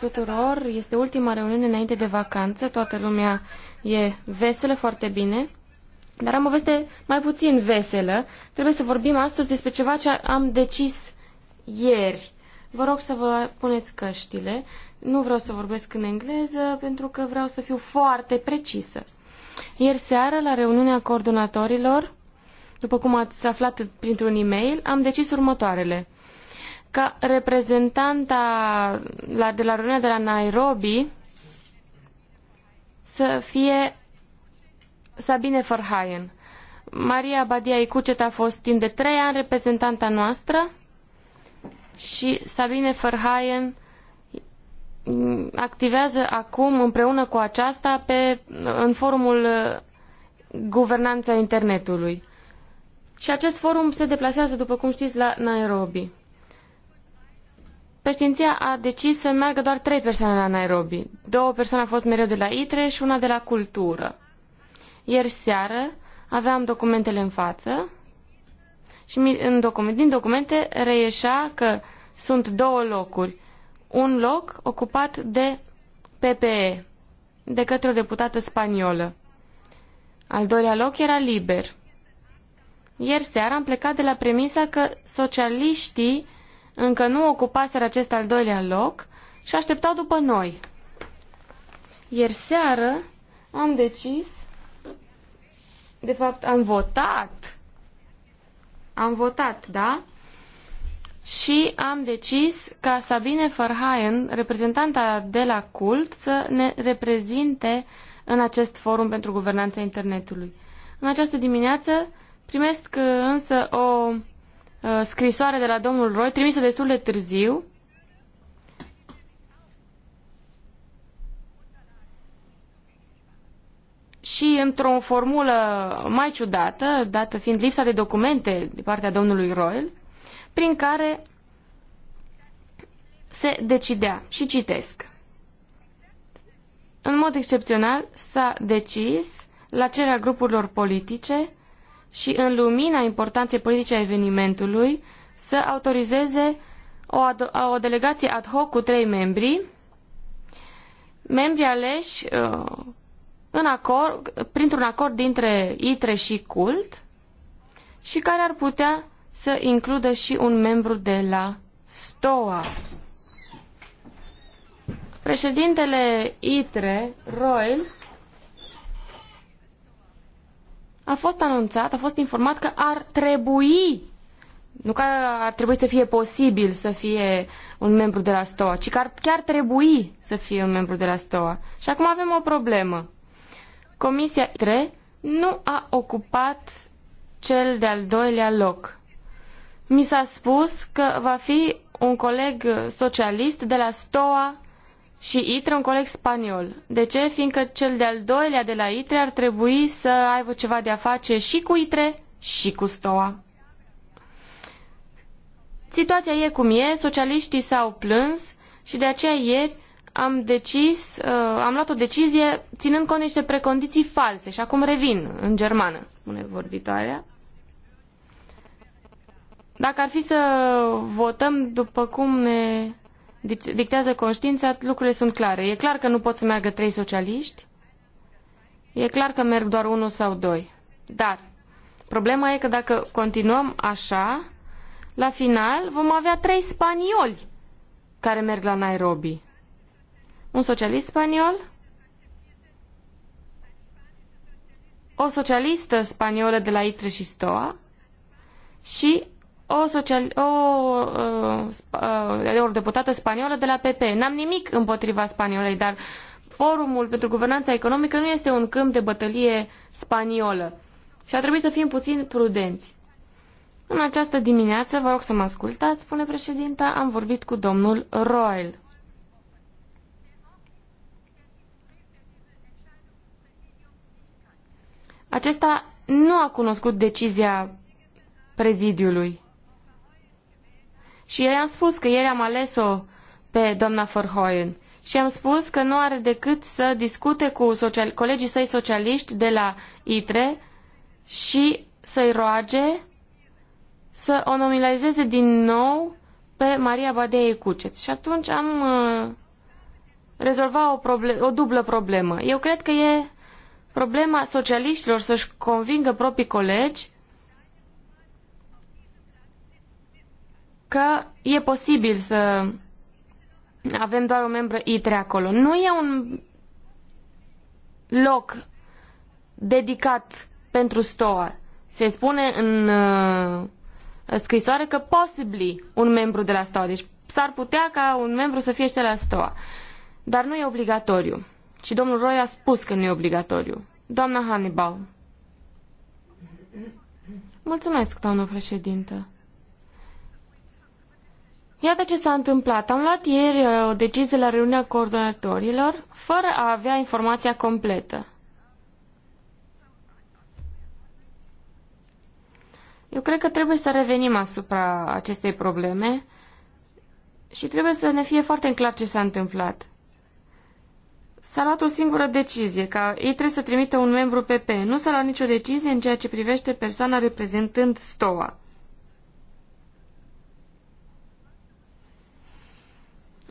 tuturor! Este ultima reuniune înainte de vacanță, toată lumea e veselă, foarte bine. Dar am o veste mai puțin veselă. Trebuie să vorbim astăzi despre ceva ce am decis ieri. Vă rog să vă puneți căștile. Nu vreau să vorbesc în engleză pentru că vreau să fiu foarte precisă. Ieri seară, la reuniunea coordonatorilor, după cum ați aflat printr-un e-mail, am decis următoarele – ca reprezentanta la, de la reuniunea de la Nairobi să fie Sabine Verhaien. Maria Badia Icucet a fost timp de trei ani reprezentanta noastră și Sabine Verhaien activează acum împreună cu aceasta pe, în forumul Guvernanța Internetului. Și acest forum se deplasează, după cum știți, la Nairobi. Președinția a decis să meargă doar trei persoane la Nairobi. Două persoane au fost mereu de la ITRE și una de la Cultură. Ieri seară aveam documentele în față și în document, din documente reieșea că sunt două locuri. Un loc ocupat de PPE, de către o deputată spaniolă. Al doilea loc era liber. Ieri seara am plecat de la premisa că socialiștii încă nu ocupaseră acest al doilea loc și așteptau după noi. Ieri seară am decis, de fapt am votat, am votat, da? Și am decis ca Sabine Farhaen, reprezentanta de la CULT, să ne reprezinte în acest forum pentru guvernanța internetului. În această dimineață primesc însă o Uh, scrisoare de la domnul Roy, trimisă destul de târziu. Și într-o formulă mai ciudată, dată fiind lipsa de documente de partea domnului Royal, prin care se decidea. Și citesc. În mod excepțional s-a decis, la cererea grupurilor politice, și în lumina importanței politice a evenimentului să autorizeze o, o delegație ad hoc cu trei membri, membri aleși uh, în acord, printr-un acord dintre ITRE și CULT și care ar putea să includă și un membru de la STOA. Președintele ITRE, Royal, a fost anunțat, a fost informat că ar trebui, nu că ar trebui să fie posibil să fie un membru de la STOA, ci că ar chiar trebui să fie un membru de la STOA. Și acum avem o problemă. Comisia 3 nu a ocupat cel de-al doilea loc. Mi s-a spus că va fi un coleg socialist de la STOA și ITRE un coleg spaniol. De ce? Fiindcă cel de-al doilea de la ITRE ar trebui să aibă ceva de a face și cu ITRE și cu STOA. Situația e cum e, socialiștii s-au plâns și de aceea ieri am decis, uh, am luat o decizie ținând cont niște precondiții false și acum revin în germană, spune vorbitoarea. Dacă ar fi să votăm după cum ne dictează conștiința, lucrurile sunt clare. E clar că nu pot să meargă trei socialiști, e clar că merg doar unul sau doi. Dar problema e că dacă continuăm așa, la final vom avea trei spanioli care merg la Nairobi. Un socialist spaniol, o socialistă spaniolă de la Itre și Stoa și o, social, o uh, uh, eurodeputată spaniolă de la PP. N-am nimic împotriva spaniolei, dar forumul pentru guvernanța economică nu este un câmp de bătălie spaniolă. Și a trebuit să fim puțin prudenți. În această dimineață, vă rog să mă ascultați, spune președinta, am vorbit cu domnul Royal. Acesta nu a cunoscut decizia prezidiului. Și eu i-am spus că ieri am ales-o pe doamna Forhoyen și am spus că nu are decât să discute cu social, colegii săi socialiști de la ITRE și să-i roage să o nominalizeze din nou pe Maria Badea Cuceț. Și atunci am uh, rezolvat o, problem, o dublă problemă. Eu cred că e problema socialiștilor să-și convingă proprii colegi că e posibil să avem doar o membră ITRE acolo. Nu e un loc dedicat pentru STOA. Se spune în uh, scrisoare că possibly un membru de la STOA. Deci s-ar putea ca un membru să fie și de la STOA. Dar nu e obligatoriu. Și domnul Roy a spus că nu e obligatoriu. Doamna Hannibal. Mulțumesc, doamnă președintă. Iată ce s-a întâmplat. Am luat ieri uh, o decizie la reuniunea coordonatorilor fără a avea informația completă. Eu cred că trebuie să revenim asupra acestei probleme și trebuie să ne fie foarte clar ce s-a întâmplat. S-a luat o singură decizie, că ei trebuie să trimită un membru PP. Nu s-a luat nicio decizie în ceea ce privește persoana reprezentând STOA.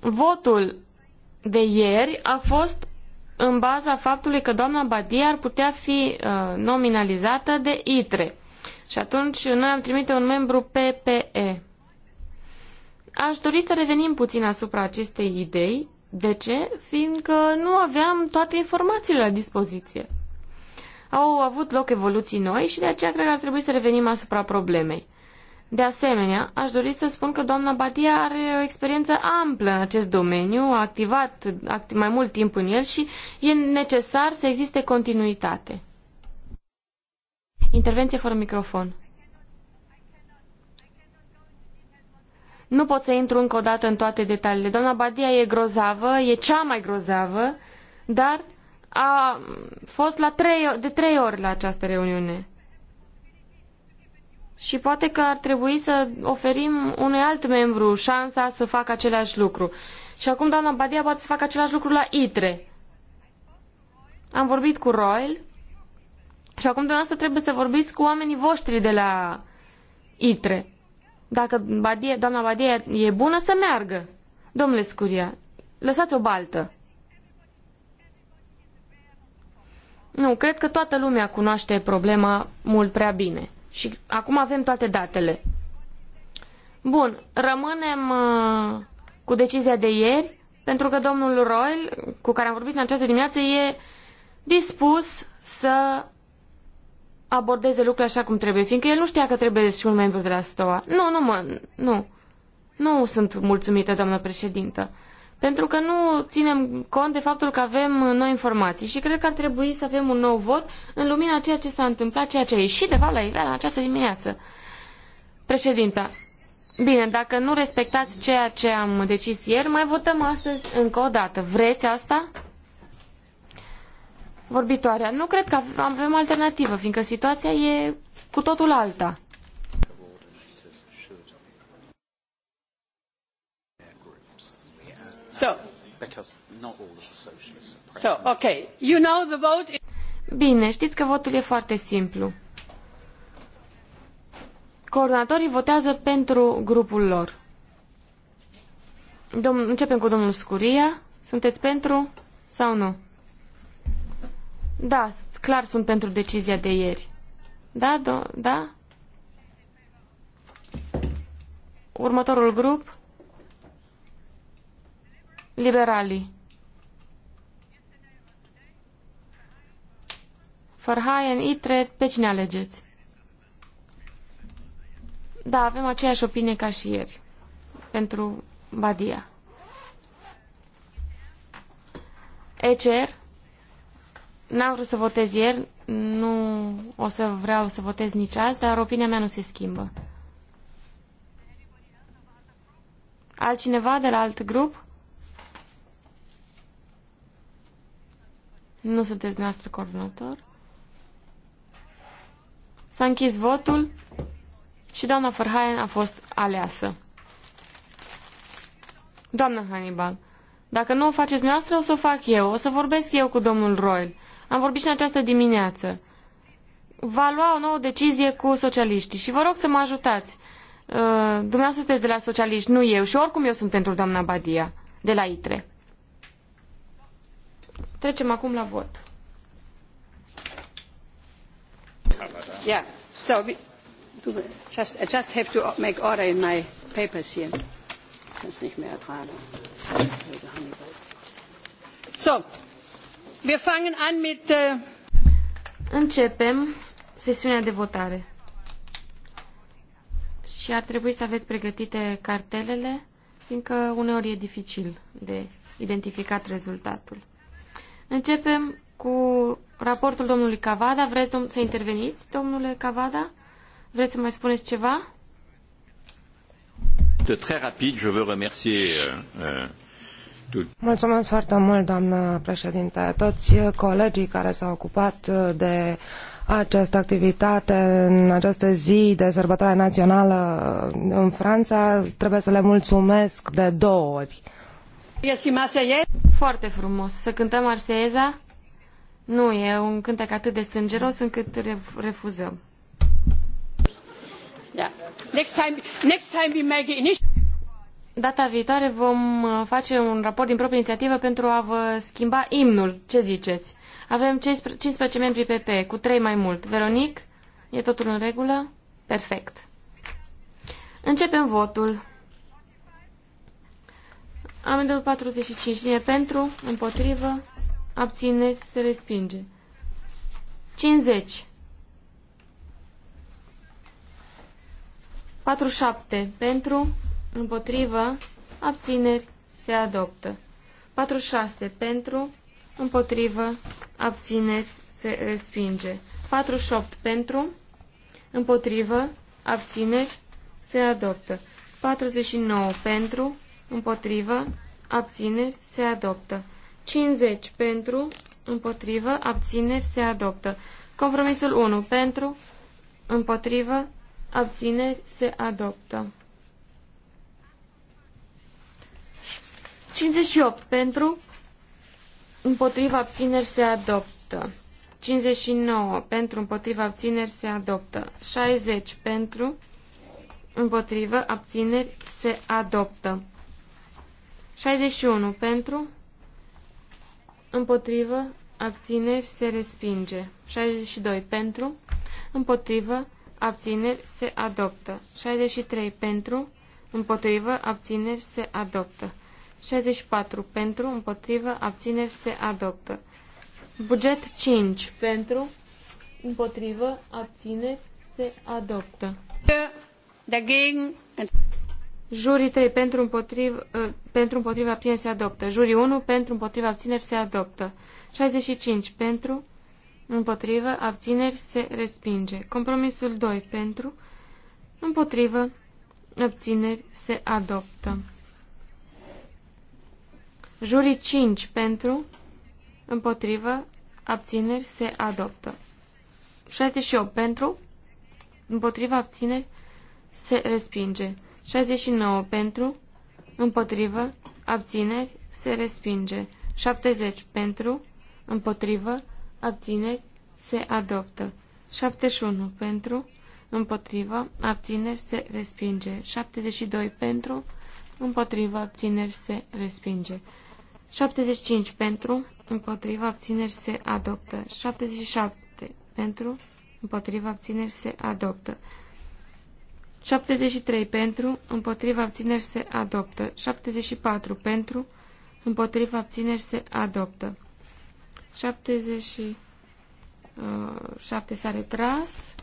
Votul de ieri a fost în baza faptului că doamna Badia ar putea fi uh, nominalizată de ITRE. Și atunci noi am trimis un membru PPE. Aș dori să revenim puțin asupra acestei idei. De ce? Fiindcă nu aveam toate informațiile la dispoziție. Au avut loc evoluții noi și de aceea cred că ar trebui să revenim asupra problemei. De asemenea, aș dori să spun că doamna Batia are o experiență amplă în acest domeniu, a activat mai mult timp în el și e necesar să existe continuitate. Intervenție fără microfon. Nu pot să intru încă o dată în toate detaliile. Doamna Badia e grozavă, e cea mai grozavă, dar a fost la trei, de trei ori la această reuniune și poate că ar trebui să oferim unui alt membru șansa să facă același lucru. Și acum doamna Badia poate să facă același lucru la ITRE. Am vorbit cu Royal și acum dumneavoastră trebuie să vorbiți cu oamenii voștri de la ITRE. Dacă Badia, doamna Badia e bună, să meargă. Domnule Scuria, lăsați o baltă. Nu, cred că toată lumea cunoaște problema mult prea bine. Și acum avem toate datele. Bun, rămânem uh, cu decizia de ieri, pentru că domnul Royal, cu care am vorbit în această dimineață, e dispus să abordeze lucrurile așa cum trebuie, fiindcă el nu știa că trebuie și un membru de la STOA. Nu, nu mă, nu. Nu sunt mulțumită, doamnă președintă. Uh, pentru că nu ținem cont de faptul că avem noi informații și cred că ar trebui să avem un nou vot în lumina ceea ce s-a întâmplat, ceea ce a ieșit de fapt la iveală în această dimineață. Președinta, bine, dacă nu respectați ceea ce am decis ieri, mai votăm astăzi încă o dată. Vreți asta? Vorbitoarea, nu cred că avem alternativă, fiindcă situația e cu totul alta. So, because not all of the socialists are So, okay. You know the vote is... Bine, știți că votul e foarte simplu. Coordonatorii votează pentru grupul lor. Dom începem cu domnul Scuria. Sunteți pentru sau nu? Da, clar sunt pentru decizia de ieri. Da, do da? Următorul grup. Liberalii. Farhaien, Itre, pe cine alegeți? Da, avem aceeași opinie ca și ieri. Pentru Badia. ECR. N-am vrut să votez ieri, nu o să vreau să votez nici azi, dar opinia mea nu se schimbă. Altcineva de la alt grup? Nu sunteți noastră coordonator. S-a închis votul și doamna Ferhaien a fost aleasă. Doamna Hannibal, dacă nu o faceți noastră, o să o fac eu. O să vorbesc eu cu domnul Royal. Am vorbit și în această dimineață. Va lua o nouă decizie cu socialiștii și vă rog să mă ajutați. Uh, dumneavoastră sunteți de la socialiști, nu eu. Și oricum eu sunt pentru doamna Badia, de la ITRE. Trecem acum la vot. Yeah. So we just, I just have to make order in my papers here. Das nicht mehr ertrage. So, wir fangen an mit äh, Începem sesiunea de votare. Și ar trebui să aveți pregătite cartelele, fiindcă uneori e dificil de identificat rezultatul. Începem cu raportul domnului Cavada. Vreți dom să interveniți, domnule Cavada? Vreți să mai spuneți ceva? De très rapide, je veux remercier euh, euh, Mulțumesc foarte mult, doamnă președinte. Toți colegii care s-au ocupat uh, de această activitate în această zi de sărbătoare națională uh, în Franța, trebuie să le mulțumesc de două ori foarte frumos. Să cântăm Marseieza? Nu, e un cântec atât de sângeros încât refuzăm. Da. Next time, next time we make it. Data viitoare vom uh, face un raport din proprie inițiativă pentru a vă schimba imnul. Ce ziceți? Avem 15 membri PP, cu 3 mai mult. Veronic, e totul în regulă? Perfect. Începem votul. Amendul 45. Cine pentru? Împotrivă? Abțineri? Se respinge. 50. 47. Pentru? Împotrivă? Abțineri? Se adoptă. 46. Pentru? Împotrivă? Abțineri? Se respinge. 48. Pentru? Împotrivă? Abțineri? Se adoptă. 49. Pentru? împotrivă, abțineri, se adoptă. 50 pentru, împotrivă, abțineri, se adoptă. Compromisul 1 pentru, împotrivă, abțineri, se adoptă. 58 pentru, împotriva abțineri se adoptă. 59 pentru, împotriva abțineri se adoptă. 60 pentru, împotriva abțineri se adoptă. 61 pentru, împotrivă, abțineri, se respinge. 62 pentru, împotrivă, abțineri, se adoptă. 63 pentru, împotrivă, abțineri, se adoptă. 64 pentru, împotrivă, abțineri, se adoptă. Buget 5 pentru, împotrivă, abțineri, se adoptă. Dagegen. Jurii 3 pentru împotriva, ă, pentru împotriva abțineri se adoptă. Jurii 1 pentru împotriva abțineri se adoptă. 65 pentru împotriva abțineri se respinge. Compromisul 2 pentru împotriva abțineri se adoptă. Jurii 5 pentru împotriva abțineri se adoptă. 68 pentru împotriva abțineri se respinge. 69 pentru, împotrivă, abțineri, se respinge. 70 pentru, împotrivă, abțineri, se adoptă. 71 pentru, împotrivă, abțineri, se respinge. 72 pentru, împotrivă, abțineri, se respinge. 75 pentru, împotrivă, abțineri, se adoptă. 77 pentru, împotrivă, abțineri, se adoptă. 73 pentru, împotriva abțineri se adoptă. 74 pentru, împotriva abțineri se adoptă. 77 uh, s-a retras.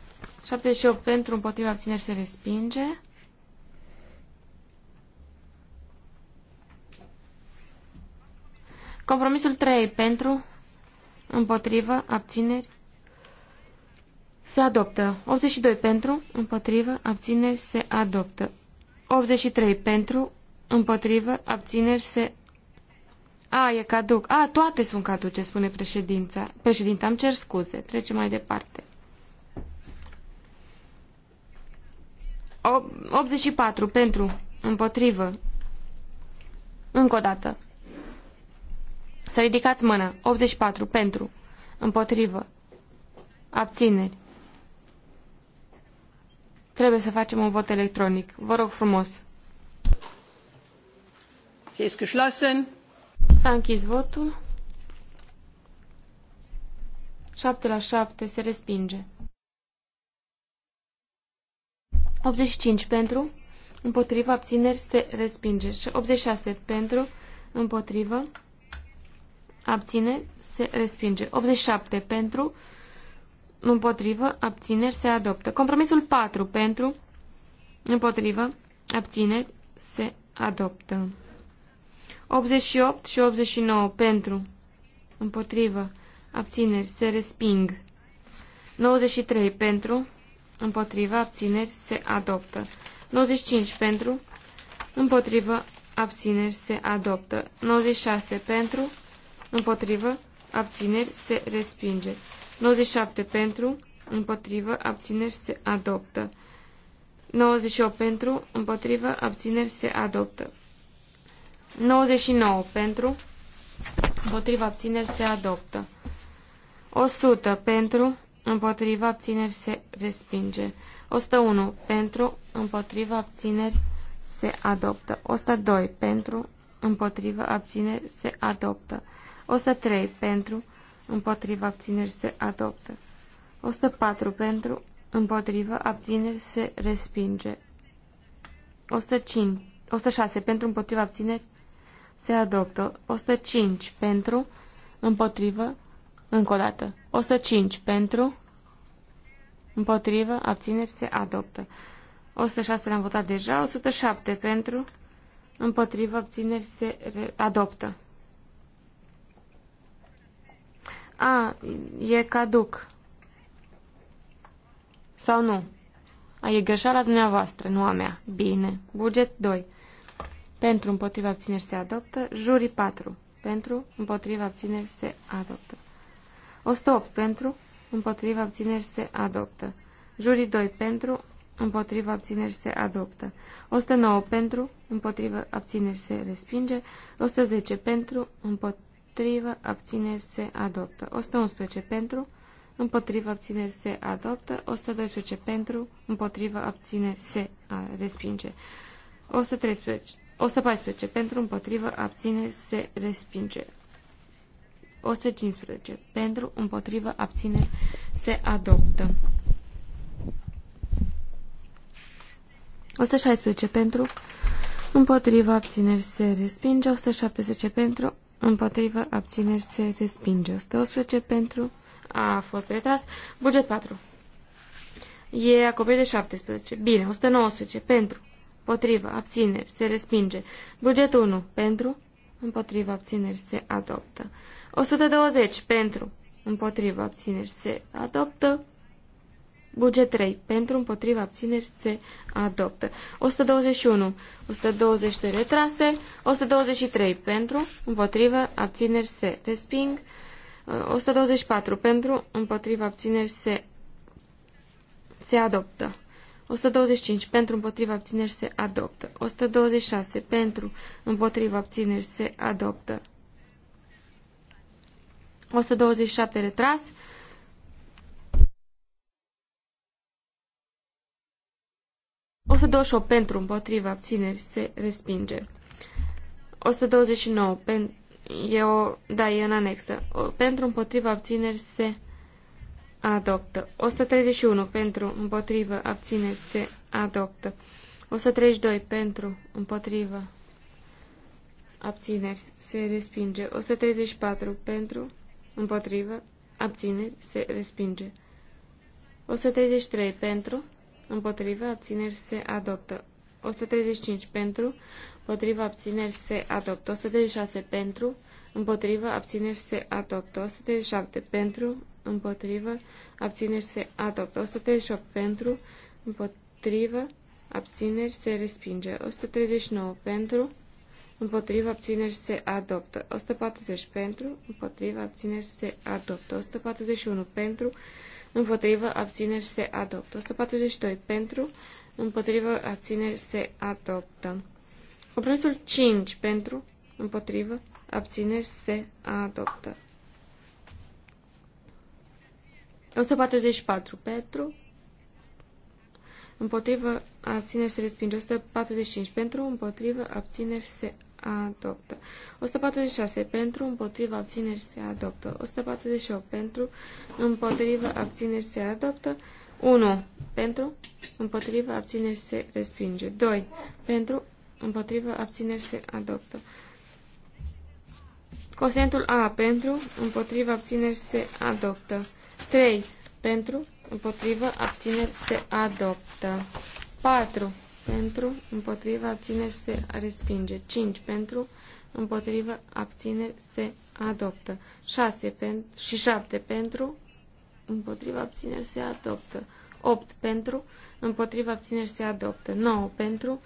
78 pentru, împotriva abțineri se respinge. 3. Compromisul 3 pentru, împotriva abțineri, se adoptă. 82 pentru, împotrivă, abțineri, se adoptă. 83 pentru, împotrivă, abțineri, se... A, e caduc. A, toate sunt caduce, spune președința. Președinte, am cer scuze. Trecem mai departe. O, 84 pentru, împotrivă. Încă o dată. Să ridicați mâna. 84 pentru, împotrivă. Abțineri. Trebuie să facem un vot electronic. Vă rog frumos. S-a închis votul. 7 la 7 se respinge. 85 pentru, împotriva, abțineri se respinge. 86 pentru, împotrivă, abțineri se respinge. 87 pentru, împotrivă, abțineri, se adoptă. Compromisul 4 pentru, împotrivă, abțineri, se adoptă. 88 și 89 pentru, împotrivă, abțineri, se resping. 93 pentru, împotrivă, abțineri, se adoptă. 95 pentru, împotrivă, abțineri, se adoptă. 96 pentru, împotrivă, abțineri, se respinge. 97 pentru, împotrivă, abțineri se adoptă. 98 pentru, împotrivă, abțineri se adoptă. 99 pentru, împotrivă, abțineri se adoptă. 100 pentru, împotrivă, abțineri se respinge. 101 pentru, împotrivă, abțineri se adoptă. 102 pentru, împotrivă, abțineri se adoptă. 103 pentru, împotrivă, împotriva abțineri se adoptă. 104 pentru, împotrivă, abțineri se respinge. 105, 106 pentru, împotriva abțineri se adoptă. 105 pentru, împotrivă, încă o dată. 105 pentru, împotrivă, abțineri se adoptă. 106 le am votat deja, 107 pentru, împotrivă, abțineri se adoptă. A, e caduc. Sau nu? A, e greșeala dumneavoastră, nu a mea. Bine. Buget 2. Pentru, împotriva, abțineri se adoptă. Juri 4. Pentru, împotriva, abțineri se adoptă. 108. Pentru, împotriva, abțineri se adoptă. Juri 2. Pentru, împotriva, abțineri se adoptă. 109. Pentru, împotriva, abțineri se respinge. 110. Pentru, împotriva, împotrivă, abțineri, se adoptă. 111 pentru, împotrivă, abțineri, se adoptă. 112 pentru, împotrivă, abțineri, se a, respinge. 113, 114 pentru, împotrivă, abțineri, se respinge. 115 pentru, împotrivă, abțineri, se adoptă. 116 pentru, împotrivă, abțineri se respinge, 117 pentru, Împotrivă, abțineri, se respinge. 111 pentru a fost retras. Buget 4. E acoperit de 17. Bine, 119 pentru. Împotrivă, abțineri, se respinge. Buget 1 pentru. Împotrivă, abțineri, se adoptă. 120 pentru. Împotrivă, abțineri, se adoptă. Buget 3. Pentru împotriva abțineri se adoptă. 121. 122 retrase. 123. Pentru împotriva abțineri se resping. 124. Uh, Pentru împotriva abțineri se, se adoptă. 125. Pentru împotriva abțineri se adoptă. 126. Pentru împotriva abțineri se adoptă. 127 retras. 128 pentru, împotriva, abțineri, se respinge. 129 pentru, e o, da, e în anexă. O, pentru, împotriva, abțineri, se adoptă. 131 pentru, împotriva, abțineri, se adoptă. 132 pentru, împotriva, abțineri, se respinge. 134 pentru, împotriva, abțineri, se respinge. 133 pentru, împotrivă, abțineri se adoptă. 135 pentru, împotrivă, abțineri se adoptă. 136 pentru, împotrivă, abțineri se adoptă. 137 pentru, împotrivă, abțineri se adoptă. 138 pentru, împotrivă, abțineri se respinge. 139 pentru, împotriva abțineri se adoptă. 140 pentru, împotriva abțineri se adoptă. 141 pentru, împotrivă, abțineri, se adoptă. 142 pentru, împotrivă, abțineri, se adoptă. Compromisul 5 pentru, împotrivă, abțineri, se adoptă. 144 pentru, împotrivă, abțineri, se respinge. 145 pentru, împotrivă, abțineri, se adoptă. 146 pentru, împotriva abțineri se adoptă. 148 pentru, împotriva abțineri se adoptă. 1 pentru, împotriva abțineri se respinge. 2 pentru, împotriva abțineri se adoptă. Cosentul A pentru, împotriva abțineri se adoptă. 3 pentru, împotriva abțineri se adoptă. 4 pentru, împotriva, abțineri se respinge. 5 pentru, împotriva, abțineri se adoptă. 6 pentru, și 7 pentru, împotriva, abțineri se adoptă. 8 pentru, împotriva, abțineri se adoptă. 9 pentru,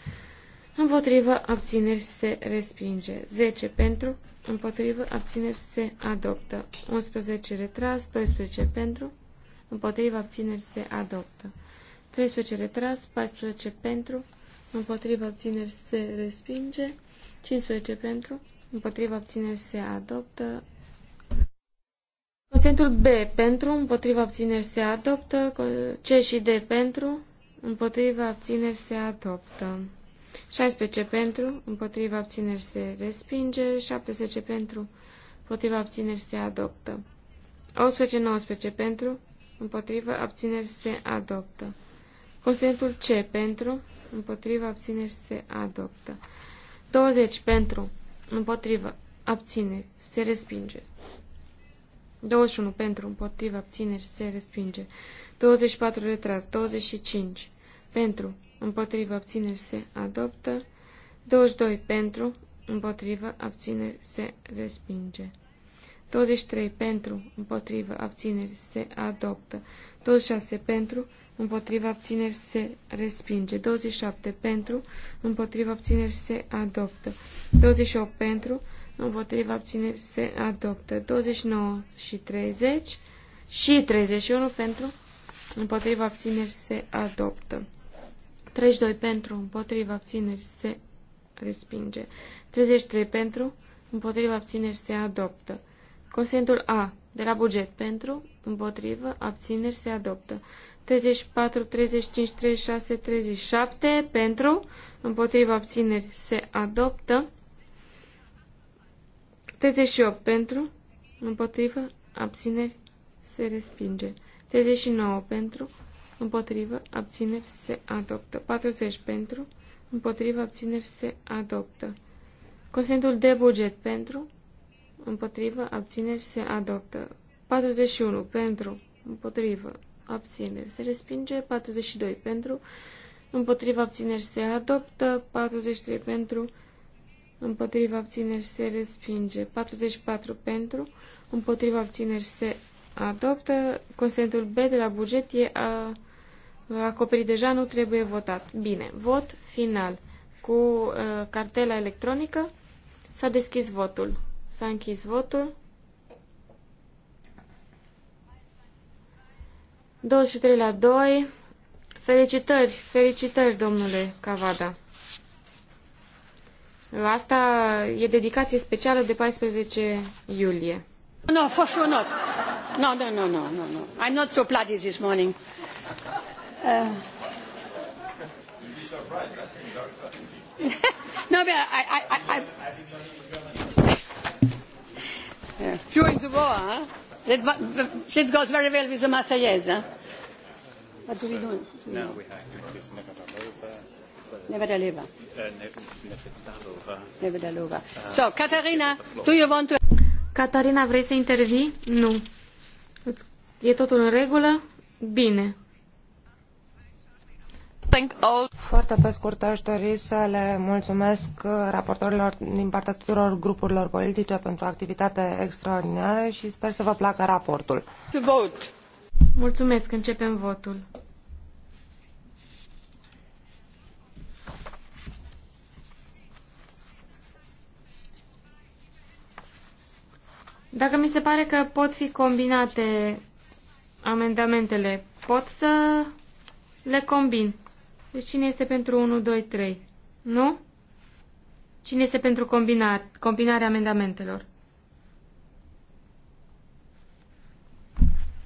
împotriva, abțineri se respinge. 10 pentru, împotriva, abțineri se adoptă. 11 retras, 12 pentru, împotriva, abțineri se adoptă. 13 retras, 14 pentru, împotriva obțineri se respinge, 15 pentru, împotriva obțineri se adoptă. Consentul B pentru, împotriva obțineri se adoptă, C și D pentru, împotriva obțineri se adoptă. 16 pentru, împotriva obțineri se respinge, 17 pentru, împotriva obțineri se adoptă. 18-19 pentru, împotriva obțineri se adoptă. Consentul C pentru, împotriva, abțineri se adoptă. 20 pentru, împotriva, abțineri se respinge. 21 pentru, împotriva, abțineri se respinge. 24 retras, 25 pentru, împotriva, abțineri se adoptă. 22 pentru, împotrivă, abțineri, se respinge. 23. Pentru, împotrivă, abțineri, se adoptă. 26. Pentru, împotriva abțineri se respinge. 27 pentru, împotriva abțineri se adoptă. 28 pentru, împotriva abțineri se adoptă. 29 și 30 și 31 pentru, împotriva abțineri se adoptă. 32 pentru, împotriva abțineri se respinge. 33 pentru, împotriva abțineri se adoptă. Consentul A, de la buget pentru, împotrivă, abțineri se adoptă. 34, 35, 36, 37 pentru, împotriva abțineri se adoptă. 38 pentru, împotriva abțineri se respinge. 39 pentru, împotriva abțineri se adoptă. 40 pentru, împotriva abțineri se adoptă. Consentul de buget pentru, împotriva abțineri se adoptă. 41 pentru, împotriva abțineri se respinge, 42 pentru, împotriva abțineri se adoptă, 43 pentru, împotriva abțineri se respinge, 44 pentru, împotriva abțineri se adoptă, consentul B de la buget e a, acoperit deja, nu trebuie votat. Bine, vot final cu uh, cartela electronică, s-a deschis votul, s-a închis votul, 23 la 2. Felicitări, felicitări, domnule Cavada. Asta e dedicație specială de 14 iulie. No, for sure not. No, no, no, no, no, no. I'm not so bloody this morning. Uh... no, but I, I, I, I... Yeah. During the war, huh? It goes very well with the Marseillaise. Huh? Eh? What do so, we do? Now we have Mrs. Nevedalova. Da uh, Nevedalova. Uh, so, Catarina, do you want to... Catarina, vrei să intervii? Nu. E totul în regulă? Bine. Foarte pe scurt aș dori să le mulțumesc raportorilor din partea tuturor grupurilor politice pentru activitate extraordinară și sper să vă placă raportul. To vote. Mulțumesc, începem votul. Dacă mi se pare că pot fi combinate amendamentele, pot să le combin. Deci cine este pentru 1, 2, 3? Nu? Cine este pentru combinat, combinarea amendamentelor?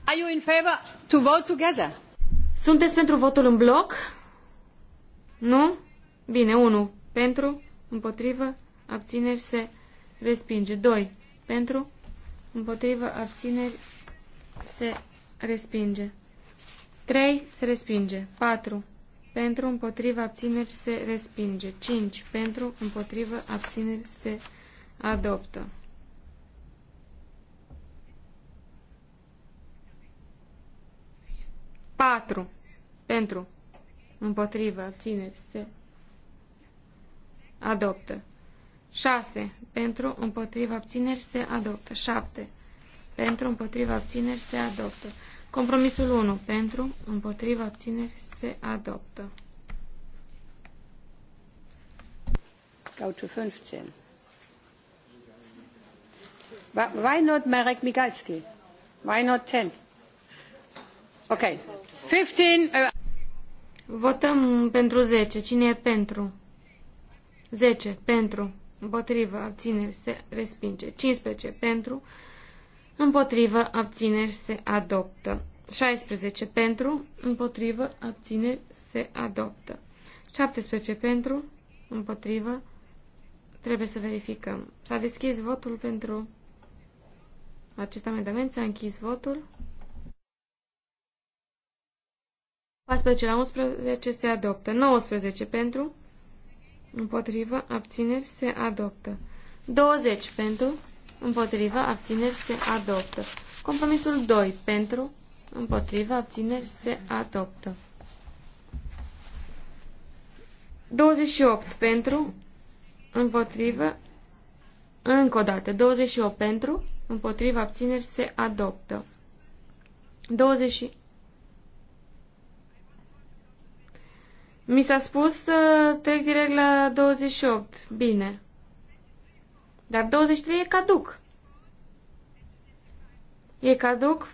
Are you in favor to vote together? Sunteți pentru votul în bloc? Nu? Bine, 1. Pentru, împotrivă, abțineri se respinge. 2. Pentru, împotrivă, abțineri se respinge. 3. Se respinge. 4 pentru, împotriva, abțineri, se respinge. 5. Pentru, împotriva, abțineri, se adoptă. Patru. Pentru. Împotrivă. Abțineri. Se adoptă. Șase. Pentru. Împotriva. Abțineri. Se adoptă. Șapte. Pentru. Împotriva. Abțineri. Se adoptă. Compromisul 1 pentru, împotriva, abțineri se adoptă. Gaucho 15. Why not Marek Migalski? Why not 10? Ok. 15. Uh, Votăm pentru 10. Cine e pentru? 10. Pentru. Împotrivă. Abțineri. Se respinge. 15. Pentru împotrivă, abțineri, se adoptă. 16 pentru, împotrivă, abțineri, se adoptă. 17 pentru, împotrivă, trebuie să verificăm. S-a deschis votul pentru acest amendament, s-a închis votul. 14 la 11 se adoptă. 19 pentru, împotrivă, abțineri, se adoptă. 20 pentru, Împotrivă, abțineri, se adoptă. Compromisul 2, pentru, împotrivă, abțineri, se adoptă. 28 pentru, împotrivă, încă o dată, 28 pentru, împotrivă, abțineri se adoptă. 20. Mi s-a spus să trec direct la 28. Bine. Dar 23 e caduc. E caduc,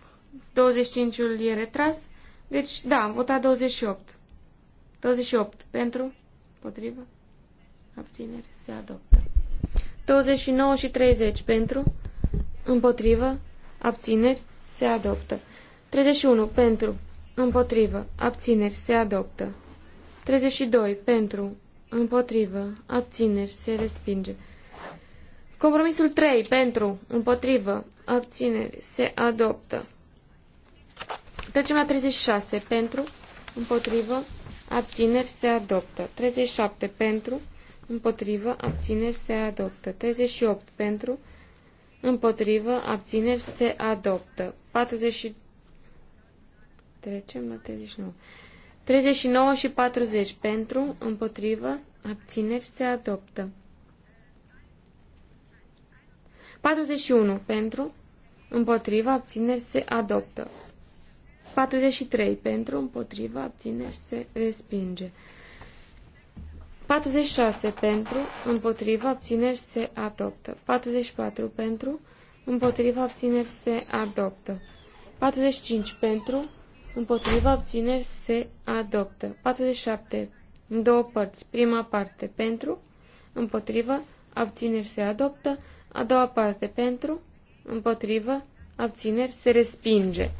25-ul e retras, deci da, am votat 28. 28 pentru, potrivă, abținere, se adoptă. 29 și 30 pentru, împotrivă, abțineri, se adoptă. 31 pentru, împotrivă, abțineri, se adoptă. 32 pentru, împotrivă, abțineri, se respinge. Compromisul 3. Pentru. Împotrivă. Abțineri. Se adoptă. Trecem la 36. Pentru. Împotrivă. Abțineri. Se adoptă. 37. Pentru. Împotrivă. Abțineri. Se adoptă. 38. Pentru. Împotrivă. Abțineri. Se adoptă. 40. Trecem la 39. 39 și 40. Pentru. Împotrivă. Abțineri. Se adoptă. 41 pentru, împotriva, abțineri, se adoptă. 43 pentru, împotriva, abțineri, se respinge. 46 pentru, împotriva, abțineri, se adoptă. 44 pentru, împotriva, abțineri, se adoptă. 45 pentru, împotriva, abțineri, se adoptă. 47 în două părți. Prima parte pentru, împotriva, abțineri, se adoptă. A doua parte pentru, împotrivă, abțineri, se respinge.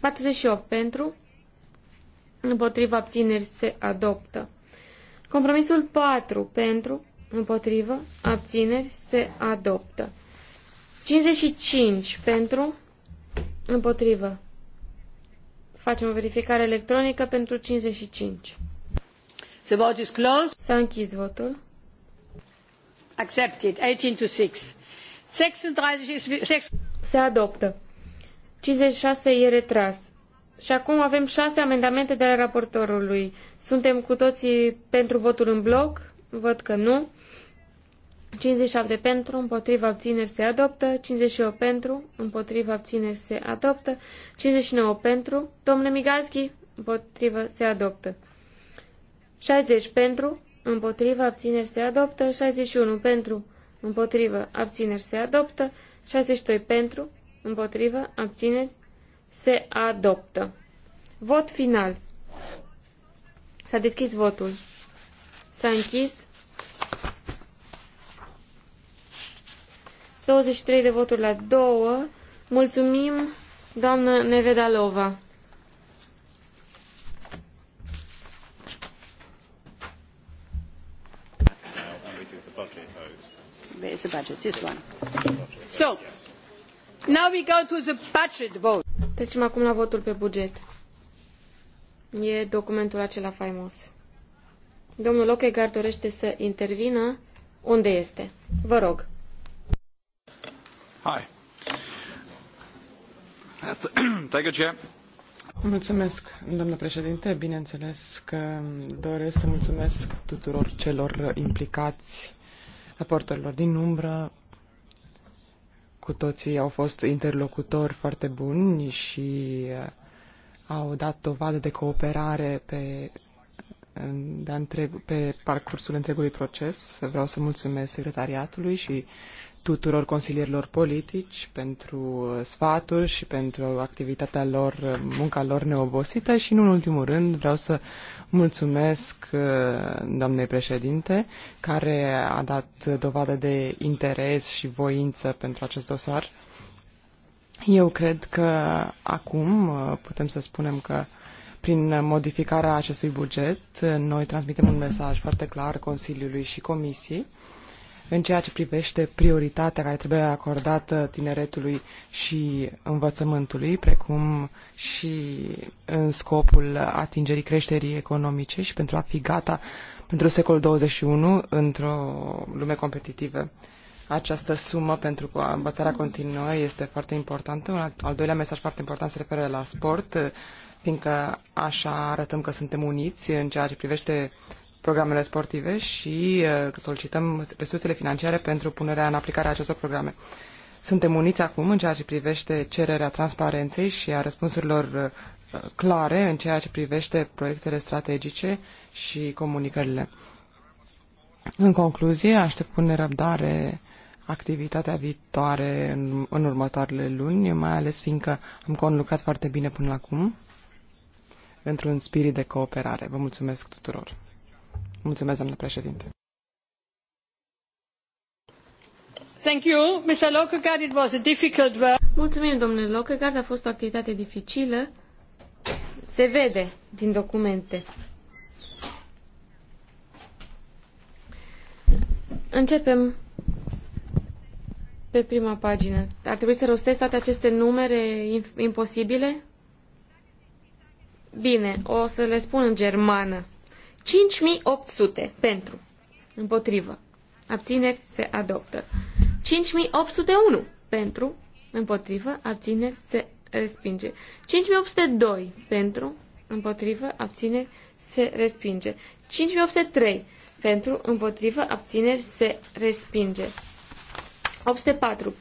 48 pentru, împotrivă, abțineri, se adoptă. Compromisul 4 pentru, împotrivă, abțineri, se adoptă. 55 pentru, împotrivă. Facem o verificare electronică pentru 55. Se vote S-a închis votul accepted 18 to 6 36 se adoptă 56 e retras și acum avem șase amendamente de la raportorului. Suntem cu toții pentru votul în bloc? Văd că nu. 57 pentru, împotriva abțineri se adoptă, 58 pentru, împotriva abțineri se adoptă, 59 pentru, domnule Migalski, împotriva se adoptă. 60 pentru, împotrivă, abțineri se adoptă, 61 pentru, împotrivă, abțineri se adoptă, 62 pentru, împotrivă, abțineri se adoptă. Vot final. S-a deschis votul. S-a închis. 23 de voturi la 2. Mulțumim, doamnă Nevedalova. Where budget? This one. So, now we go to the budget vote. Trecem acum la votul pe buget. E documentul acela faimos. Domnul Lochegar dorește să intervină. Unde este? Vă rog. Hi. Thank you, Chair. Mulțumesc, doamnă președinte. Bineînțeles că doresc să mulțumesc tuturor celor implicați raportorilor din umbră. Cu toții au fost interlocutori foarte buni și uh, au dat dovadă de cooperare pe, de întreg, pe parcursul întregului proces. Vreau să mulțumesc secretariatului și tuturor consilierilor politici pentru uh, sfaturi și pentru activitatea lor, uh, munca lor neobosită și, nu în ultimul rând, vreau să mulțumesc uh, doamnei președinte care a dat dovadă de interes și voință pentru acest dosar. Eu cred că acum putem să spunem că prin modificarea acestui buget noi transmitem un mesaj foarte clar Consiliului și Comisiei în ceea ce privește prioritatea care trebuie acordată tineretului și învățământului, precum și în scopul atingerii creșterii economice și pentru a fi gata pentru secolul 21 într-o lume competitivă. Această sumă pentru învățarea continuă este foarte importantă. Un al doilea mesaj foarte important se referă la sport, fiindcă așa arătăm că suntem uniți în ceea ce privește programele sportive și uh, solicităm resursele financiare pentru punerea în aplicare a acestor programe. Suntem uniți acum în ceea ce privește cererea transparenței și a răspunsurilor uh, clare în ceea ce privește proiectele strategice și comunicările. În concluzie, aștept cu nerăbdare activitatea viitoare în, în următoarele luni, mai ales fiindcă am conlucrat foarte bine până acum într-un spirit de cooperare. Vă mulțumesc tuturor! Mulțumesc, doamnă președinte. Thank you, Mr. Lockhart. It was a difficult work. Mulțumim, domnule Lockhart. A fost o activitate dificilă. Se vede din documente. Începem pe prima pagină. Ar trebui să rostesc toate aceste numere imposibile? Bine, o să le spun în germană. 5800 pentru. Împotrivă. Abțineri se adoptă. 5801 pentru. Împotrivă. Abțineri se respinge. 5802 pentru. Împotrivă. Abțineri se respinge. 5803 pentru. Împotrivă. Abțineri se respinge. 804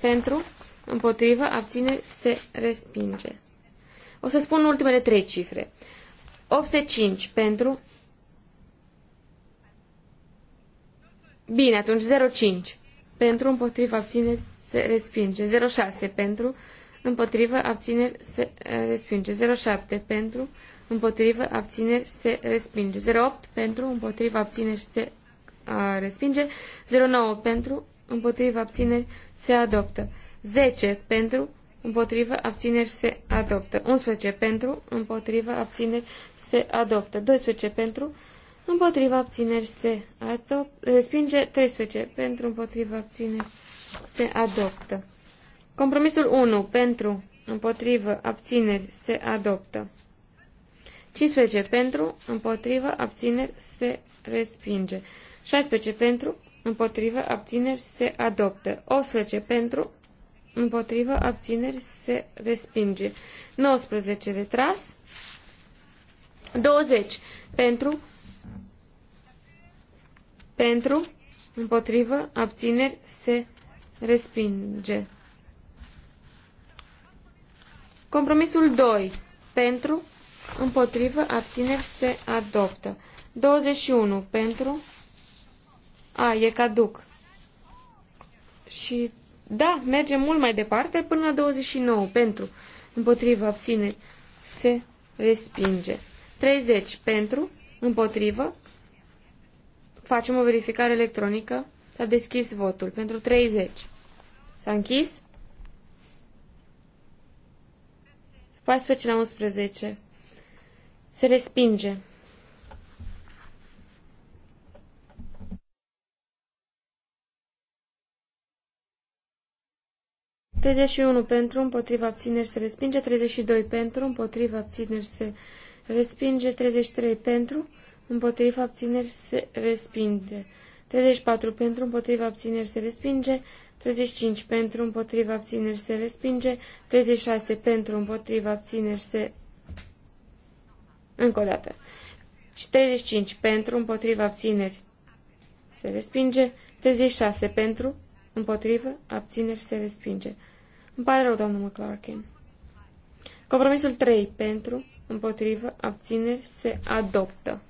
pentru. Împotrivă. Abțineri se respinge. O să spun ultimele trei cifre. 805 pentru. Bine, atunci 05 pentru, împotriva, abțineri, se respinge. 06 pentru, împotrivă, eh, abțineri, se respinge. 07 pentru, împotrivă, abțineri, se eh, respinge. 08 pentru, împotrivă, abțineri, se a, respinge. 09 pentru, împotrivă, abțineri, se adoptă. 10 pentru, împotrivă, abțineri, se adoptă. 11 pentru, împotrivă, abțineri, se adoptă. 12 pentru, împotrivă, abțineri, se adoptă. Respinge 13 pentru, împotrivă, abțineri, se adoptă. Compromisul 1 pentru, împotrivă, abțineri, se adoptă. 15 pentru, împotrivă, abțineri, se respinge. 16 pentru, împotrivă, abțineri, se adoptă. 18 pentru, împotrivă, abțineri, se respinge. 19 retras. 20 pentru, pentru, împotrivă, abțineri, se respinge. Compromisul 2. Pentru, împotrivă, abțineri, se adoptă. 21. Pentru, a, e caduc. Și da, merge mult mai departe până la 29 pentru, împotrivă, Obține se respinge. 30 pentru, împotrivă, facem o verificare electronică, s-a deschis votul pentru 30. S-a închis? 14 la 11. Se respinge. 31 pentru, împotriva abțineri se respinge, 32 pentru, împotriva abțineri se respinge, 33 pentru, împotriva abțineri se respinge, 34 pentru, împotriva abțineri se respinge, 35 pentru, împotriva abțineri se respinge, 36 pentru, împotriva abțineri se... Încă o dată. 35 pentru, împotriva abțineri se respinge, 36 pentru, împotrivă, abțineri se respinge. Îmi pare rău, doamnă McClarkin. Compromisul 3. Pentru, împotrivă, abțineri, se adoptă.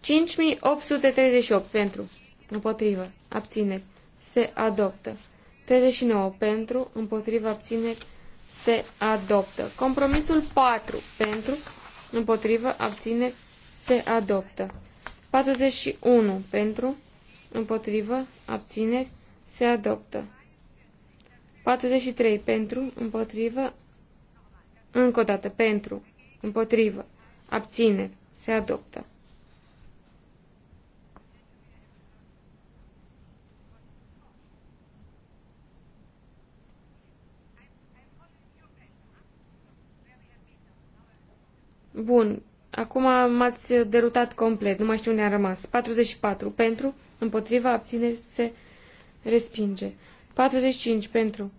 5838 pentru, împotrivă, abțineri, se adoptă. 39 pentru, împotrivă, abțineri, se adoptă. Compromisul 4 pentru, împotrivă, abțineri, se adoptă. 41 pentru, împotrivă, abțineri, se adoptă. 43 pentru, împotrivă, încă o dată, pentru, împotrivă, abțineri, se adoptă. Bun, acum m-ați derutat complet, nu mai știu unde am rămas. 44 pentru, împotriva, abțineri, se respinge. 45 pentru.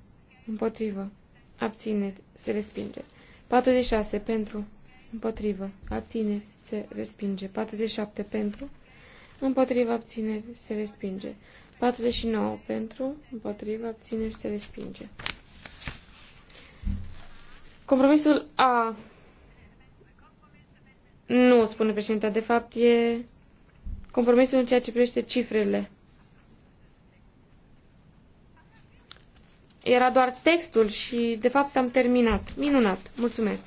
Împotrivă. Abțineri. Se respinge. 46 pentru. Împotrivă. Abțineri. Se respinge. 47 pentru. Împotrivă. Abțineri. Se respinge. 49 pentru. Împotrivă. Abțineri. Se respinge. Compromisul A. Nu, spune președinta. De fapt, e compromisul în ceea ce privește cifrele. Era doar textul și, de fapt, am terminat. Minunat. Mulțumesc.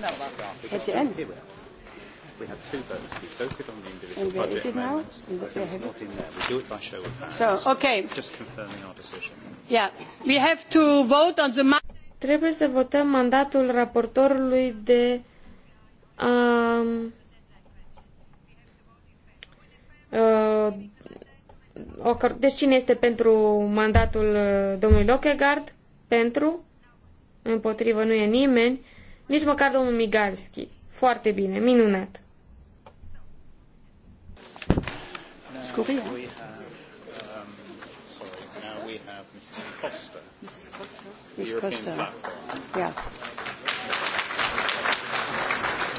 No, We two votes. We voted on the individual budget amendments, not in there. We do it by show of hands. So, okay. Just confirming our decision. Yeah, we have to vote on the. Trebuie să votăm mandatul raportorului de um, uh, deci cine este pentru mandatul uh, domnului Lockegard? Pentru? Împotrivă nu e nimeni. Nici măcar domnul Migalski. Foarte bine, minunat. Scurie. Um, Costa. Mrs. Costa. Ms. Costa. Yeah.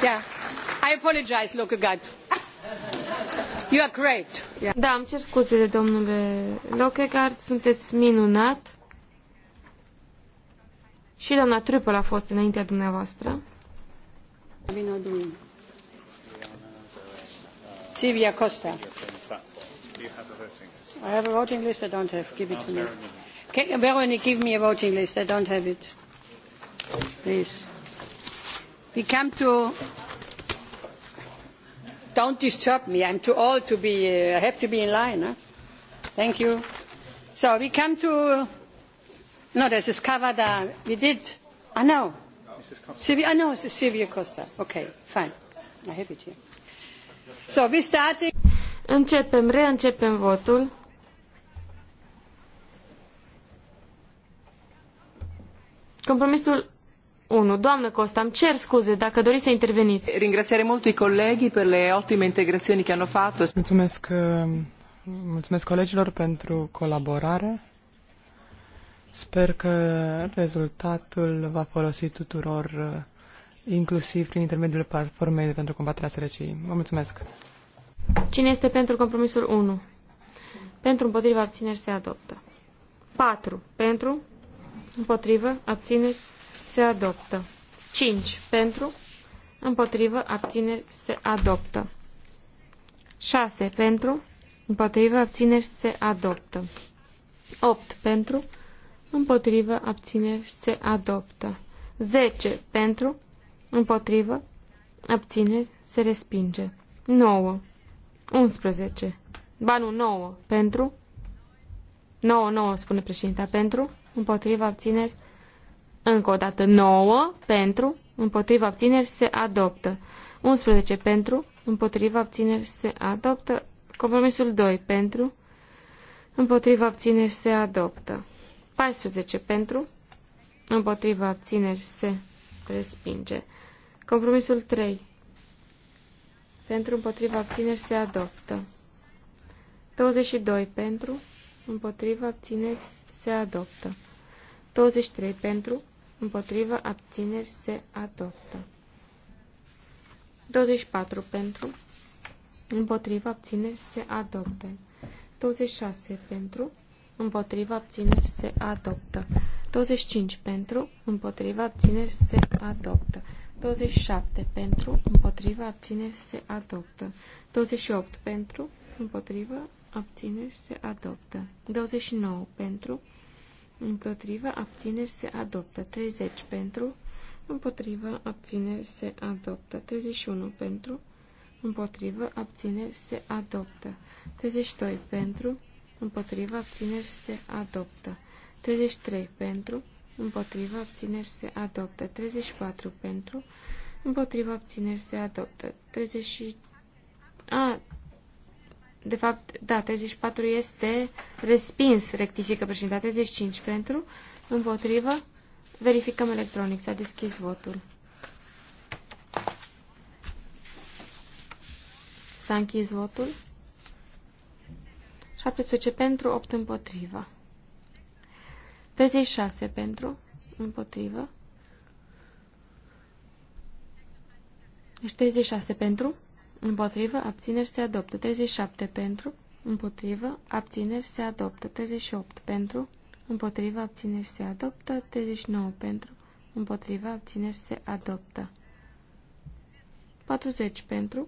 Yeah. I apologize, Lockegard. You are great. Yeah. Da, îmi cer scuze de domnule Lockegaard, sunteți minunat. Și doamna Trupel a fost înaintea dumneavoastră. Vino domnul. Silvia Costa. I have a voting list, I don't have. Give it to me. Can, Veronique, give me a voting list. I don't have it. Please. We come to Don't disturb me. I'm too old to be. Uh, I have to be in line. Huh? Thank you. So we come to. No, this is Cavada. We did. I know. Silvia, I know it's Silvia Costa. Okay, fine. I have it here. So we starting. Începem, reîncepem votul. Compromisul 1. Doamnă Costa, îmi cer scuze dacă doriți să interveniți. Ringraziare mult i colegi per le ottime integrazioni che hanno fatto. Mulțumesc, mulțumesc colegilor pentru colaborare. Sper că rezultatul va folosi tuturor, inclusiv prin intermediul platformei pentru combaterea sărăciei. Vă mulțumesc! Cine este pentru compromisul 1? Pentru împotriva abțineri se adoptă. 4. Pentru împotrivă abțineri se adoptă. 5 pentru, împotrivă, abțineri, se adoptă. 6 pentru, împotrivă, abțineri, se adoptă. 8 pentru, împotrivă, abțineri, se adoptă. 10 pentru, împotrivă, abțineri, se respinge. 9, 11, ba nu, 9 pentru, 9, 9, spune președinta, pentru, împotrivă, abțineri, se încă o dată 9 pentru, împotriva abțineri se adoptă. 11 pentru, împotriva abțineri se adoptă. Compromisul 2 pentru, împotriva abțineri se adoptă. 14 pentru, împotriva abțineri se respinge. Compromisul 3 pentru, împotriva abțineri se adoptă. 22 pentru, împotriva abțineri se adoptă. 23 pentru, Împotrivă, abțineri, se adoptă. 24 pentru. Împotrivă, abțineri, se adoptă. 26 pentru. Împotrivă, abțineri, se adoptă. 25 pentru. Împotrivă, abțineri, se adoptă. 27 pentru. Împotrivă, abțineri, se adoptă. 28 pentru. Împotrivă, abțineri, se adoptă. 29 pentru. Împotrivă, abțineri, se adoptă. 30 pentru. Împotrivă, abțineri, se adoptă. 31 pentru. Împotrivă, abțineri, se adoptă. 32 pentru. Împotrivă, abțineri, se adoptă. 33 pentru. Împotrivă, abțineri, se adoptă. 34 pentru. Împotrivă, abțineri, se adoptă. 30... A, de fapt, da, 34 este respins, rectifică președinta. 35 pentru, împotrivă. Verificăm electronic. S-a deschis votul. S-a închis votul. 17 pentru, 8 împotrivă. 36 pentru, împotrivă. Deci 36 pentru, Împotrivă, abțineri se adoptă. 37 pentru. Împotrivă, abțineri se adoptă. 38 pentru. Împotrivă, abțineri se adoptă. 39 pentru. Împotrivă, abțineri se adoptă. 40 pentru.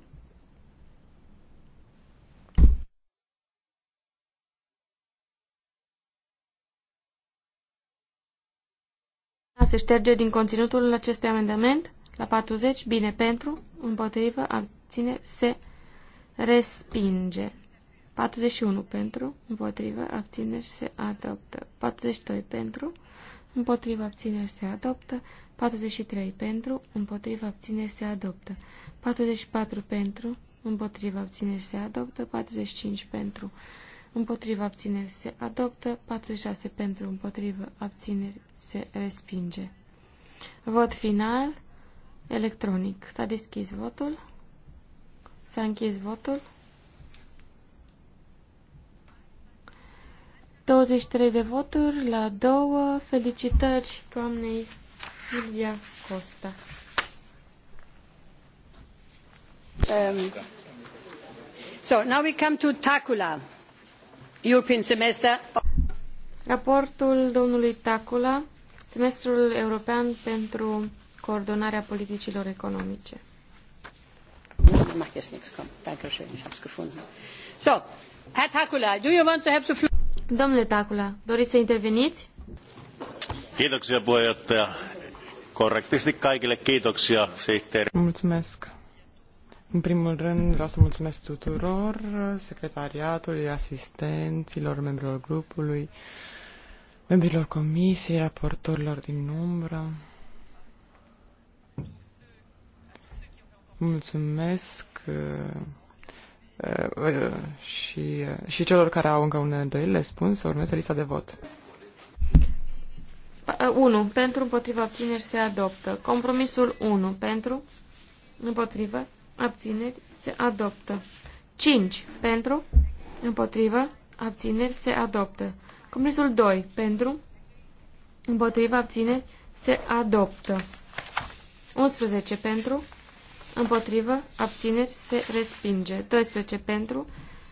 se șterge din conținutul acestui amendament? La 40, bine, pentru, împotrivă, abține, se respinge. 41 pentru, împotrivă, abțineri se adoptă. 42 pentru, împotrivă, abțineri se adoptă. 43 pentru, împotrivă, abțineri se adoptă. 44 pentru, împotrivă, abțineri se adoptă. 45 pentru, împotrivă, abțineri se adoptă. 46 pentru, împotrivă, abțineri se respinge. Vot final. Electronic. S-a deschis votul. S-a închis votul. 23 de voturi la două. Felicitări doamnei Silvia Costa. Um, so now we come to Tacula, European semester. Raportul domnului Tacula, semestrul european pentru coordonarea politicilor economice. Domnule Tacula, doriți să interveniți? Kiitoksia puheenjohtaja. Correctisti kaikille kiitoksia sihteeri. Mulțumesc. În primul rând vreau să mulțumesc tuturor, secretariatului, asistenților, membrilor grupului, membrilor comisiei, raportorilor din umbră. Mulțumesc uh, uh, și, uh, și celor care au încă un îndoieli, le spun să urmeze lista de vot. 1. Pentru, împotriva, abțineri, se adoptă. Compromisul 1. Pentru, împotriva, abțineri, se adoptă. 5. Pentru, împotriva, abțineri, se adoptă. Compromisul 2. Pentru, împotriva, abțineri, se adoptă. 11. Pentru, împotrivă, abțineri, se respinge. 12 pentru,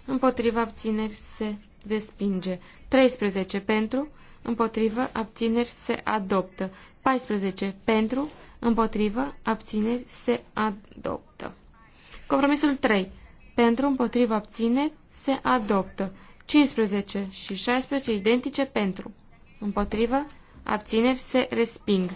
împotrivă, abțineri, se respinge. 13 pentru, împotrivă, abțineri, se adoptă. 14 pentru, împotrivă, abțineri, se adoptă. Compromisul 3. Pentru, împotrivă, abțineri, se adoptă. 15 și 16 identice pentru, împotrivă, abțineri, se resping.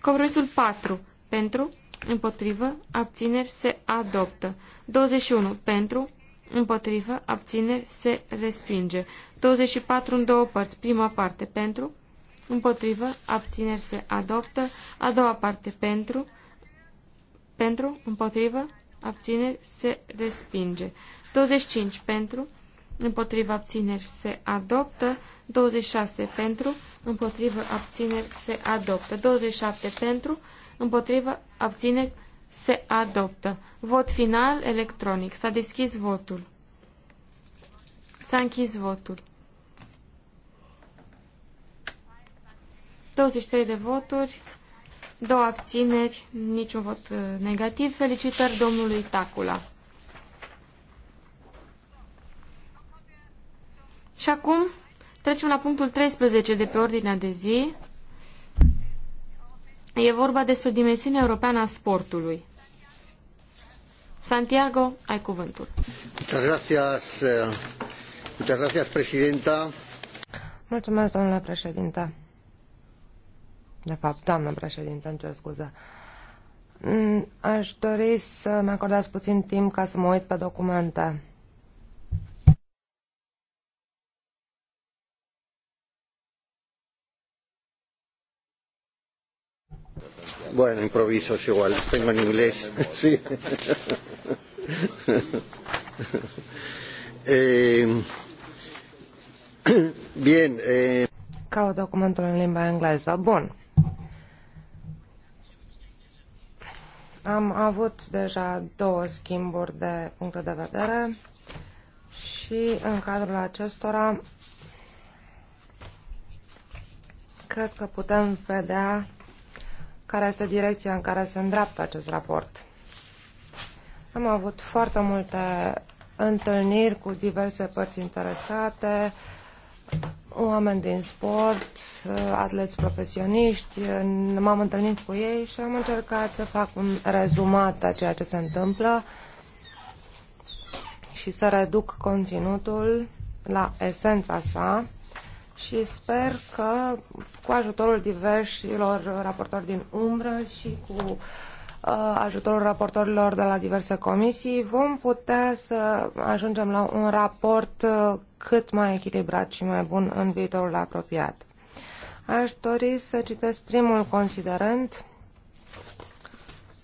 Compromisul 4. Pentru, împotrivă, abțineri se adoptă. 21 pentru, împotrivă, abțineri se respinge. 24 în două părți, prima parte pentru, împotrivă, abțineri se adoptă, a doua parte pentru, pentru, împotrivă, abțineri se respinge. 25 pentru, împotriva abțineri se adoptă, 26 pentru, împotriva abțineri se adoptă, 27 pentru, împotrivă, abțineri, se adoptă. Vot final electronic. S-a deschis votul. S-a închis votul. 23 de voturi, două abțineri, niciun vot uh, negativ. Felicitări domnului Tacula. Și acum trecem la punctul 13 de pe ordinea de zi. E vorba despre dimensiunea europeană a sportului. Santiago, ai cuvântul. Eh, Mulțumesc, domnule președinte. De fapt, doamnă președinte, îmi cer scuze. Mm, aș dori să-mi acordați puțin timp ca să mă uit pe documente. Bueno, improviso es igual, tengo en inglés. Sí. eh, bien. Eh. Caut documentul în limba engleză. Bun. Am avut deja două schimburi de puncte de vedere și în cadrul acestora cred că putem vedea care este direcția în care se îndreaptă acest raport. Am avut foarte multe întâlniri cu diverse părți interesate, oameni din sport, atleți profesioniști, m-am întâlnit cu ei și am încercat să fac un rezumat a ceea ce se întâmplă și să reduc conținutul la esența sa, și sper că cu ajutorul diversilor raportori din umbră și cu uh, ajutorul raportorilor de la diverse comisii vom putea să ajungem la un raport uh, cât mai echilibrat și mai bun în viitorul apropiat. Aș dori să citesc primul considerent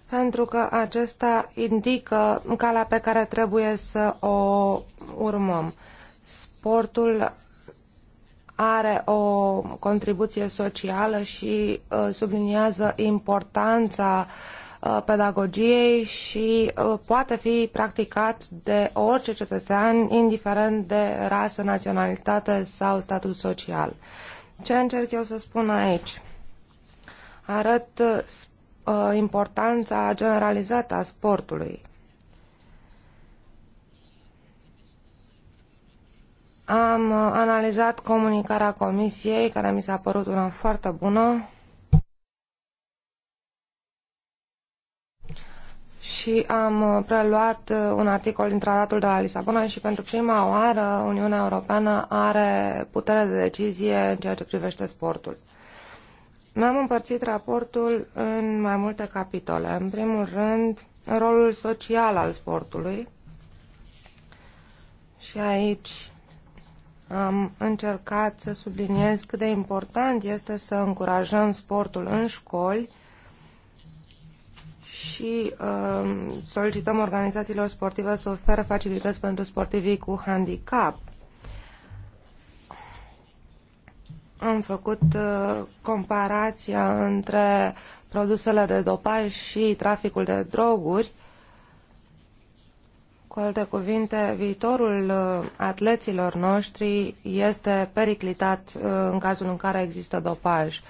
pentru că acesta indică calea pe care trebuie să o urmăm. Sportul are o contribuție socială și uh, subliniază importanța uh, pedagogiei și uh, poate fi practicat de orice cetățean, indiferent de rasă, naționalitate sau statut social. Ce încerc eu să spun aici? Arăt importanța generalizată a sportului Am uh, analizat comunicarea comisiei, care mi s-a părut una foarte bună. și am uh, preluat uh, un articol din tratatul de la Lisabona și pentru prima oară Uniunea Europeană are putere de decizie în ceea ce privește sportul. Mi-am împărțit raportul în mai multe capitole. În primul rând, rolul social al sportului. Și aici am încercat să subliniez cât de important este să încurajăm sportul în școli și uh, solicităm organizațiilor sportive să ofere facilități pentru sportivii cu handicap. Am făcut uh, comparația între produsele de dopaj și traficul de droguri cu alte cuvinte, viitorul uh, atleților noștri este periclitat uh, în cazul în care există dopaj.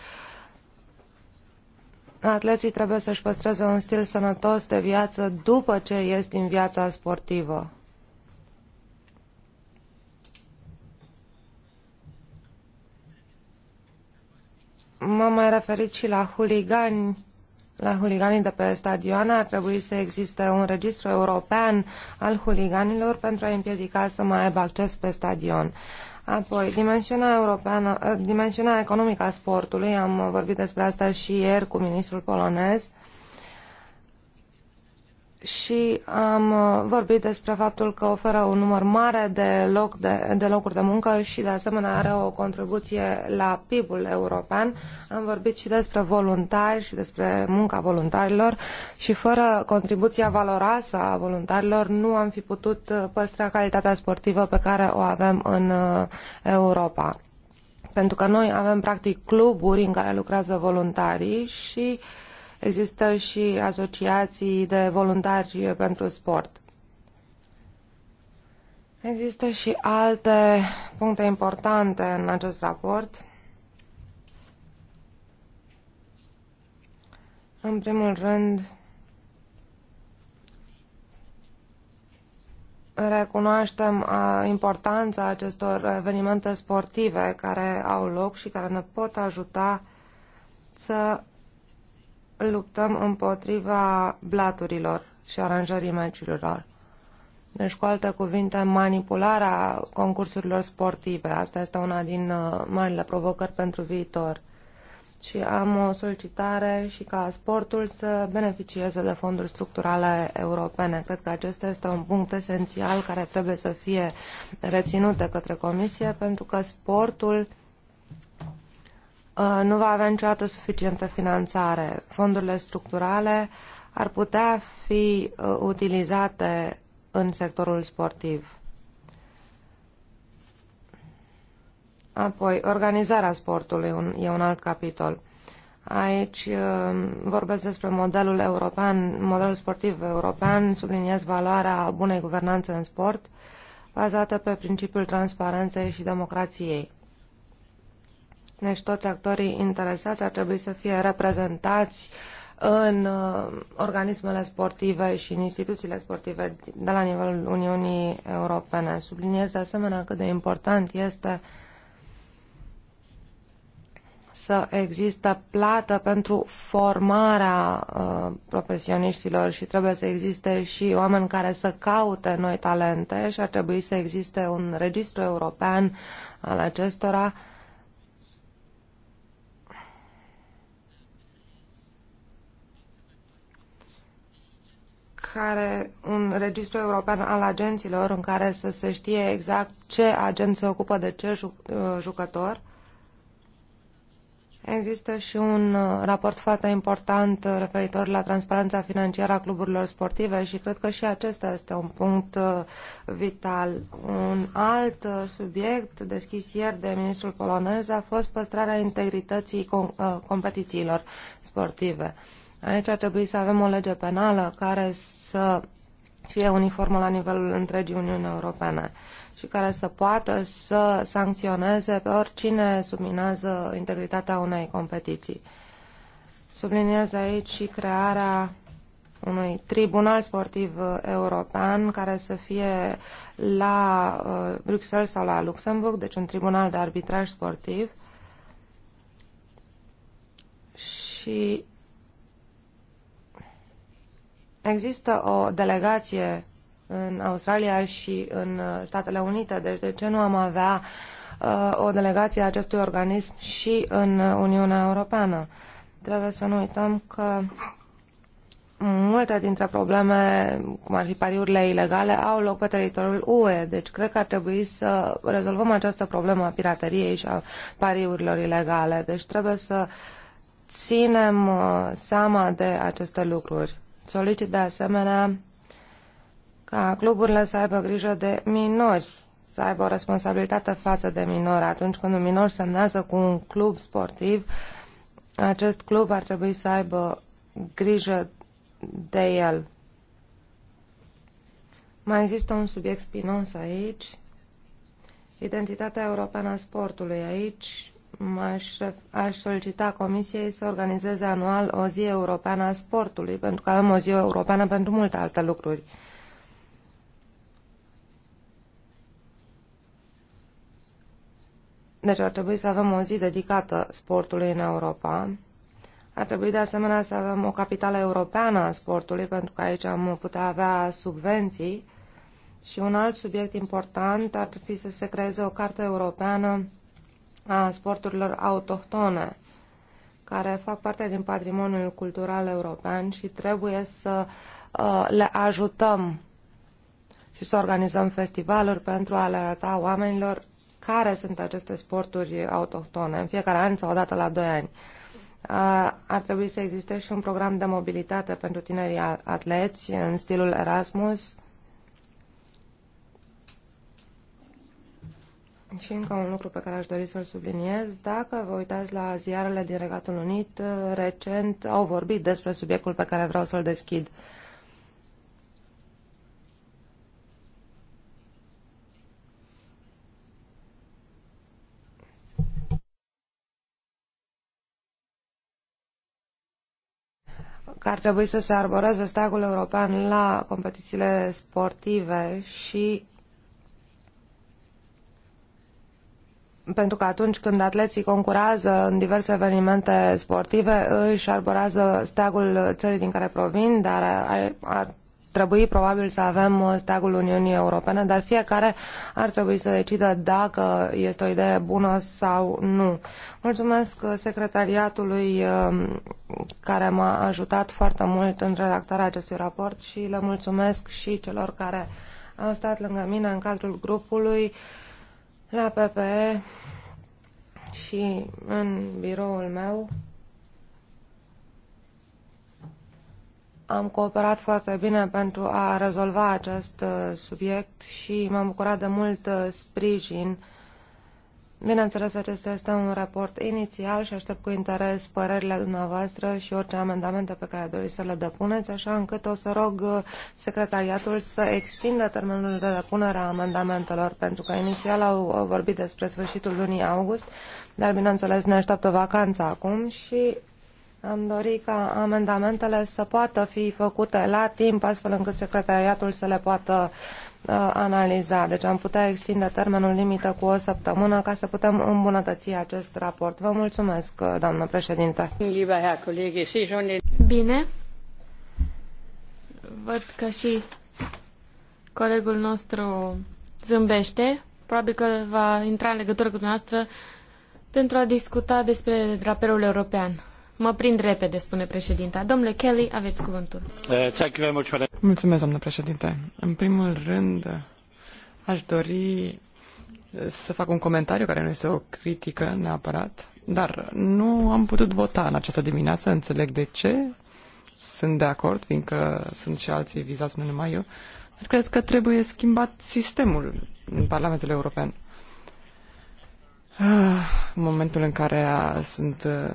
Atleții trebuie să-și păstreze un stil sănătos de viață după ce ies din viața sportivă. M-am mai referit și la huligani la huliganii de pe stadioane ar trebui să existe un registru european al huliganilor pentru a împiedica să mai aibă acces pe stadion. Apoi, dimensiunea, europeană, eh, dimensiunea economică a sportului, am vorbit despre asta și ieri cu ministrul polonez, uh, și am uh, vorbit despre faptul că oferă un număr mare de, loc de, de locuri de muncă și de asemenea are o contribuție la PIB-ul european. Am vorbit și despre voluntari și despre munca voluntarilor și fără contribuția valoroasă a voluntarilor nu am fi putut uh, păstra calitatea sportivă pe care o avem în uh, Europa. Pentru că noi avem practic cluburi în care lucrează voluntarii și uh, există și asociații de voluntari pentru sport. Există și alte puncte importante în acest raport. În primul rând, recunoaștem importanța acestor evenimente sportive care au loc și care ne pot ajuta să luptăm împotriva blaturilor și aranjării meciurilor. Deci, cu alte cuvinte, manipularea concursurilor sportive. Asta este una din uh, marile provocări pentru viitor. Și am o solicitare și ca sportul să beneficieze de fonduri structurale europene. Cred că acesta este un punct esențial care trebuie să fie reținut de către Comisie, pentru că sportul uh, Uh, nu va avea niciodată suficientă finanțare. Fondurile structurale ar putea fi uh, utilizate în sectorul sportiv. Apoi, organizarea sportului un, e un alt capitol. Aici uh, vorbesc despre modelul european, modelul sportiv european, subliniez valoarea bunei guvernanțe în sport, bazată pe principiul transparenței și democrației. Deci toți actorii interesați ar trebui să fie reprezentați în uh, organismele sportive și în instituțiile sportive de la nivelul Uniunii Europene. Subliniez de asemenea cât de important este să există plată pentru formarea uh, profesioniștilor și trebuie să existe și oameni care să caute noi talente și ar trebui să existe un registru european al acestora uh, care, un registru european al agenților în care să se știe exact ce agent se ocupă de ce uh, jucător. Există și un uh, raport foarte important uh, referitor la transparența financiară a cluburilor sportive și cred că și acesta este un punct vital. Un alt subiect deschis ieri de ministrul polonez a fost păstrarea integrității competițiilor sportive. Aici ar trebui să avem o lege penală care să fie uniformă la nivelul întregii Uniuni Europene și care să poată să sancționeze pe oricine subminează integritatea unei competiții. Subliniez aici și crearea unui tribunal sportiv uh, european care să fie la uh, Bruxelles sau la Luxemburg, deci un tribunal de arbitraj sportiv și Există o delegație în Australia și în uh, Statele Unite, deci de ce nu am avea uh, o delegație a acestui organism și în uh, Uniunea Europeană? Trebuie să nu uităm că multe dintre probleme, cum ar fi pariurile ilegale, au loc pe teritoriul UE, deci cred că ar trebui să rezolvăm această problemă a pirateriei și a pariurilor ilegale, deci trebuie să ținem uh, seama de aceste lucruri Solicit de asemenea ca cluburile să aibă grijă de minori, să aibă o responsabilitate față de minori. Atunci când un minor semnează cu un club sportiv, acest club ar trebui să aibă grijă de el. Mai există un subiect spinos aici, identitatea europeană a sportului. Aici aș, aș solicita Comisiei să organizeze anual o zi europeană a sportului, pentru că avem o zi europeană pentru multe alte lucruri. Deci ar trebui să avem o zi dedicată sportului în Europa. Ar trebui de asemenea să avem o capitală europeană a sportului, pentru că aici am putea avea subvenții. Și un alt subiect important ar trebui să se creeze o carte europeană a sporturilor autohtone, care fac parte din patrimoniul cultural european și trebuie să uh, le ajutăm și să organizăm festivaluri pentru a le arăta oamenilor care sunt aceste sporturi autohtone, în fiecare an sau o dată la 2 ani. Uh, ar trebui să existe și un program de mobilitate pentru tinerii atleți în stilul Erasmus, Și încă un lucru pe care aș dori să-l subliniez. Dacă vă uitați la ziarele din Regatul Unit, uh, recent au vorbit despre subiectul pe care vreau să-l deschid. că ar trebui să se arboreze stagul european la competițiile sportive și pentru că atunci când atleții concurează în diverse evenimente sportive, își arborează steagul țării din care provin, dar ar, ar trebui probabil să avem steagul Uniunii Europene, dar fiecare ar trebui să decidă dacă este o idee bună sau nu. Mulțumesc secretariatului um, care m-a ajutat foarte mult în redactarea acestui raport și le mulțumesc și celor care au stat lângă mine în cadrul grupului la PPE și în biroul meu am cooperat foarte bine pentru a rezolva acest uh, subiect și m-am bucurat de mult uh, sprijin Bineînțeles, acesta este un raport inițial și aștept cu interes părerile dumneavoastră și orice amendamente pe care doriți să le depuneți, așa încât o să rog uh, secretariatul să extindă termenul de depunere a amendamentelor, pentru că inițial au vorbit despre sfârșitul lunii august, dar bineînțeles ne așteaptă vacanța acum și am dori ca amendamentele să poată fi făcute la timp, astfel încât secretariatul să le poată uh, Uh, analiza. Deci am putea extinde termenul limită cu o săptămână ca să putem îmbunătăți acest raport. Vă mulțumesc, uh, doamnă președinte. Bine. Văd că și colegul nostru zâmbește. Probabil că va intra în legătură cu dumneavoastră pentru a discuta despre drapelul european. Mă prind repede, spune președinta. Domnule Kelly, aveți cuvântul. Eh, Mulțumesc, doamnă președinte. În primul rând, aș dori eh, să fac un comentariu care nu este o critică neapărat, dar nu am putut vota în această dimineață, înțeleg de ce, sunt de acord, fiindcă sunt și alții vizați, nu numai eu, dar cred că trebuie schimbat sistemul în Parlamentul European. În ah, momentul în care sunt eh,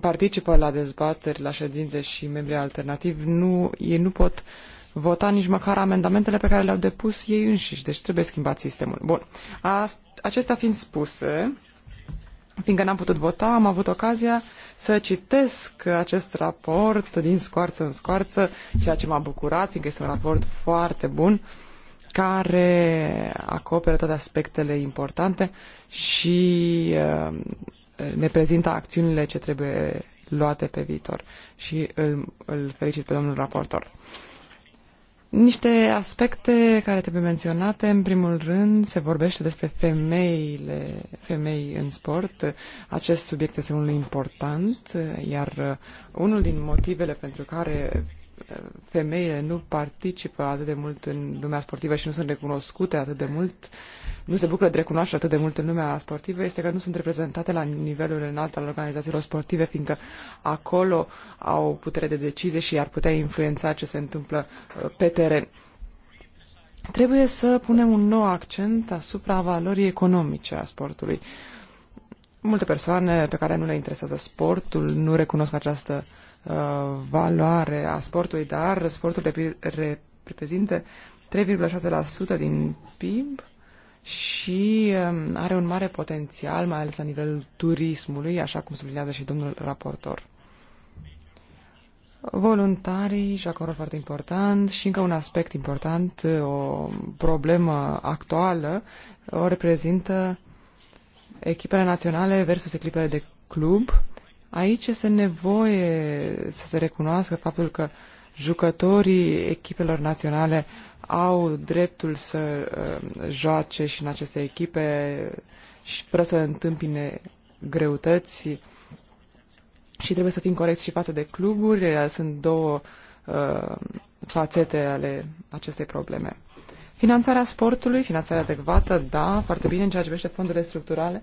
participă la dezbateri, la ședințe și membrii alternativi, nu, ei nu pot vota nici măcar amendamentele pe care le-au depus ei înșiși, deci trebuie schimbat sistemul. Bun. A, acestea fiind spuse, fiindcă n-am putut vota, am avut ocazia să citesc acest raport din scoarță în scoarță, ceea ce m-a bucurat, fiindcă este un raport foarte bun care acoperă toate aspectele importante și uh, ne prezintă acțiunile ce trebuie luate pe viitor și îl, îl felicit pe domnul raportor. Niște aspecte care trebuie menționate. În primul rând, se vorbește despre femeile, femei în sport. Acest subiect este unul important, iar unul din motivele pentru care femeile nu participă atât de mult în lumea sportivă și nu sunt recunoscute atât de mult, nu se bucură de recunoaștere atât de mult în lumea sportivă, este că nu sunt reprezentate la nivelul înalt al organizațiilor sportive, fiindcă acolo au putere de decizie și ar putea influența ce se întâmplă uh, pe teren. Trebuie să punem un nou accent asupra valorii economice a sportului. Multe persoane pe care nu le interesează sportul nu recunosc această uh, Uh, valoare a sportului, dar sportul reprezintă 3,6% din PIB și um, are un mare potențial, mai ales la nivelul turismului, așa cum sublinează și domnul raportor. Voluntarii joacă un rol foarte important și încă un aspect important, o problemă actuală, o reprezintă echipele naționale versus echipele de club Aici este nevoie să se recunoască faptul că jucătorii echipelor naționale au dreptul să uh, joace și în aceste echipe și fără să întâmpine greutăți și trebuie să fim corecți și față de cluburi. Sunt două uh, fațete ale acestei probleme. Finanțarea sportului, finanțarea adecvată, da, foarte bine în ceea ce privește fondurile structurale.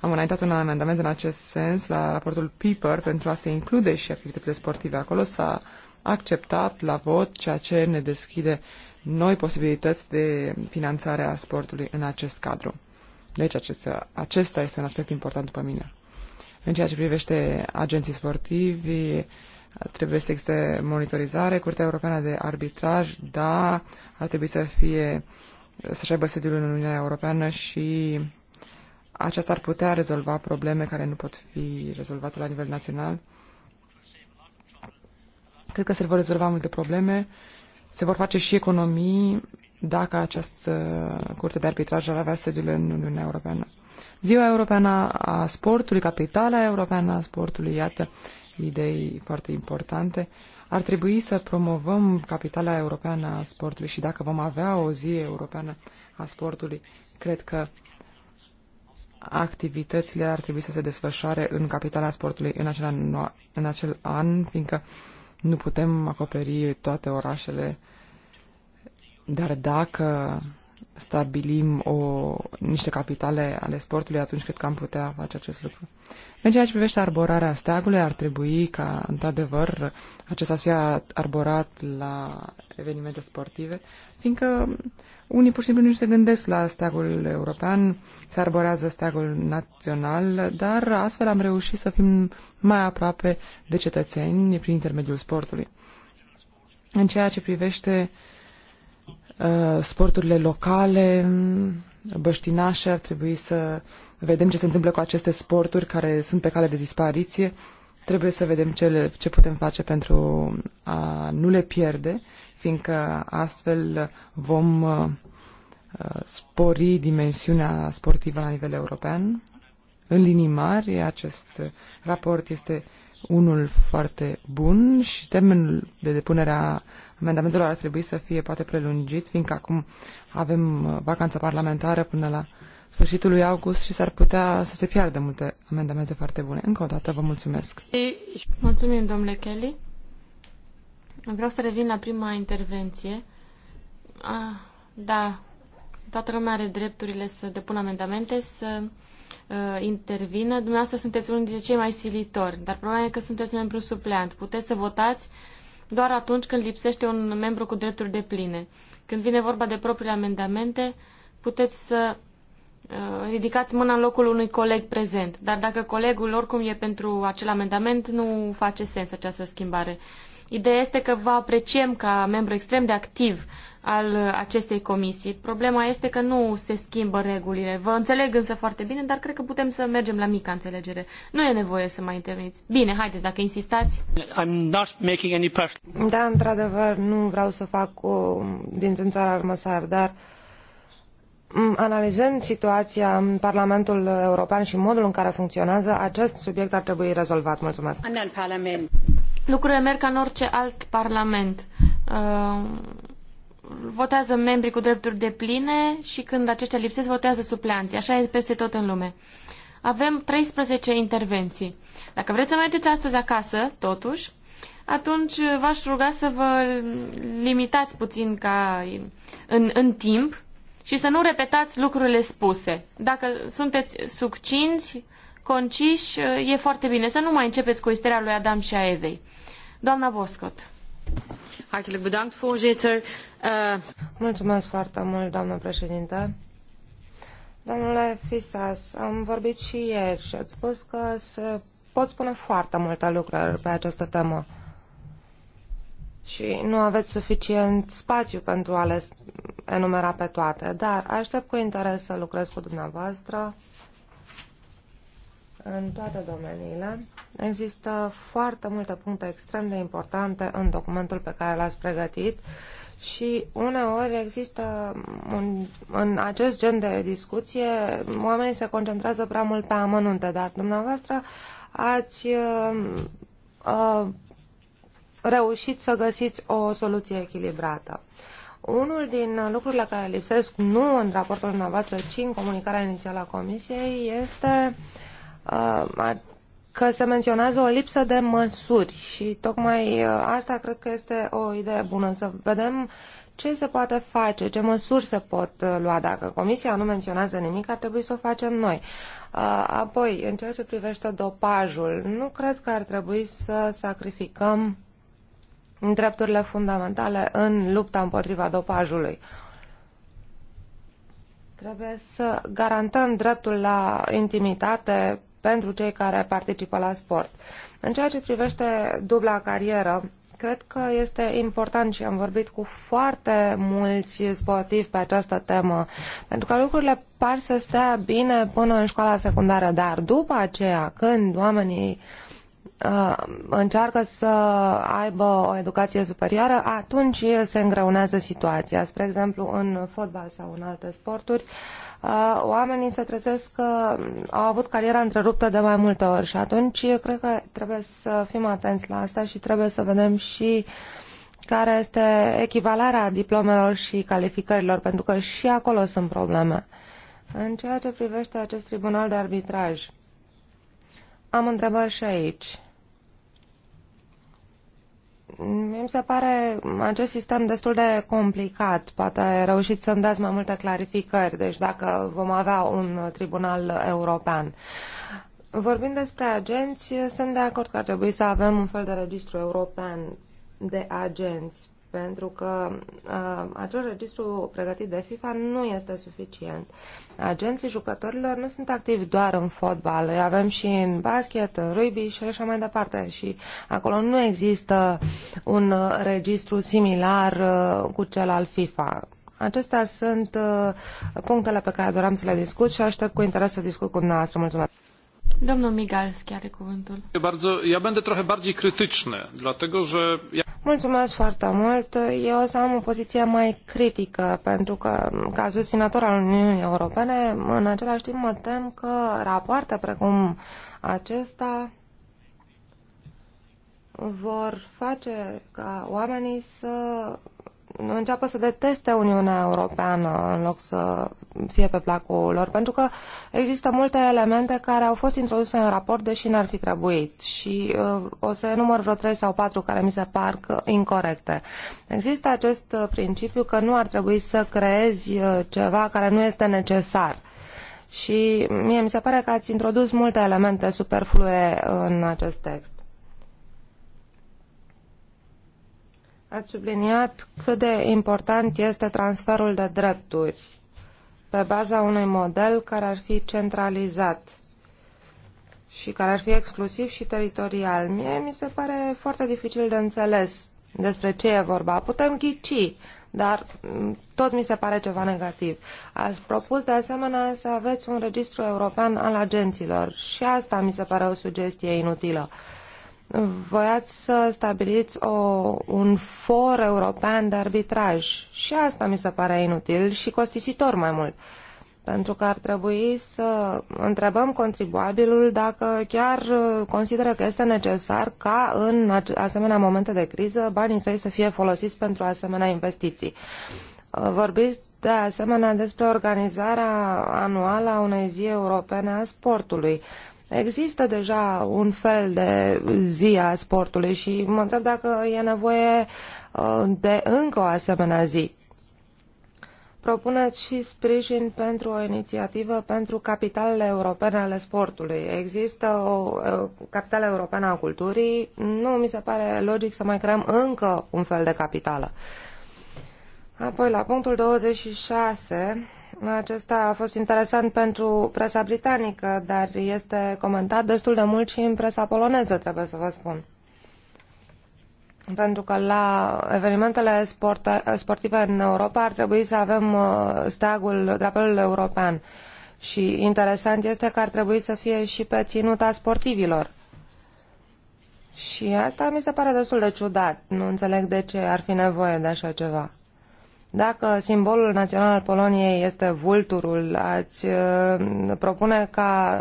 Am înaintat un amendament în acest sens la raportul PIPER pentru a se include și activitățile sportive. Acolo s-a acceptat la vot ceea ce ne deschide noi posibilități de finanțare a sportului în acest cadru. Deci acesta, acesta este un aspect important după mine. În ceea ce privește agenții sportivi, Trebuie să existe monitorizare. Curtea Europeană de Arbitraj, da, ar trebui să fie să-și aibă sediul în Uniunea Europeană și aceasta ar putea rezolva probleme care nu pot fi rezolvate la nivel național. Cred că se vor rezolva multe probleme, se vor face și economii dacă această curte de arbitraj ar avea sediul în Uniunea Europeană. Ziua Europeană a Sportului, capitala europeană a sportului, iată, idei foarte importante. Ar trebui să promovăm capitala europeană a sportului și dacă vom avea o zi europeană a sportului, cred că activitățile ar trebui să se desfășoare în capitala sportului în acel an, în acel an fiindcă nu putem acoperi toate orașele, dar dacă stabilim o, niște capitale ale sportului, atunci cred că am putea face acest lucru. În ceea ce privește arborarea steagului, ar trebui ca, într-adevăr, acesta să fie arborat la evenimente sportive, fiindcă unii pur și simplu nu se gândesc la steagul european, se arborează steagul național, dar astfel am reușit să fim mai aproape de cetățeni prin intermediul sportului. În ceea ce privește uh, Uh, sporturile locale, mm, băștinașe, ar trebui să vedem ce se întâmplă cu aceste sporturi care sunt pe cale de dispariție. Trebuie să vedem ce, le, ce putem face pentru a nu le pierde, fiindcă astfel vom uh, spori dimensiunea sportivă la nivel european. În linii mari, acest raport este unul foarte bun și termenul de depunere a amendamentul ar trebui să fie poate prelungit, fiindcă acum avem uh, vacanța parlamentară până la sfârșitul lui august și s-ar putea să se piardă multe amendamente foarte bune. Încă o dată vă mulțumesc. Mulțumim, domnule Kelly. Vreau să revin la prima intervenție. Ah, da, toată lumea are drepturile să depună amendamente, să uh, intervină. Dumneavoastră sunteți unul dintre cei mai silitori, dar problema e că sunteți membru supleant. Puteți să votați uh, doar atunci când lipsește un membru cu drepturi de pline. Când vine vorba de propriile amendamente, puteți să uh, ridicați mâna în locul unui coleg prezent. Dar dacă colegul oricum e pentru acel amendament, nu face sens această schimbare. Ideea este că vă apreciem ca membru extrem de activ al acestei comisii. Problema este că nu se schimbă regulile. Vă înțeleg însă foarte bine, dar cred că putem să mergem la mica înțelegere. Nu e nevoie să mai interveniți. Bine, haideți, dacă insistați. I'm not making any pressure. Da, într-adevăr, nu vreau să fac o din țânțara armăsar, dar analizând situația în Parlamentul European și modul în care funcționează, acest subiect ar trebui rezolvat. Mulțumesc. Lucrurile merg ca în orice alt parlament. Uh votează membrii cu drepturi de pline și când aceștia lipsesc, votează supleanții. Așa e peste tot în lume. Avem 13 intervenții. Dacă vreți să mergeți astăzi acasă, totuși, atunci v-aș ruga să vă limitați puțin ca în, în timp și să nu repetați lucrurile spuse. Dacă sunteți succinți, conciși, e foarte bine. Să nu mai începeți cu isteria lui Adam și a Evei. Doamna Boscot. Hartelijk bedankt, voorzitter. Eh, Mulțumesc foarte mult, doamnă președinte. Domnule Fisas, am vorbit și ieri și ați spus că se pot spune foarte multe lucruri pe această temă și nu aveți suficient spațiu pentru a le enumera pe toate, dar aștept cu interes să lucrez cu dumneavoastră în toate domeniile. Există foarte multe puncte extrem de importante în documentul pe care l-ați pregătit și uneori există un, în acest gen de discuție oamenii se concentrează prea mult pe amănunte, dar dumneavoastră ați uh, uh, reușit să găsiți o soluție echilibrată. Unul din lucrurile care lipsesc nu în raportul dumneavoastră, ci în comunicarea inițială a Comisiei, este uh, că se menționează o lipsă de măsuri și tocmai asta cred că este o idee bună, să vedem ce se poate face, ce măsuri se pot lua. Dacă Comisia nu menționează nimic, ar trebui să o facem noi. Apoi, în ceea ce privește dopajul, nu cred că ar trebui să sacrificăm drepturile fundamentale în lupta împotriva dopajului. Trebuie să garantăm dreptul la intimitate pentru cei care participă la sport. În ceea ce privește dubla carieră, cred că este important și am vorbit cu foarte mulți sportivi pe această temă, pentru că lucrurile par să stea bine până în școala secundară, dar după aceea, când oamenii uh, încearcă să aibă o educație superioară, atunci se îngreunează situația. Spre exemplu, în fotbal sau în alte sporturi, uh, Uh, oamenii se trezesc că au avut cariera întreruptă de mai multe ori și atunci cred că trebuie să fim atenți la asta și trebuie să vedem și care este echivalarea diplomelor și calificărilor, pentru că și acolo sunt probleme. În ceea ce privește acest tribunal de arbitraj, am întrebări și aici. Mi se pare acest sistem destul de complicat. Poate reușiți să-mi dați mai multe clarificări, deci dacă vom avea un tribunal european. Vorbind despre agenți, sunt de acord că ar trebui să avem un fel de registru european de agenți pentru că uh, acel registru pregătit de FIFA nu este suficient. Agenții jucătorilor nu sunt activi doar în fotbal, îi avem și în basket, în rugby și așa mai departe și acolo nu există un registru similar uh, cu cel al FIFA. Acestea sunt uh, punctele pe care doream să le discut și aștept cu interes să discut cu dumneavoastră. Mulțumesc! Domnul Migalski are cuvântul. Bardzo, ja będę trochę bardziej krytyczny, dlatego że... Mulțumesc foarte mult. Eu o să am o poziție mai critică, pentru că, ca susținător al Uniunii Europene, în același timp mă tem că rapoarte precum acesta vor face ca oamenii să înceapă să deteste Uniunea Europeană în loc să fie pe placul lor, pentru că există multe elemente care au fost introduse în raport, deși n-ar fi trebuit. Și uh, o să enumăr vreo trei sau patru care mi se par incorrecte. Există acest uh, principiu că nu ar trebui să creezi uh, ceva care nu este necesar. Și mie mi se pare că ați introdus multe elemente superflue în acest text. Ați subliniat cât de important este transferul de drepturi pe baza unui model care ar fi centralizat și care ar fi exclusiv și teritorial. Mie mi se pare foarte dificil de înțeles despre ce e vorba. Putem ghici, dar mm, tot mi se pare ceva negativ. Ați propus de asemenea să aveți un registru european al agenților și asta mi se pare o sugestie inutilă. Uh, voiați să stabiliți o, un for european de arbitraj și asta mi se pare inutil și costisitor mai mult. Pentru că ar trebui să întrebăm contribuabilul dacă chiar uh, consideră că este necesar ca în asemenea momente de criză banii săi să fie folosiți pentru asemenea investiții. Uh, vorbiți de asemenea despre organizarea anuală a unei zile europene a sportului. Există deja un fel de zi a sportului și mă întreb dacă e nevoie uh, de încă o asemenea zi. Propuneți și sprijin pentru o inițiativă pentru capitalele europene ale sportului. Există o uh, capitală europeană a culturii. Nu mi se pare logic să mai creăm încă un fel de capitală. Apoi, la punctul 26, acesta a fost interesant pentru presa britanică, dar este comentat destul de mult și în presa poloneză, trebuie să vă spun. Pentru că la evenimentele sportive în Europa ar trebui să avem uh, steagul, drapelul european. Și interesant este că ar trebui să fie și pe ținuta sportivilor. Și asta mi se pare destul de ciudat. Nu înțeleg de ce ar fi nevoie de așa ceva. Dacă simbolul național al Poloniei este vulturul, ați uh, propune ca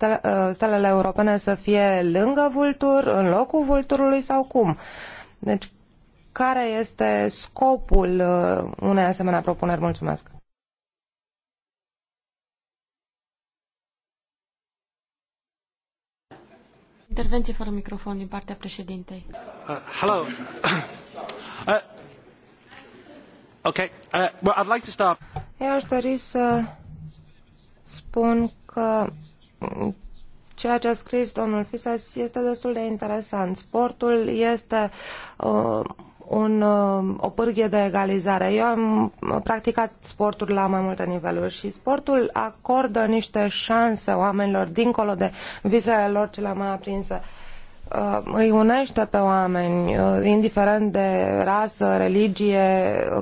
uh, uh, stelele europene să fie lângă vultur, în locul vulturului sau cum? Deci, care este scopul unei asemenea propuneri? Mulțumesc! Intervenție fără microfon din partea președintei. Uh, hello. Uh, Okay. Uh, well, I'd like to start. Eu aș dori să spun că ceea ce a scris domnul Fisas este destul de interesant. Sportul este uh, un, uh, o pârghie de egalizare. Eu am practicat sportul la mai multe niveluri și sportul acordă niște șanse oamenilor dincolo de visele lor cele mai aprinse. Uh, Uh, îi unește pe oameni, uh, indiferent de rasă, religie,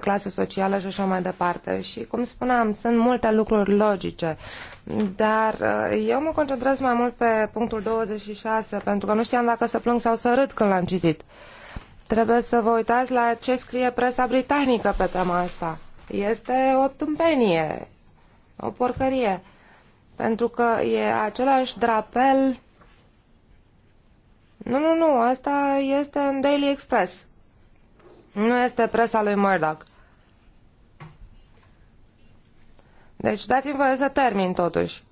clasă socială și așa mai departe. Și, cum spuneam, sunt multe lucruri logice. Dar uh, eu mă concentrez mai mult pe punctul 26, pentru că nu știam dacă să plâng sau să râd când l-am citit. Trebuie să vă uitați la ce scrie presa britanică pe tema asta. Este o tâmpenie, o porcărie. Pentru că e același drapel nu, nu, nu, asta este în Daily Express. Nu este presa lui Murdoch. Deci dați-mi voie să termin totuși.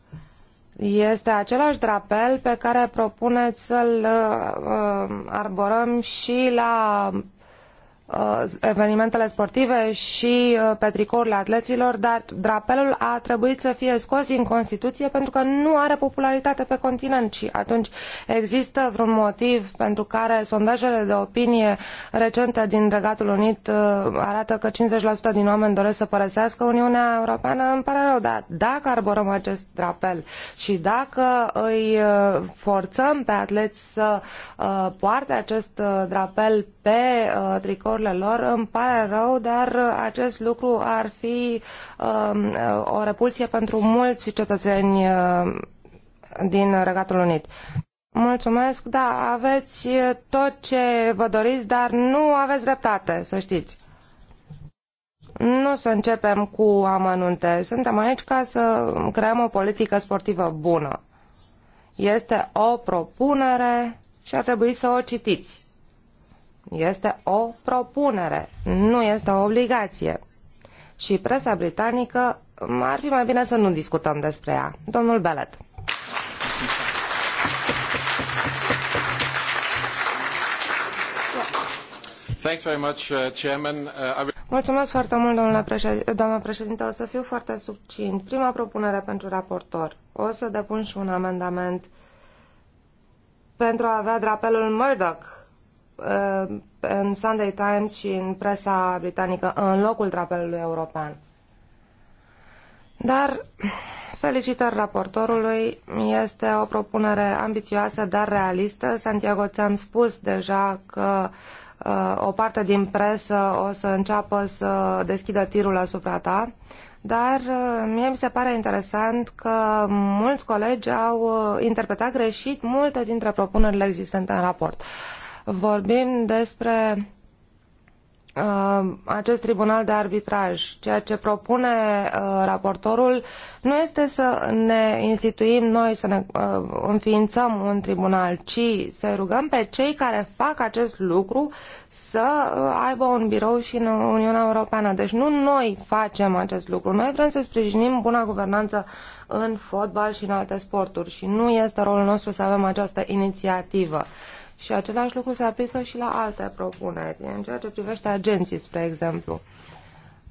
Este același drapel pe care propuneți să-l uh, uh arborăm și la Uh, evenimentele sportive și uh, pe tricourile atleților, dar drapelul a trebuit să fie scos din Constituție pentru că nu are popularitate pe continent și atunci există vreun motiv pentru care sondajele de opinie recente din Regatul Unit uh, arată că 50% din oameni doresc să părăsească Uniunea Europeană, îmi pare rău, dar dacă arborăm acest drapel și dacă îi forțăm pe atleți să poarte acest drapel pe tricor drepturile lor. Îmi pare rău, dar uh, acest lucru ar fi um, uh, o repulsie pentru mulți cetățeni um, din Regatul Unit. Mulțumesc, da, aveți tot ce vă doriți, dar nu aveți dreptate, să știți. Nu să începem cu amănunte. Suntem aici ca să creăm o politică sportivă bună. Este o propunere și ar trebui să o citiți. Este o propunere, nu este o obligație. Și presa britanică ar fi mai bine să nu discutăm despre ea. Domnul Bellet. Uh, uh, Mulțumesc foarte mult, domnule președinte. Doamna președinte, o să fiu foarte subțint. Prima propunere pentru raportor. O să depun și un amendament pentru a avea drapelul Murdoch Uh, în Sunday Times și în presa britanică în locul drapelului european. Dar felicitări raportorului, este o propunere ambițioasă, dar realistă. Santiago, ți-am spus deja că uh, o parte din presă o să înceapă să deschidă tirul asupra ta, dar uh, mie mi se pare interesant că mulți colegi au uh, interpretat greșit multe dintre propunerile existente în raport vorbim despre uh, acest tribunal de arbitraj. Ceea ce propune uh, raportorul nu este să ne instituim noi, să ne uh, înființăm un tribunal, ci să rugăm pe cei care fac acest lucru să aibă un birou și în Uniunea Europeană. Deci nu noi facem acest lucru. Noi vrem să sprijinim buna guvernanță în fotbal și în alte sporturi și nu este rolul nostru să avem această inițiativă. Uh, și același lucru se aplică și la alte propuneri, în ceea ce privește agenții, spre exemplu.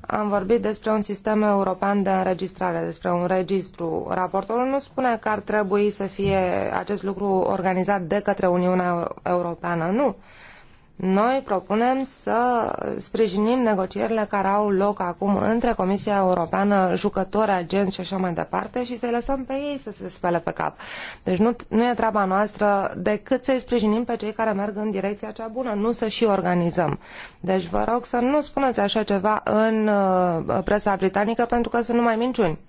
Am vorbit despre un sistem european de înregistrare, despre un registru. Raportorul nu spune că ar trebui să fie acest lucru organizat de către Uniunea Europeană, nu. Noi propunem să sprijinim negocierile care au loc acum între Comisia Europeană, jucători, agenți și așa mai departe și să-i lăsăm pe ei să se spele pe cap. Deci nu, nu e treaba noastră decât să-i sprijinim pe cei care merg în direcția cea bună, nu să și organizăm. Deci vă rog să nu spuneți așa ceva în uh, presa britanică pentru că sunt numai minciuni.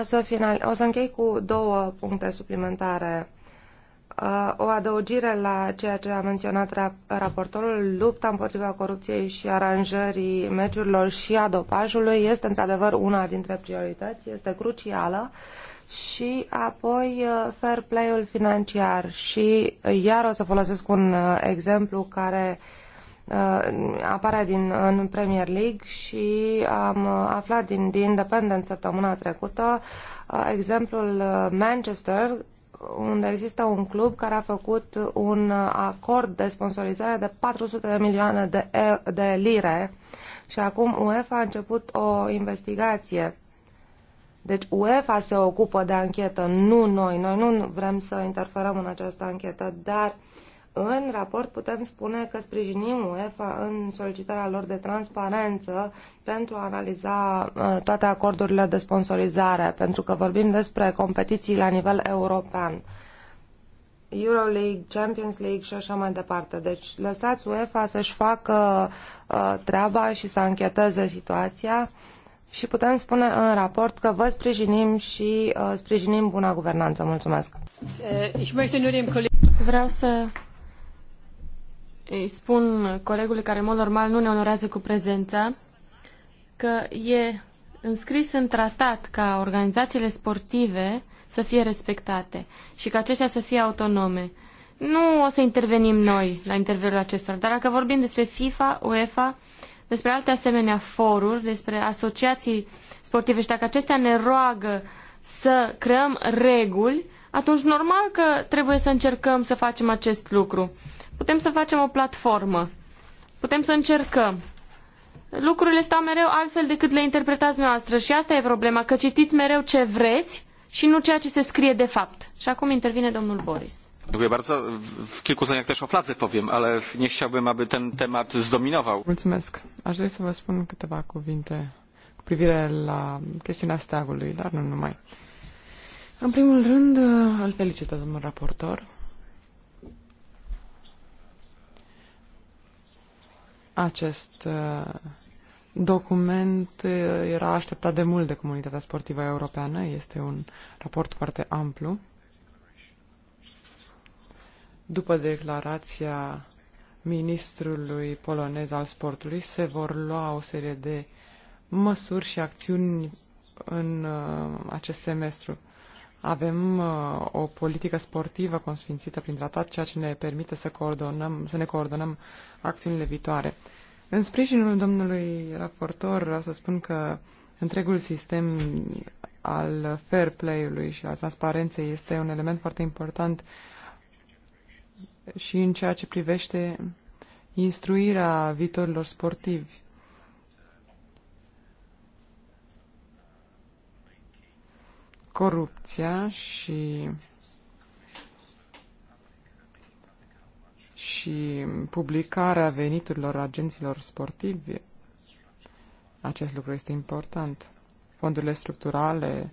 O să, final, o să închei cu două puncte suplimentare Uh, o adăugire la ceea ce a menționat raportorul, lupta împotriva corupției și aranjării meciurilor și a dopajului este într-adevăr una dintre priorități, este crucială și apoi uh, fair play-ul financiar și uh, iar o să folosesc un exemplu care apare din, în Premier League și am aflat din, din Independent săptămâna trecută exemplul Manchester unde există un club care a făcut un acord de sponsorizare de 400 de milioane de, e- de lire și acum UEFA a început o investigație. Deci UEFA se ocupă de anchetă, nu noi. Noi nu vrem să interferăm în această anchetă, dar uh, în raport putem spune că sprijinim UEFA în solicitarea lor de transparență pentru a analiza uh, toate acordurile de sponsorizare, pentru că vorbim despre competiții la nivel european. Euroleague, Champions League și așa mai departe. Deci lăsați UEFA să-și facă uh, treaba și să încheteze situația și putem spune în raport că vă sprijinim și uh, sprijinim buna guvernanță. Mulțumesc! Eh, Vreau să îi spun colegului care în mod normal nu ne onorează cu prezența că e înscris în tratat ca organizațiile sportive să fie respectate și ca acestea să fie autonome. Nu o să intervenim noi la interviul acestora, dar dacă vorbim despre FIFA, UEFA, despre alte asemenea foruri, despre asociații sportive și dacă acestea ne roagă să creăm reguli, atunci normal că trebuie să încercăm să facem acest lucru. Putem să facem o platformă. Putem să încercăm. Lucrurile stau mereu altfel decât le interpretați noastră și asta e problema, că citiți mereu ce vreți și nu ceea ce se scrie de fapt. Și acum intervine domnul Boris. Dziękuję bardzo. W kilku zdaniach też o fladze powiem, ale nie chciałbym, aby ten temat zdominował. Mulțumesc. Aș dori să vă spun câteva cuvinte cu privire la chestiunea steagului, dar nu numai. În primul rând, îl felicită domnul raportor Acest uh, document uh, era așteptat de mult de comunitatea sportivă europeană, este un raport foarte amplu. După declarația ministrului polonez al sportului, se vor lua o serie de măsuri și acțiuni în uh, acest semestru. Avem uh, o politică sportivă consfințită prin tratat, ceea ce ne permite să, coordonăm, să ne coordonăm acțiunile viitoare. În sprijinul domnului raportor vreau să spun că întregul sistem al fair play-ului și al transparenței este un element foarte important și în ceea ce privește instruirea viitorilor sportivi. corupția și și publicarea veniturilor agenților sportivi. Acest lucru este important. Fondurile structurale,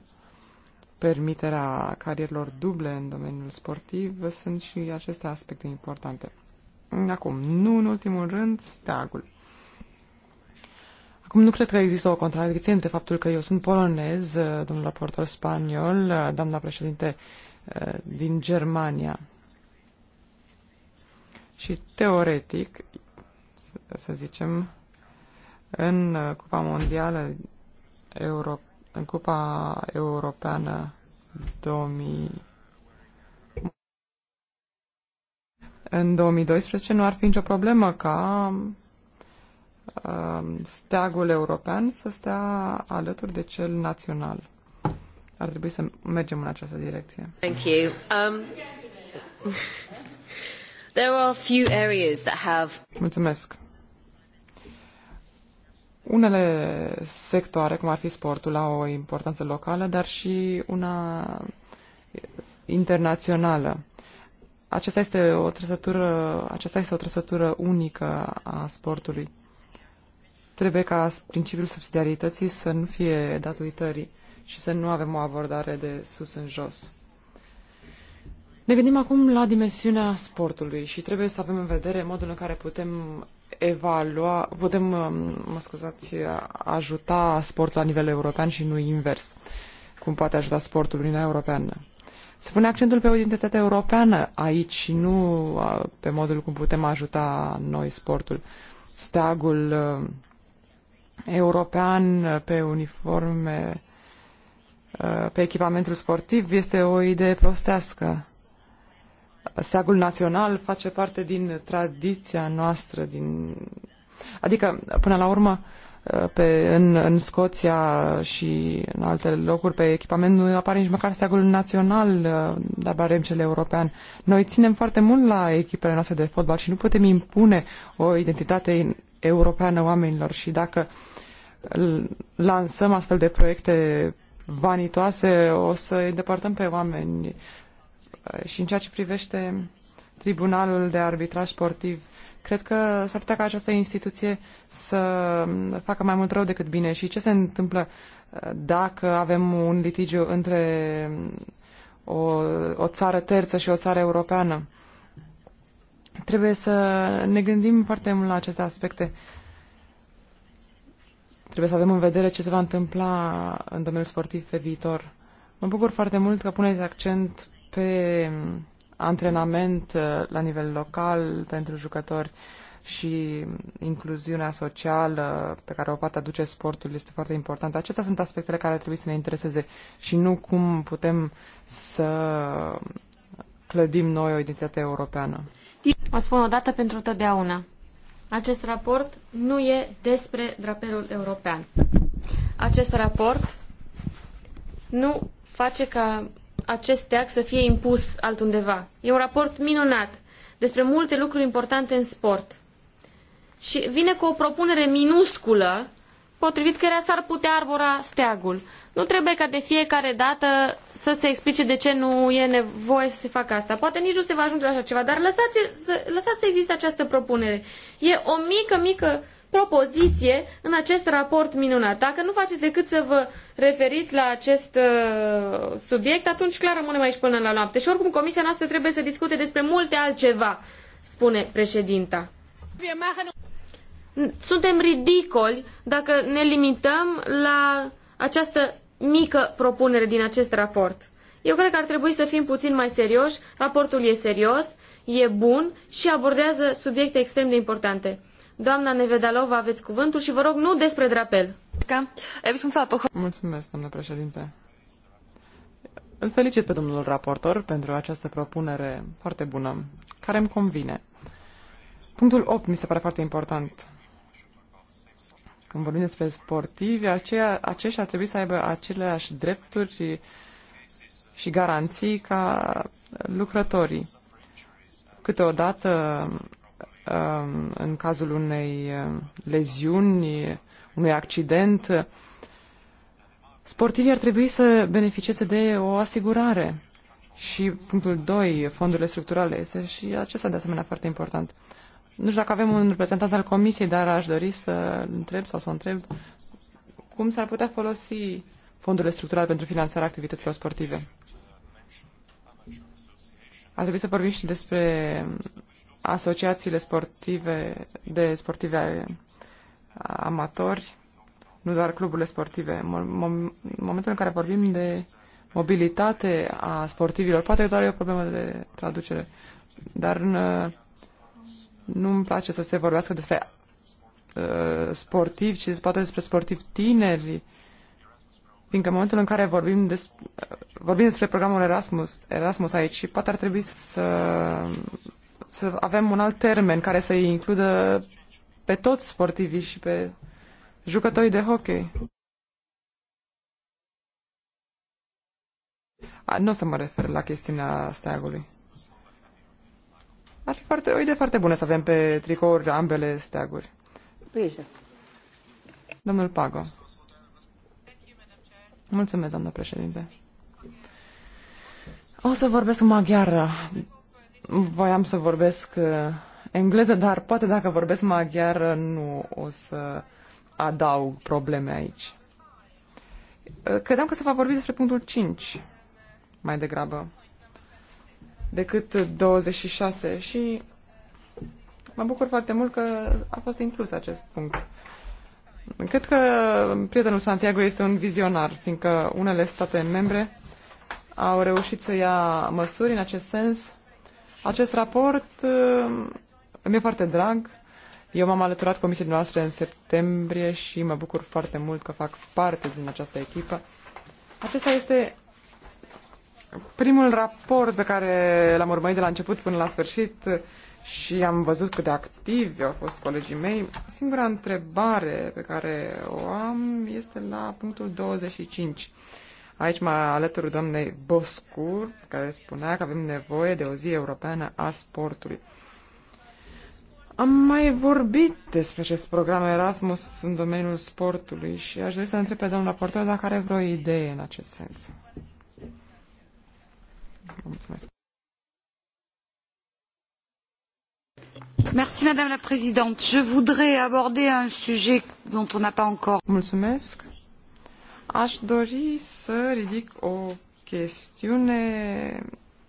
permiterea carierilor duble în domeniul sportiv sunt și aceste aspecte importante. Acum, nu în ultimul rând, steagul. Acum nu cred că există o contradicție între faptul că eu sunt polonez, uh, domnul raportor spaniol, uh, doamna președinte uh, din Germania. Și teoretic, să zicem, în Cupa Mondială, Euro, în Cupa Europeană 2000, în 2012 nu ar fi nicio problemă ca Um, steagul european să stea alături de cel național. Ar trebui să mergem în această direcție. Thank you. Um, there are few areas that have... Mulțumesc. Unele sectoare, cum ar fi sportul, au o importanță locală, dar și una internațională. Aceasta este o trăsătură, aceasta este o trăsătură unică a sportului. Trebuie ca principiul subsidiarității să nu fie dat uitării și să nu avem o abordare de sus în jos. Ne gândim acum la dimensiunea sportului și trebuie să avem în vedere modul în care putem evalua, putem, um, mă scuzați, ajuta sportul la nivel european și nu invers, cum poate ajuta sportul Uniunea Europeană. Se pune accentul pe o identitate europeană aici și nu uh, pe modul cum putem ajuta noi sportul. Steagul uh, european pe uniforme, uh, pe echipamentul sportiv, este o idee prostească. Seagul național face parte din tradiția noastră, din... adică, până la urmă, uh, pe, în, în Scoția și în alte locuri pe echipament nu apare nici măcar steagul național, uh, dar barem cel european. Noi ținem foarte mult la echipele noastre de fotbal și nu putem impune o identitate europeană oamenilor și dacă lansăm astfel de proiecte vanitoase, o să îi îndepărtăm pe oameni. Și în ceea ce privește Tribunalul de Arbitraj Sportiv, cred că s-ar putea ca această instituție să facă mai mult rău decât bine. Și ce se întâmplă uh, dacă avem un litigiu între uh, o, o țară terță și o țară europeană? Trebuie să ne gândim foarte mult la aceste aspecte. Trebuie să avem în vedere ce se va întâmpla în domeniul sportiv pe viitor. Mă bucur foarte mult că puneți accent pe mm, antrenament uh, la nivel local pentru jucători și mm, incluziunea socială pe care o poate aduce sportul este foarte importantă. Acestea sunt aspectele care trebuie să ne intereseze și nu cum putem să mm, clădim noi o identitate europeană. O spun o dată pentru totdeauna. Acest raport nu e despre drapelul european. Acest raport nu face ca acest teac să fie impus altundeva. E un raport minunat despre multe lucruri importante în sport. Și vine cu o propunere minusculă potrivit căreia s-ar putea arbora steagul. Nu trebuie ca de fiecare dată să se explice de ce nu e nevoie să se facă asta. Poate nici nu se va ajunge la așa ceva, dar lăsați să, lăsați să existe această propunere. E o mică, mică propoziție în acest raport minunat. Dacă nu faceți decât să vă referiți la acest uh, subiect, atunci clar rămânem aici până la noapte. Și oricum comisia noastră trebuie să discute despre multe altceva, spune președinta. Suntem ridicoli dacă ne limităm la această mică propunere din acest raport. Eu cred că ar trebui să fim puțin mai serioși, raportul e serios, e bun și abordează subiecte extrem de importante. Doamna Nevedalova, aveți cuvântul și vă rog nu despre drapel. Mulțumesc, doamnă președinte. Îl felicit pe domnul raportor pentru această propunere foarte bună, care îmi convine. Punctul 8 mi se pare foarte important. Când vorbim despre sportivi, aceia, aceștia ar trebui să aibă aceleași drepturi și, și garanții ca lucrătorii. Câteodată, um, în cazul unei um, leziuni, unui accident, sportivii ar trebui să beneficieze de o asigurare. Și punctul 2, fondurile structurale, este și acesta de asemenea foarte important. Nu știu dacă avem un reprezentant al comisiei, dar aș dori să întreb sau să o întreb cum s-ar putea folosi fondurile structurale pentru finanțarea activităților sportive. Ar trebui să vorbim și despre asociațiile sportive de sportive amatori, nu doar cluburile sportive. În momentul în care vorbim de mobilitate a sportivilor, poate că doar e o problemă de traducere, dar în nu-mi place să se vorbească despre uh, sportivi, ci poate despre sportivi tineri, fiindcă în momentul în care vorbim, des, uh, vorbim despre programul Erasmus, Erasmus aici, poate ar trebui să, să avem un alt termen care să includă pe toți sportivii și pe jucătorii de hockey. A, nu o să mă refer la chestiunea steagului. Ar fi foarte, o idee foarte bună să avem pe tricouri ambele steaguri. Bine. Domnul Pago. Mulțumesc, doamnă președinte. O să vorbesc maghiară. Voiam să vorbesc uh, engleză, dar poate dacă vorbesc maghiară nu o să adaug probleme aici. Uh, credeam că se va vorbi despre punctul 5 mai degrabă decât 26 și mă bucur foarte mult că a fost inclus acest punct. Cred că prietenul Santiago este un vizionar, fiindcă unele state membre au reușit să ia măsuri în acest sens. Acest raport uh, mi-e foarte drag. Eu m-am alăturat comisiei noastre în septembrie și mă bucur foarte mult că fac parte din această echipă. Acesta este Primul raport pe care l-am urmărit de la început până la sfârșit și am văzut cât de activi au fost colegii mei, singura întrebare pe care o am este la punctul 25. Aici mă alături doamnei Boscur, care spunea că avem nevoie de o zi europeană a sportului. Am mai vorbit despre acest program Erasmus în domeniul sportului și aș dori să întreb pe domnul raportor dacă are vreo idee în acest sens. Mulțumesc. Merci, Madame la Présidente. Je voudrais aborder un sujet dont on n'a pas encore. Mulțumesc. Aș dori să ridic o chestiune,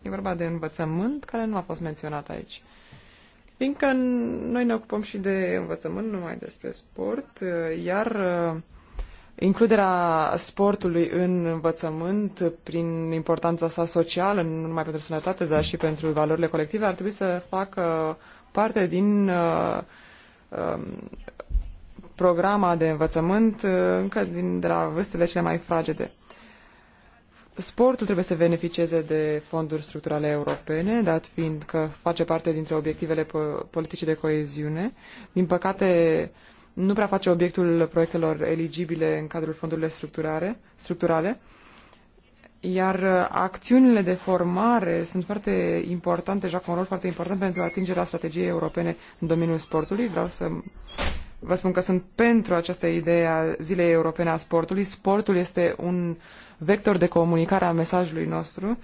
e vorba de învățământ, care nu a fost menționat aici. Fiindcă noi ne ocupăm și de învățământ, numai despre sport, iar uh, Includerea sportului în învățământ, prin importanța sa socială, nu numai pentru sănătate, dar și pentru valorile colective, ar trebui să facă parte din uh, um, programa de învățământ uh, încă din, de la vârstele cele mai fragede. Sportul trebuie să beneficieze de fonduri structurale europene, dat fiind că face parte dintre obiectivele po politicii de coeziune. Din păcate, uh, nu prea face obiectul proiectelor eligibile în cadrul fondurilor structurare, structurale, iar acțiunile de formare sunt foarte importante, joacă un rol foarte important pentru atingerea strategiei europene în domeniul sportului. Vreau să vă spun că sunt pentru această idee a Zilei Europene a Sportului. Sportul este un vector de comunicare a mesajului nostru,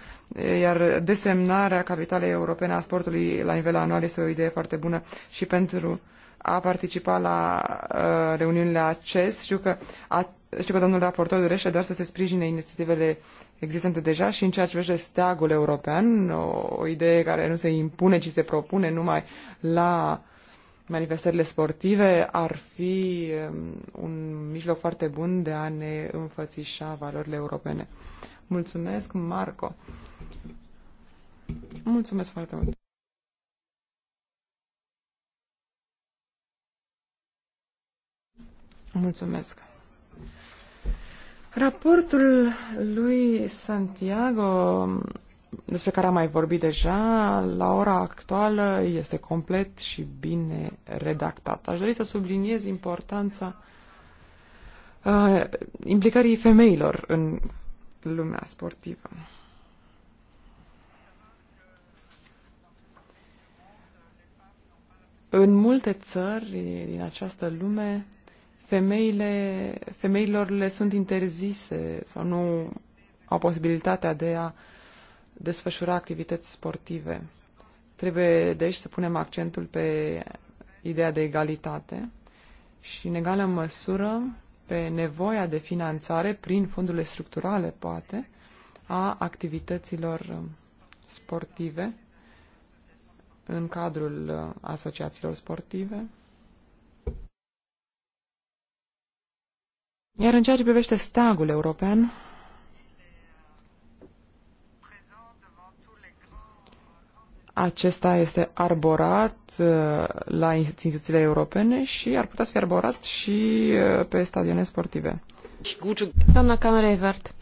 iar desemnarea capitalei europene a sportului la nivel anual este o idee foarte bună și pentru a participat la uh, reuniunile ACES. Știu că, a, știu că domnul raportor dorește doar să se sprijine inițiativele existente deja și în ceea ce vește steagul european, o, o idee care nu se impune, ci se propune numai la manifestările sportive, ar fi um, un mijloc foarte bun de a ne înfățișa valorile europene. Mulțumesc, Marco! Mulțumesc foarte mult! Mulțumesc. Raportul lui Santiago, despre care am mai vorbit deja, la ora actuală este complet și bine redactat. Aș dori să subliniez importanța uh, implicării femeilor în lumea sportivă. În multe țări din această lume, femeile, femeilor le sunt interzise sau nu au posibilitatea de a desfășura activități sportive. Trebuie, deci, să punem accentul pe ideea de egalitate și, în egală măsură, pe nevoia de finanțare, prin fondurile structurale, poate, a activităților sportive în cadrul uh, asociațiilor sportive Iar în ceea ce privește stagul european, acesta este arborat uh, la instituțiile europene și ar putea să fie arborat și uh, pe stadioane sportive. Doamna Camerevert,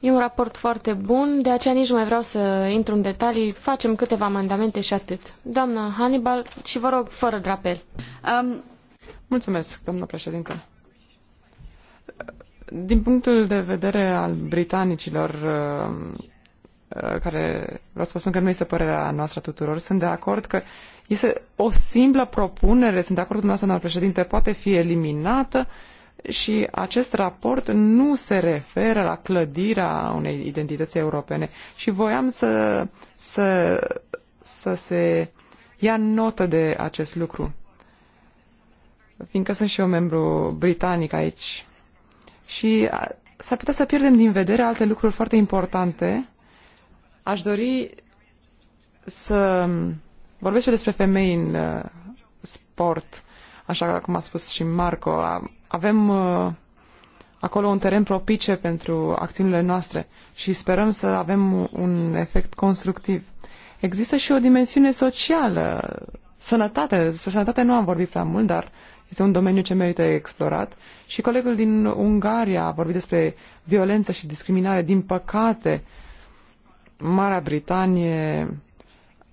e un raport foarte bun, de aceea nici nu mai vreau să intru în detalii, facem câteva amendamente și atât. Doamna Hannibal, și vă rog, fără drapel. Um... Mulțumesc, doamna președinte. Din punctul de vedere al britanicilor, uh, uh, care vreau să vă spun că nu este părerea noastră tuturor, sunt de acord că este o simplă propunere, sunt de acord cu dumneavoastră, doamnă președinte, poate fi eliminată și acest raport nu se referă la clădirea unei identități europene și voiam să, să, să se ia notă de acest lucru. Fiindcă sunt și eu membru britanic aici, și s-ar putea să pierdem din vedere alte lucruri foarte importante. Aș dori să vorbesc și despre femei în uh, sport, așa cum a spus și Marco. Avem uh, acolo un teren propice pentru acțiunile noastre și sperăm să avem un efect constructiv. Există și o dimensiune socială, sănătate. Despre sănătate nu am vorbit prea mult, dar este un domeniu ce merită explorat și colegul din Ungaria a vorbit despre violență și discriminare. Din păcate, Marea Britanie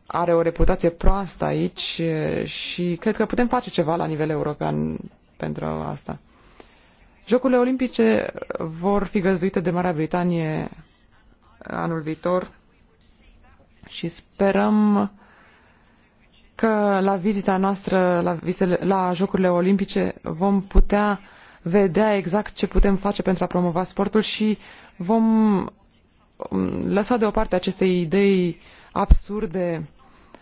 are o reputație proastă aici și cred că putem face ceva la nivel european pentru asta. Jocurile olimpice vor fi găzduite de Marea Britanie anul viitor și sperăm că la vizita noastră la, visele, la Jocurile Olimpice vom putea vedea exact ce putem face pentru a promova sportul și vom um, lăsa deoparte aceste idei absurde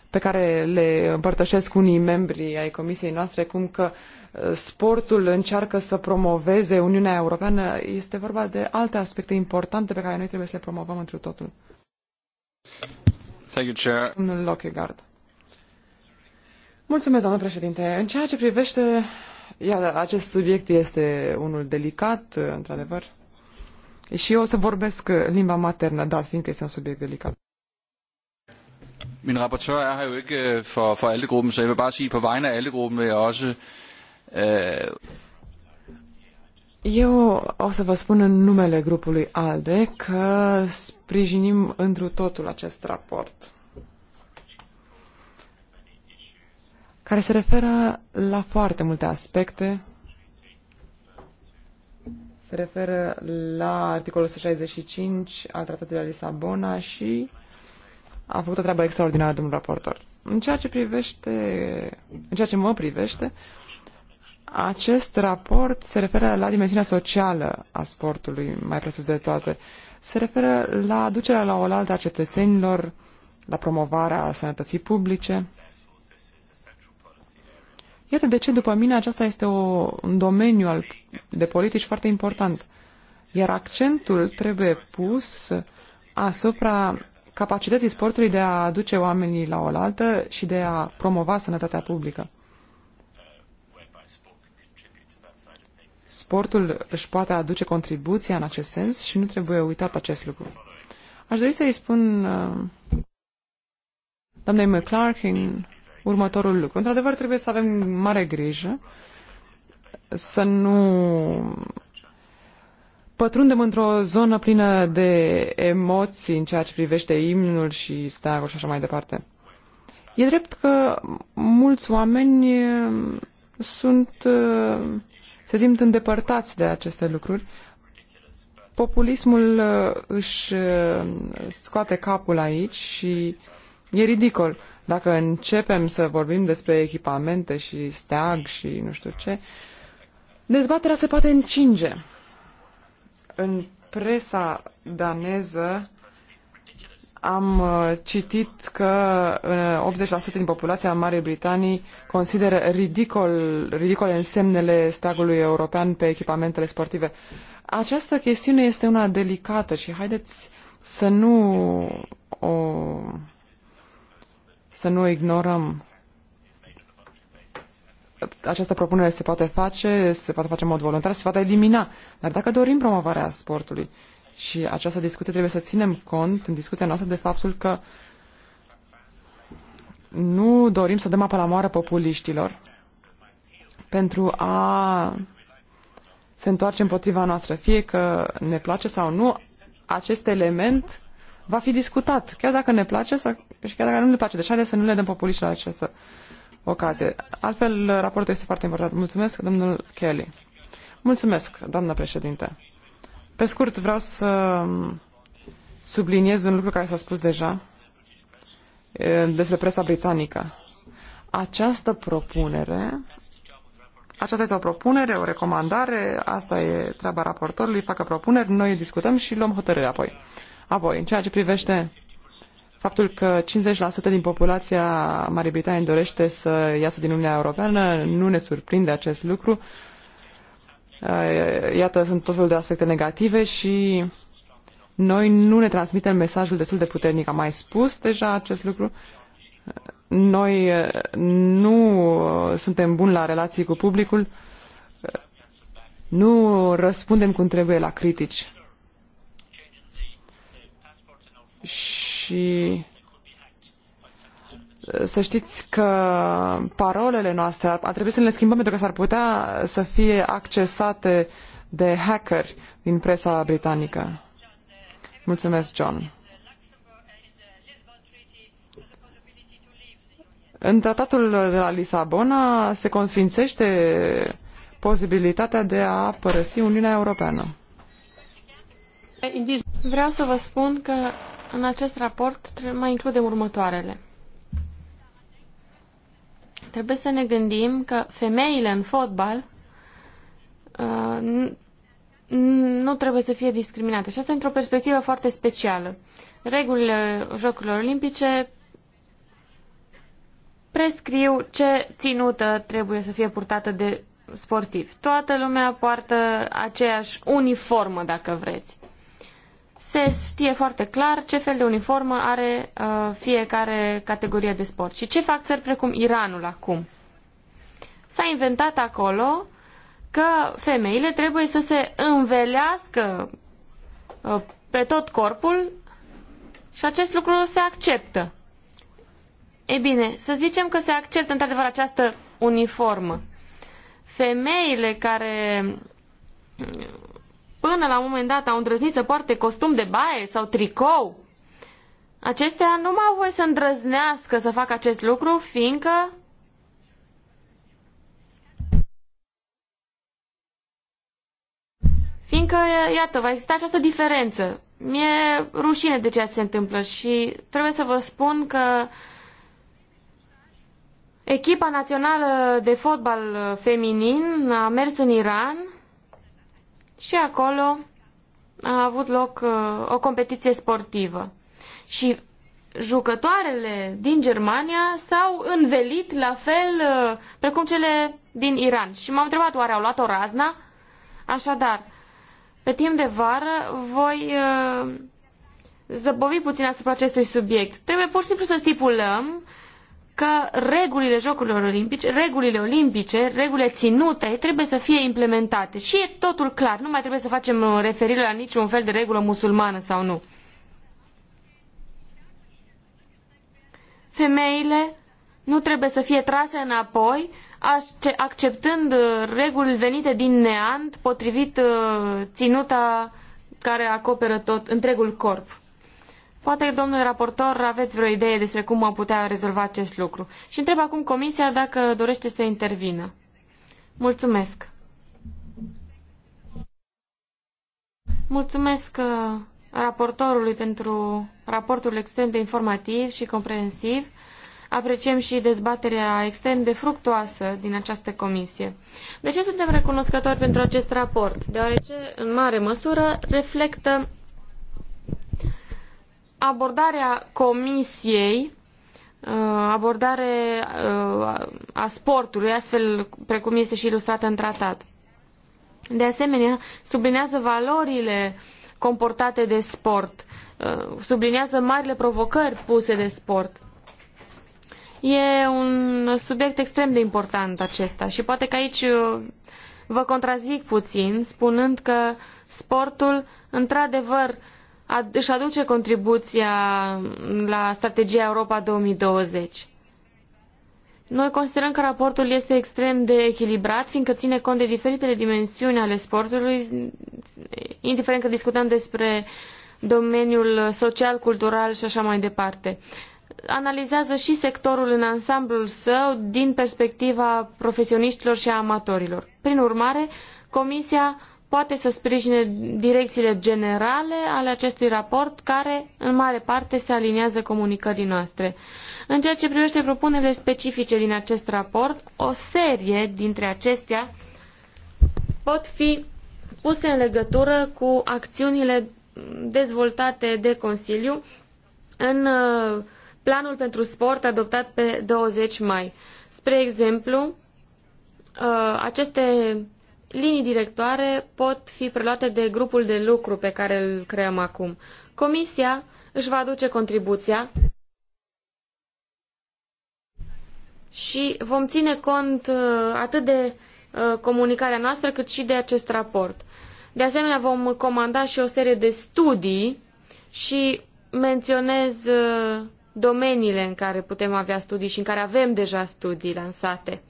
pe care le împărtășesc unii membri ai comisiei noastre, cum că uh, sportul încearcă să promoveze Uniunea Europeană, este vorba de alte aspecte importante pe care noi trebuie să le promovăm întru totul. Thank you, Chair. Domnul Lockegaard. Mulțumesc, doamnă președinte. În ceea ce privește, iar acest subiect este unul delicat, într-adevăr. Și eu o să vorbesc limba maternă, dat fiindcă este un subiect delicat. Min rapportør er her jo ikke øh, for, for alle gruppen, så jeg vil bare sige, på vegne af alle gruppen vil jeg også... Øh, eu o să vă spun în numele grupului ALDE că sprijinim întru totul acest raport. care se referă la foarte multe aspecte. Se referă la articolul 165 al Tratatului la Lisabona și a făcut o treabă extraordinară domnul raportor. În ceea ce privește, în ceea ce mă privește, acest raport se referă la dimensiunea socială a sportului, mai presus de toate. Se referă la aducerea la oaltă a cetățenilor, la promovarea sănătății publice, Iată de ce, după mine, aceasta este o, un domeniu al, de politici foarte important. Iar accentul trebuie pus asupra capacității sportului de a aduce oamenii la oaltă și de a promova sănătatea publică. Sportul își poate aduce contribuția în acest sens și nu trebuie uitat acest lucru. Aș dori să-i spun uh, doamnei McClarkin următorul lucru. Într-adevăr, trebuie să avem mare grijă să nu pătrundem într-o zonă plină de emoții în ceea ce privește imnul și steagul și așa mai departe. E drept că mulți oameni uh, sunt, uh, se simt îndepărtați de aceste lucruri. Populismul uh, își scoate capul aici și e ridicol. Dacă începem să vorbim despre echipamente și steag și nu știu ce, dezbaterea se poate încinge. În presa daneză am uh, citit că 80% uh, din populația Marii Britanii consideră ridicol, ridicole însemnele stagului european pe echipamentele sportive. Această chestiune este una delicată și haideți să nu o să nu ignorăm această propunere se poate face, se poate face în mod voluntar, se poate elimina. Dar dacă dorim promovarea sportului și această discuție trebuie să ținem cont în discuția noastră de faptul că nu dorim să dăm apă la moară populiștilor pentru a se întoarce împotriva noastră. Fie că ne place sau nu, acest element va fi discutat, chiar dacă ne place să, și chiar dacă nu ne place. Deci haideți să nu le dăm populiști la această ocazie. Altfel, raportul este foarte important. Mulțumesc, domnul Kelly. Mulțumesc, doamna președinte. Pe scurt, vreau să subliniez un lucru care s-a spus deja despre presa britanică. Această propunere, aceasta este o propunere, o recomandare, asta e treaba raportorului, facă propuneri, noi discutăm și luăm hotărâre apoi. Apoi, în ceea ce privește faptul că 50% din populația Marii Britanii dorește să iasă din Uniunea Europeană, nu ne surprinde acest lucru. Iată, sunt tot felul de aspecte negative și noi nu ne transmitem mesajul destul de puternic. Am mai spus deja acest lucru. Noi nu suntem buni la relații cu publicul, nu răspundem cum trebuie la critici și uh, să știți că parolele noastre ar trebui să le schimbăm pentru că s-ar putea să fie accesate de hackeri din presa britanică. Mulțumesc, John. În tratatul de la Lisabona se consfințește posibilitatea de a părăsi Uniunea Europeană. Vreau să vă spun că în acest raport mai includem următoarele. Trebuie să ne gândim că femeile în fotbal uh, nu trebuie să fie discriminate. Și asta într-o perspectivă foarte specială. Regulile Jocurilor Olimpice prescriu ce ținută trebuie să fie purtată de sportiv. Toată lumea poartă aceeași uniformă, dacă vreți se știe foarte clar ce fel de uniformă are uh, fiecare categorie de sport. Și ce fac țări precum Iranul acum? S-a inventat acolo că femeile trebuie să se învelească uh, pe tot corpul și acest lucru se acceptă. Ei bine, să zicem că se acceptă într-adevăr această uniformă. Femeile care până la un moment dat au îndrăznit să poarte costum de baie sau tricou. Acestea nu mai au voie să îndrăznească să facă acest lucru, fiindcă Fiindcă, iată, va exista această diferență. Mi-e rușine de ceea ce se întâmplă și trebuie să vă spun că echipa națională de fotbal feminin a mers în Iran și acolo a avut loc uh, o competiție sportivă. Și jucătoarele din Germania s-au învelit la fel uh, precum cele din Iran. Și m-am întrebat, oare au luat o razna? Așadar, pe timp de vară voi uh, zăbovi puțin asupra acestui subiect. Trebuie pur și simplu să stipulăm că regulile Jocurilor Olimpice, regulile olimpice, regulile ținute, trebuie să fie implementate. Și e totul clar, nu mai trebuie să facem uh, referire la niciun fel de regulă musulmană sau nu. Femeile nu trebuie să fie trase înapoi, acceptând uh, reguli venite din neant, potrivit uh, ținuta care acoperă tot întregul corp. Poate, domnule raportor, aveți vreo idee despre cum am putea rezolva acest lucru. Și întreb acum Comisia dacă dorește să intervină. Mulțumesc. Mulțumesc uh, raportorului pentru raportul extrem de informativ și comprehensiv. Apreciem și dezbaterea extrem de fructuoasă din această comisie. De ce suntem recunoscători pentru acest raport? Deoarece, în mare măsură, reflectă abordarea comisiei, uh, abordare uh, a sportului, astfel precum este și ilustrată în tratat. De asemenea, sublinează valorile comportate de sport, uh, sublinează marile provocări puse de sport. E un subiect extrem de important acesta și poate că aici vă contrazic puțin spunând că sportul într-adevăr își aduce contribuția la strategia Europa 2020. Noi considerăm că raportul este extrem de echilibrat, fiindcă ține cont de diferitele dimensiuni ale sportului, indiferent că discutăm despre domeniul social, cultural și așa mai departe. Analizează și sectorul în ansamblul său din perspectiva profesioniștilor și a amatorilor. Prin urmare, Comisia poate să sprijine direcțiile generale ale acestui raport, care în mare parte se aliniază comunicării noastre. În ceea ce privește propunerile specifice din acest raport, o serie dintre acestea pot fi puse în legătură cu acțiunile dezvoltate de Consiliu în uh, planul pentru sport adoptat pe 20 mai. Spre exemplu, uh, aceste linii directoare pot fi preluate de grupul de lucru pe care îl creăm acum. Comisia își va aduce contribuția și vom ține cont uh, atât de uh, comunicarea noastră cât și de acest raport. De asemenea, vom comanda și o serie de studii și menționez uh, domeniile în care putem avea studii și în care avem deja studii lansate.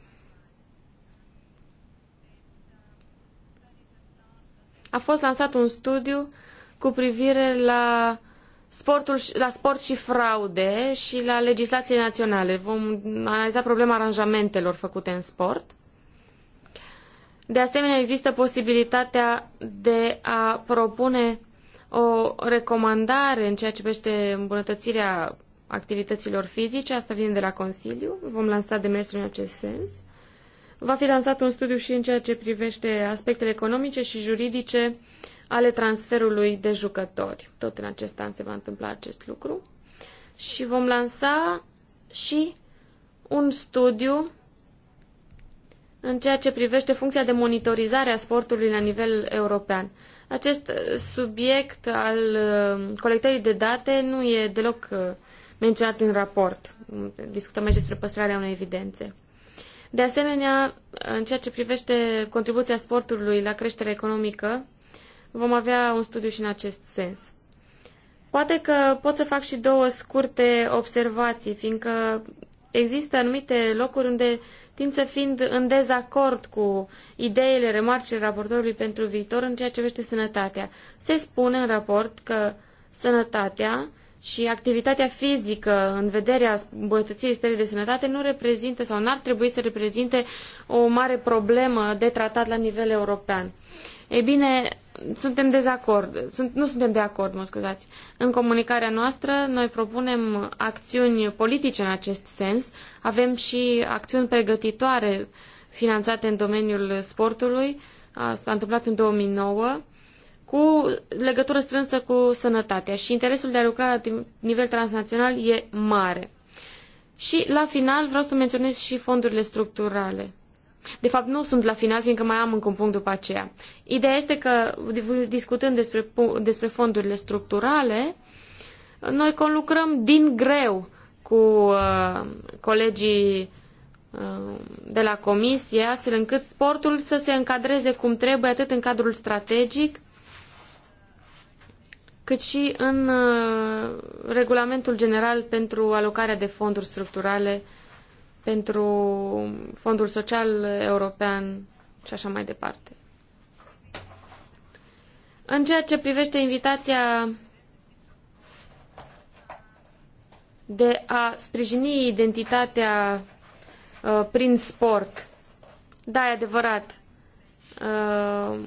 a fost lansat un studiu cu privire la sportul, la sport și fraude și la legislație naționale. Vom analiza problema aranjamentelor făcute în sport. De asemenea, există posibilitatea de a propune o recomandare în ceea ce privește îmbunătățirea activităților fizice. Asta vine de la Consiliu. Vom lansa demersul în acest sens. Va fi lansat un studiu și în ceea ce privește aspectele economice și juridice ale transferului de jucători. Tot în acest an se va întâmpla acest lucru. Și vom lansa și un studiu în ceea ce privește funcția de monitorizare a sportului la nivel european. Acest subiect al uh, colectării de date nu e deloc uh, menționat în raport. Discutăm aici despre păstrarea unei evidențe. De asemenea, în ceea ce privește contribuția sportului la creșterea economică, vom avea un studiu și în acest sens. Poate că pot să fac și două scurte observații, fiindcă există anumite locuri unde tind să fiind în dezacord cu ideile, remarcile raportorului pentru viitor în ceea ce vește sănătatea. Se spune în raport că sănătatea și activitatea fizică în vederea îmbunătățirii stării de sănătate nu reprezintă sau n-ar trebui să reprezinte o mare problemă de tratat la nivel european. Ei bine, suntem dezacord, sunt, nu suntem de acord, mă scuzați. În comunicarea noastră, noi propunem acțiuni politice în acest sens. Avem și acțiuni pregătitoare finanțate în domeniul sportului. S-a întâmplat în 2009 cu legătură strânsă cu sănătatea și interesul de a lucra la nivel transnațional e mare. Și la final vreau să menționez și fondurile structurale. De fapt, nu sunt la final, fiindcă mai am încă un punct după aceea. Ideea este că, discutând despre, despre fondurile structurale, noi conlucrăm din greu cu uh, colegii uh, de la comisie, astfel încât sportul să se încadreze cum trebuie, atât în cadrul strategic, cât și în uh, regulamentul general pentru alocarea de fonduri structurale, pentru fondul social european și așa mai departe. În ceea ce privește invitația de a sprijini identitatea uh, prin sport. Da, e adevărat. Uh,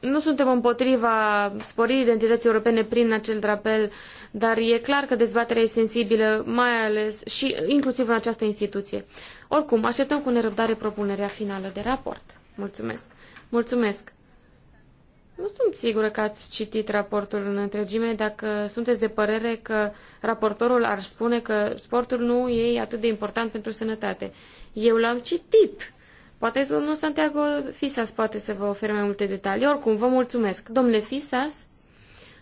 nu suntem împotriva sporirii identității europene prin acel drapel, dar e clar că dezbaterea e sensibilă, mai ales și inclusiv în această instituție. Oricum, așteptăm cu nerăbdare propunerea finală de raport. Mulțumesc. Mulțumesc. Nu sunt sigură că ați citit raportul în întregime, dacă sunteți de părere că raportorul ar spune că sportul nu e atât de important pentru sănătate. Eu l-am citit Poate domnul Santiago Fisas poate să vă ofere mai multe detalii. Oricum, vă mulțumesc. Domnule Fisas,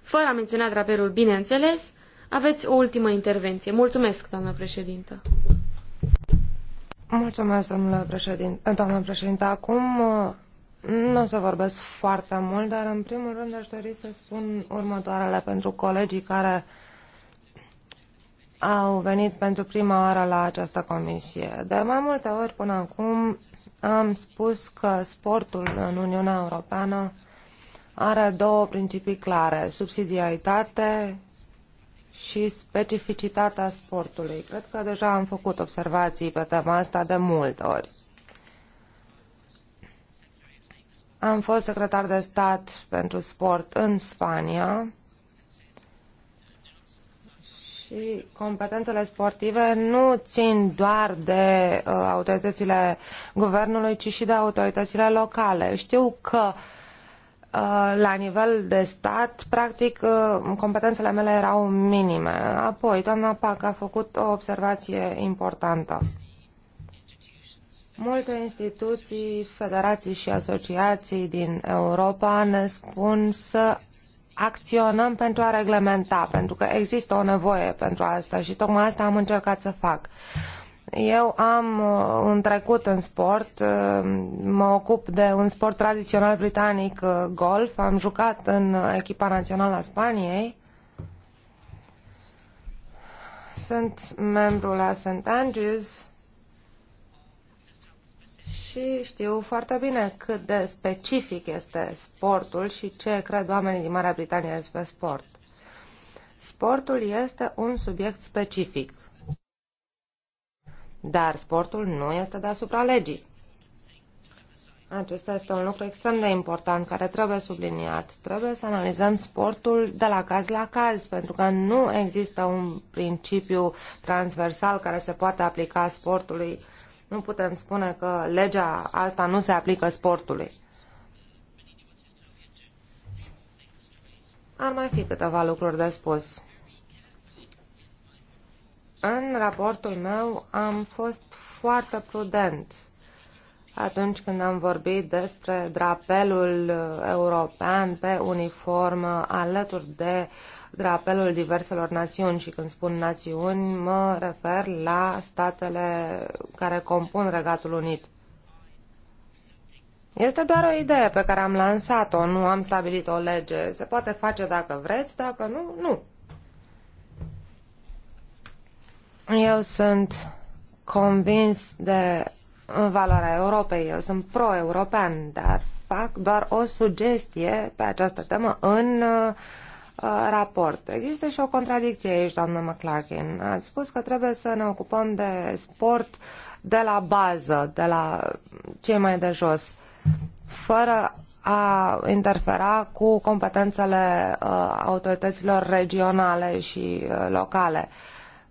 fără a menționa drapelul, bineînțeles, aveți o ultimă intervenție. Mulțumesc, doamnă președintă. Mulțumesc, domnule președinte. Doamnă președinte, acum uh, nu o să vorbesc foarte mult, dar în primul rând aș dori să spun următoarele pentru colegii care uh, au venit pentru prima oară la această comisie. De mai multe ori până acum am spus că sportul în Uniunea Europeană are două principii clare, subsidiaritate și specificitatea sportului. Cred că deja am făcut observații pe tema asta de multe ori. Am fost secretar de stat pentru sport în Spania și competențele sportive nu țin doar de uh, autoritățile guvernului, ci și de autoritățile locale. Știu că uh, la nivel de stat, practic, uh, competențele mele erau minime. Apoi, doamna Pac a făcut o observație importantă. Multe instituții, federații și asociații din Europa ne spun să acționăm pentru a reglementa, pentru că există o nevoie pentru asta și tocmai asta am încercat să fac. Eu am uh, un trecut în sport, uh, mă ocup de un sport tradițional britanic, uh, golf, am jucat în echipa națională a Spaniei, sunt membru la St. Andrews, și știu foarte bine cât de specific este sportul și ce cred oamenii din Marea Britanie despre sport. Sportul este un subiect specific. Dar sportul nu este deasupra legii. Acesta este un lucru extrem de important care trebuie subliniat. Trebuie să analizăm sportul de la caz la caz, pentru că nu există un principiu transversal care se poate aplica sportului nu putem spune că legea asta nu se aplică sportului. Ar mai fi câteva lucruri de spus. În raportul meu am fost foarte prudent atunci când am vorbit despre drapelul european pe uniformă alături de drapelul diverselor națiuni și când spun națiuni mă refer la statele care compun Regatul Unit. Este doar o idee pe care am lansat-o, nu am stabilit o lege. Se poate face dacă vreți, dacă nu, nu. Eu sunt convins de valoarea Europei, eu sunt pro-european, dar fac doar o sugestie pe această temă în uh, Uh, raport. Există și o contradicție aici, doamnă McClarkin. Ați spus că trebuie să ne ocupăm de sport de la bază, de la cei mai de jos, fără a interfera cu competențele uh, autorităților regionale și uh, locale.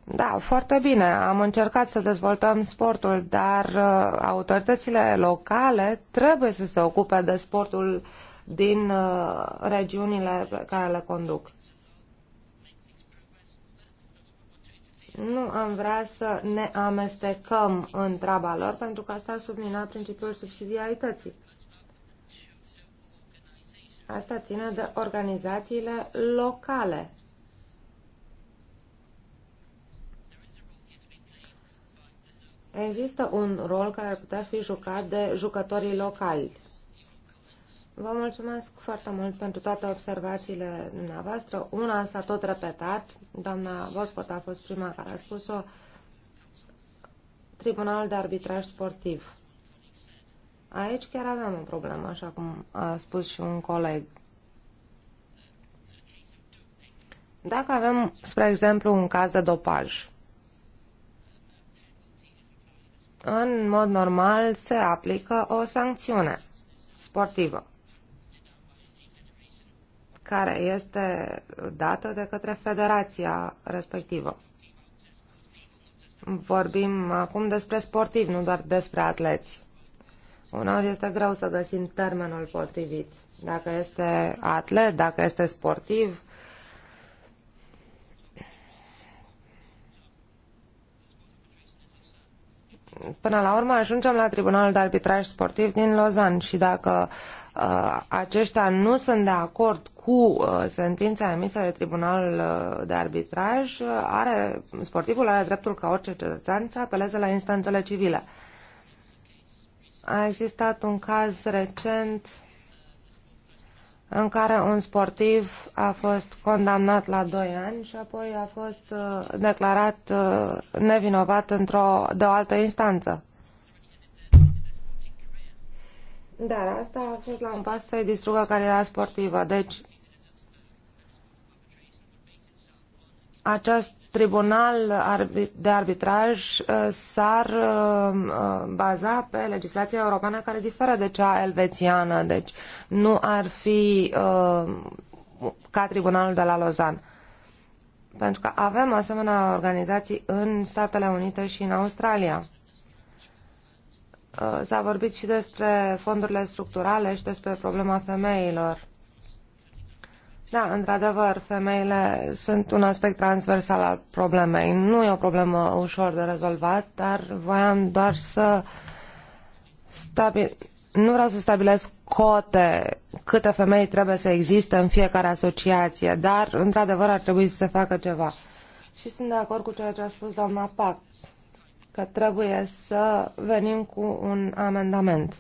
Da, foarte bine. Am încercat să dezvoltăm sportul, dar autoritățile locale trebuie să se ocupe de sportul uh, din uh, regiunile pe care le conduc. Nu am vrea să ne amestecăm în treaba lor, pentru că asta ar submina principiul subsidiarității. Asta ține de organizațiile locale. Există un rol care ar putea fi jucat de jucătorii locali Vă mulțumesc foarte mult pentru toate observațiile dumneavoastră. Una s-a tot repetat, doamna Vospot a fost prima care a spus-o, Tribunalul de Arbitraj Sportiv. Aici chiar avem o problemă, așa cum a spus și un coleg. Dacă avem, spre exemplu, un caz de dopaj, în mod normal se aplică o sancțiune sportivă care este dată de către federația respectivă. Vorbim acum despre sportivi, nu doar despre atleți. Uneori este greu să găsim termenul potrivit. Dacă este atlet, dacă este sportiv, până la urmă ajungem la Tribunalul de Arbitraj Sportiv din Lozan și dacă uh, aceștia nu sunt de acord cu uh, sentința emisă de tribunal uh, de arbitraj, uh, are, sportivul are dreptul ca orice cetățean să apeleze la instanțele civile. A existat un caz recent în care un sportiv a fost condamnat la 2 ani și apoi a fost declarat nevinovat într-o, de o altă instanță. Dar asta a fost la un pas să-i distrugă cariera sportivă. Deci, acest tribunal de arbitraj uh, s-ar uh, uh, baza pe legislația europeană care diferă de cea elvețiană, deci nu ar fi ca tribunalul de la Lausanne. Pentru că avem asemenea organizații în Statele Unite și în Australia. S-a vorbit și despre fondurile structurale și despre problema femeilor da, într-adevăr, femeile sunt un aspect transversal al problemei. Nu e o problemă ușor de rezolvat, dar voiam doar să stabil... Nu vreau să stabilesc cote câte femei trebuie să existe în fiecare asociație, dar, într-adevăr, ar trebui să se facă ceva. Și sunt de acord cu ceea ce a spus doamna Pac, că trebuie să venim cu un amendament.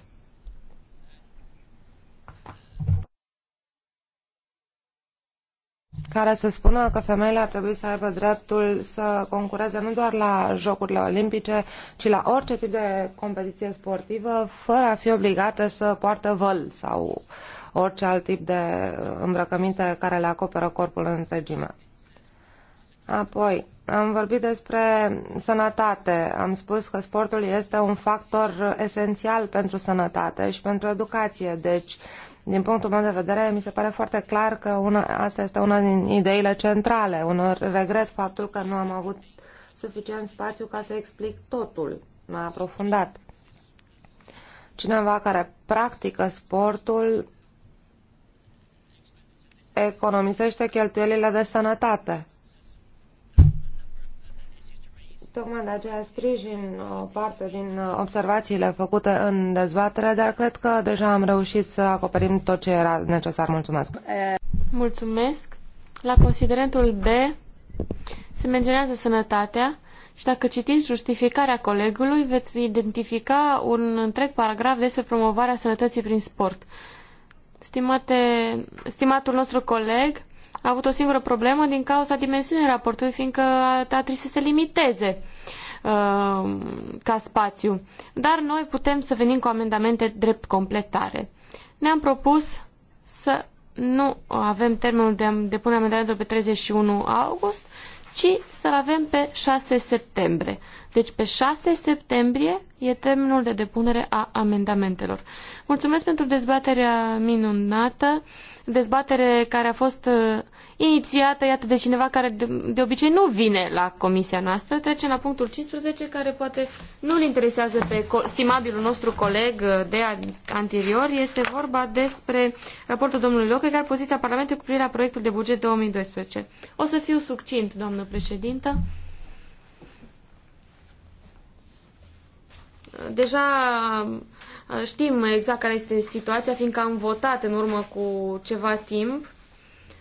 care să spună că femeile ar trebui să aibă dreptul să concureze nu doar la Jocurile Olimpice, ci la orice tip de competiție sportivă, fără a fi obligate să poartă văl sau orice alt tip de uh, îmbrăcăminte care le acoperă corpul în întregime. Apoi, am vorbit despre sănătate. Am spus că sportul este un factor esențial pentru sănătate și pentru educație. Deci, din punctul meu de vedere, mi se pare foarte clar că una, asta este una din ideile centrale. Unor regret faptul că nu am avut suficient spațiu ca să explic totul mai aprofundat. Cineva care practică sportul economisește cheltuielile de sănătate. Tocmai de aceea sprijin o uh, parte din uh, observațiile făcute în dezbatere, dar cred că deja am reușit să acoperim tot ce era necesar. Mulțumesc! Mulțumesc! La considerentul B se menționează sănătatea și dacă citiți justificarea colegului, veți identifica un întreg paragraf despre promovarea sănătății prin sport. Stimate, stimatul nostru coleg a avut o singură problemă din cauza dimensiunii raportului, fiindcă a trebuit să se limiteze ă, ca spațiu. Dar noi putem să venim cu amendamente drept completare. Ne-am propus să nu avem termenul de a depune amendamentul pe 31 august, ci să-l avem pe 6 septembrie. Deci pe 6 septembrie e termenul de depunere a amendamentelor. Mulțumesc pentru dezbaterea minunată, dezbatere care a fost uh, inițiată, iată, de cineva care de, de obicei nu vine la comisia noastră. Trecem la punctul 15, care poate nu-l interesează pe stimabilul nostru coleg uh, de anterior. Este vorba despre raportul domnului Locă, care poziția Parlamentului cu privire la proiectul de buget 2012. O să fiu succint, doamnă președintă. Deja uh, știm exact care este situația, fiindcă am votat în urmă cu ceva timp.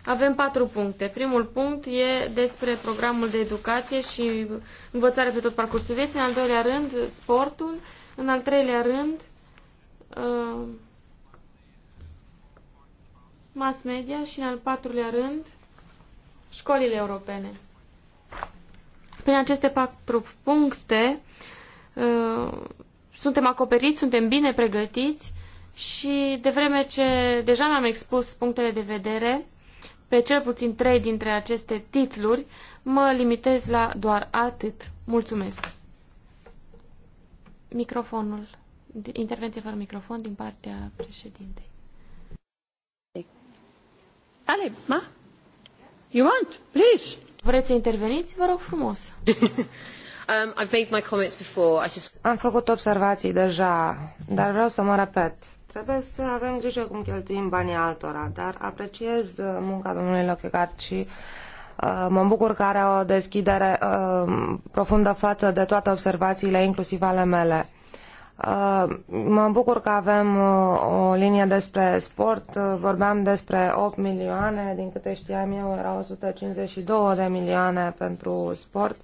Avem patru puncte. Primul punct e despre programul de educație și învățare pe tot parcursul vieții. În al doilea rând, sportul. În al treilea rând, uh, mass media și în al patrulea rând, școlile europene. Prin aceste patru puncte, uh, suntem acoperiți, suntem bine pregătiți și de vreme ce deja mi-am expus punctele de vedere pe cel puțin trei dintre aceste titluri, mă limitez la doar atât. Mulțumesc. Microfonul. Intervenție fără microfon din partea președintei. Ale, ma? You want? Please. Vreți să interveniți? Vă rog frumos. Um, Am făcut observații deja, dar vreau să mă repet. Trebuie să avem grijă cum cheltuim banii altora, dar apreciez uh, munca domnului Lochegard și uh, mă bucur că are o deschidere uh, profundă față de toate observațiile, inclusiv ale mele. mă bucur că avem o linie despre sport. Vorbeam despre 8 milioane, din câte știam eu erau 152 de milioane pentru sport.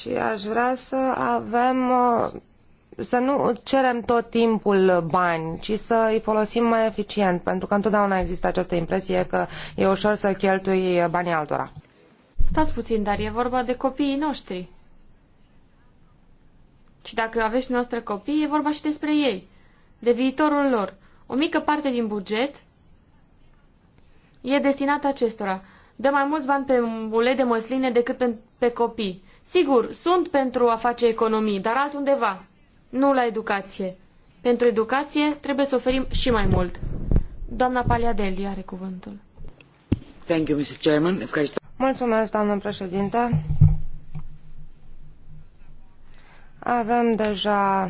Și aș vrea să avem uh, să nu cerem tot timpul bani, ci să îi folosim mai eficient, pentru că întotdeauna există această impresie că e ușor să cheltui banii altora. Stați puțin, dar e vorba de copiii noștri. Și dacă aveți noastre copii, e vorba și despre ei, de viitorul lor. O mică parte din buget e destinată acestora. Dă mai mulți bani pe ulei de măsline decât pe, pe copii. Sigur, sunt pentru a face economii, dar altundeva, nu la educație. Pentru educație trebuie să oferim și mai mult. Doamna Paliadeli are cuvântul. Thank you, Mr. Chairman. Mulțumesc, doamnă președinte. Avem deja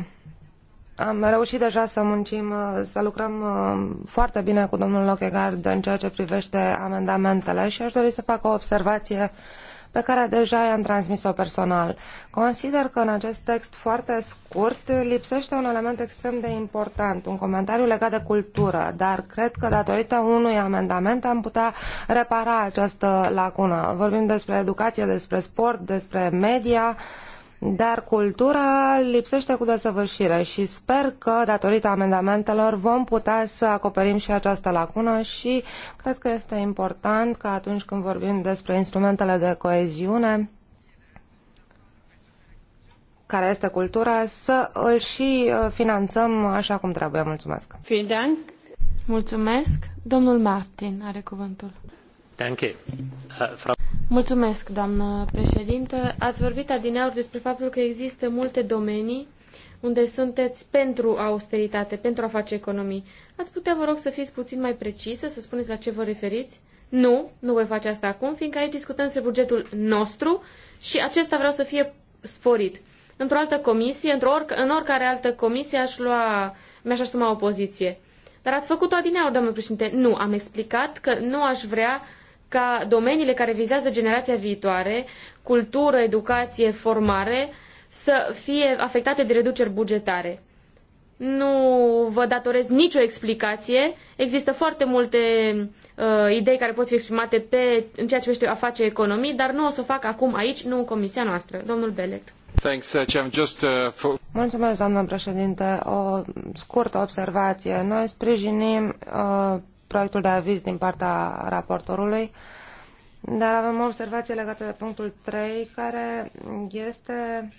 am reușit deja să muncim, să lucrăm uh, foarte bine cu domnul Lochegard în ceea ce privește amendamentele și aș dori să fac o observație uh, pe care deja i-am transmis-o personal. Consider că în acest text foarte scurt lipsește un element extrem de important, un comentariu legat de cultură, dar cred că datorită unui amendament am putea repara această lacună. Vorbim despre educație, despre sport, despre media, dar cultura lipsește cu desăvârșire și sper că, datorită amendamentelor, vom putea să acoperim și această lacună și cred că este important că atunci când vorbim despre instrumentele de coeziune, care este cultura, să îl și uh, finanțăm așa cum trebuie. Mulțumesc! Mulțumesc! Domnul Martin are cuvântul ai uh, Ați vorbit adineauri despre faptul că există multe domenii unde sunteți pentru austeritate, pentru a face economii. Ați putea, vă rog, să fiți puțin mai precisă, să spuneți la ce vă referiți? Nu, nu voi face asta acum, fiindcă aici discutăm despre bugetul nostru și acesta vreau să fie sporit. Într-o altă comisie, într-o în oricare altă comisie aș lua, mi-aș asuma o poziție. Dar ați făcut-o adineauri, doamnă președinte. Nu, am explicat că nu aș vrea ca domeniile care vizează generația viitoare, cultură, educație, formare, să fie afectate de reduceri bugetare. Nu vă datorez nicio explicație. Există foarte multe uh, idei care pot fi exprimate pe, în ceea ce știu a face economii, dar nu o să o fac acum aici, nu în comisia noastră. Domnul Belet. Uh, uh, Mulțumesc, doamnă președinte. O scurtă observație. Noi sprijinim uh, proiectul de aviz din partea raportorului, dar avem o observație legată de punctul 3, care este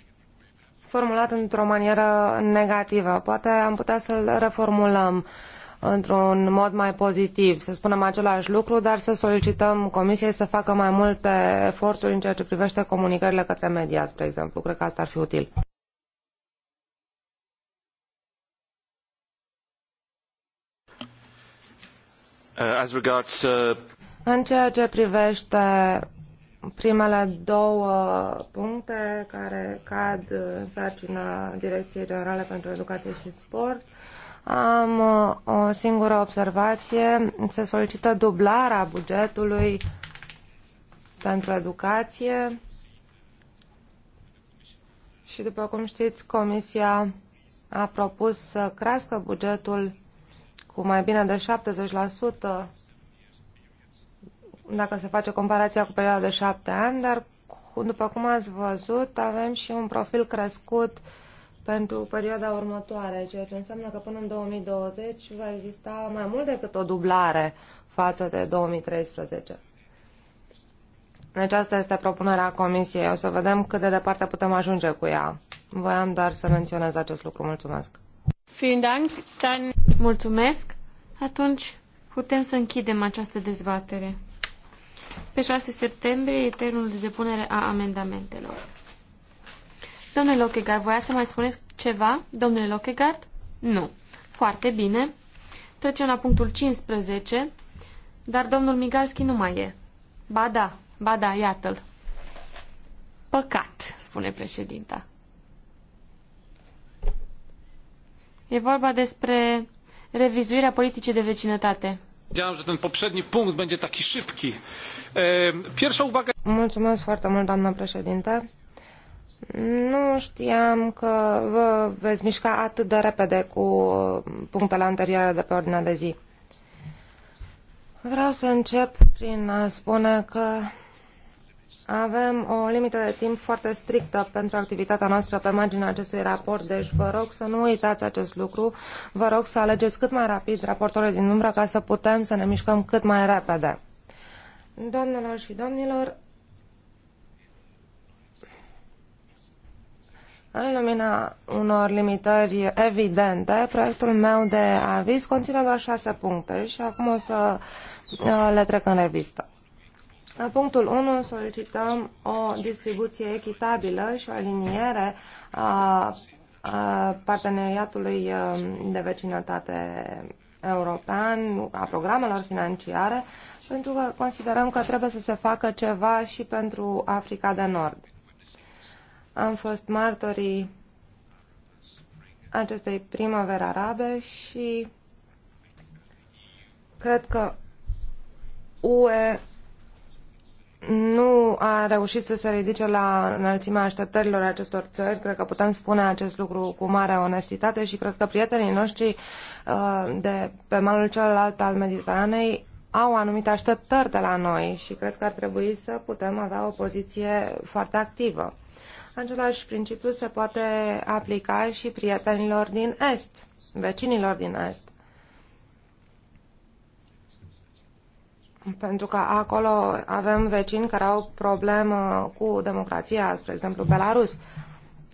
formulat într-o manieră negativă. Poate am putea să-l reformulăm într-un mod mai pozitiv, să spunem același lucru, dar să solicităm Comisiei să facă mai multe eforturi în ceea ce privește comunicările către media, spre exemplu. Cred că asta ar fi util. Uh, as regards, uh, În ceea ce privește primele două puncte care cad în sarcina Direcției Generale pentru Educație și Sport, am uh, o singură observație. Se solicită dublarea bugetului pentru educație și, după cum știți, Comisia a propus să crească bugetul cu mai bine de 70% dacă se face comparația cu perioada de șapte ani, dar după cum ați văzut, avem și un profil crescut pentru perioada următoare, ceea ce înseamnă că până în 2020 va exista mai mult decât o dublare față de 2013. Deci asta este propunerea Comisiei. O să vedem cât de departe putem ajunge cu ea. Voiam doar să menționez acest lucru. Mulțumesc. Vielen Dank. Dann Mulțumesc. Atunci putem să închidem această dezbatere. Pe 6 septembrie e termenul de depunere a amendamentelor. Domnule Lochegard, voiați să mai spuneți ceva? Domnule Lochegard? Nu. Foarte bine. Trecem la punctul 15, dar domnul Migalski nu mai e. Ba da, ba da, iată-l. Păcat, spune președinta. E vorba despre revizuirea politicii de vecinătate. Wiedziałem, że ten poprzedni punkt będzie taki szybki. Pierwsza uwaga... Mulțumesc foarte mult, doamna președinte. Nu știam că vă veți mișca atât de repede cu punctele anterioare de pe ordinea de zi. Vreau să încep prin a spune că avem o limită de timp foarte strictă pentru activitatea noastră pe marginea acestui raport, deci vă rog să nu uitați acest lucru. Vă rog să alegeți cât mai rapid raportorul din umbră ca să putem să ne mișcăm cât mai repede. Doamnelor și domnilor, În lumina unor limitări evidente, proiectul meu de aviz conține doar șase puncte și acum o să uh, le trec în revistă. La punctul 1 solicităm o distribuție echitabilă și o aliniere a parteneriatului um, de vecinătate european, a programelor financiare, pentru că considerăm că trebuie să se facă ceva și pentru Africa de Nord. Am fost martorii acestei primăveri arabe și cred că UE nu a reușit să se ridice la înălțimea așteptărilor acestor țări. Cred că putem spune acest lucru cu mare onestitate și cred că prietenii noștri uh, de pe malul celălalt al Mediteranei au anumite așteptări de la noi și cred că ar trebui să putem avea o poziție foarte activă. Același principiu se poate aplica și prietenilor din Est, vecinilor din Est. pentru că acolo avem vecini care au problemă cu democrația, spre exemplu Belarus.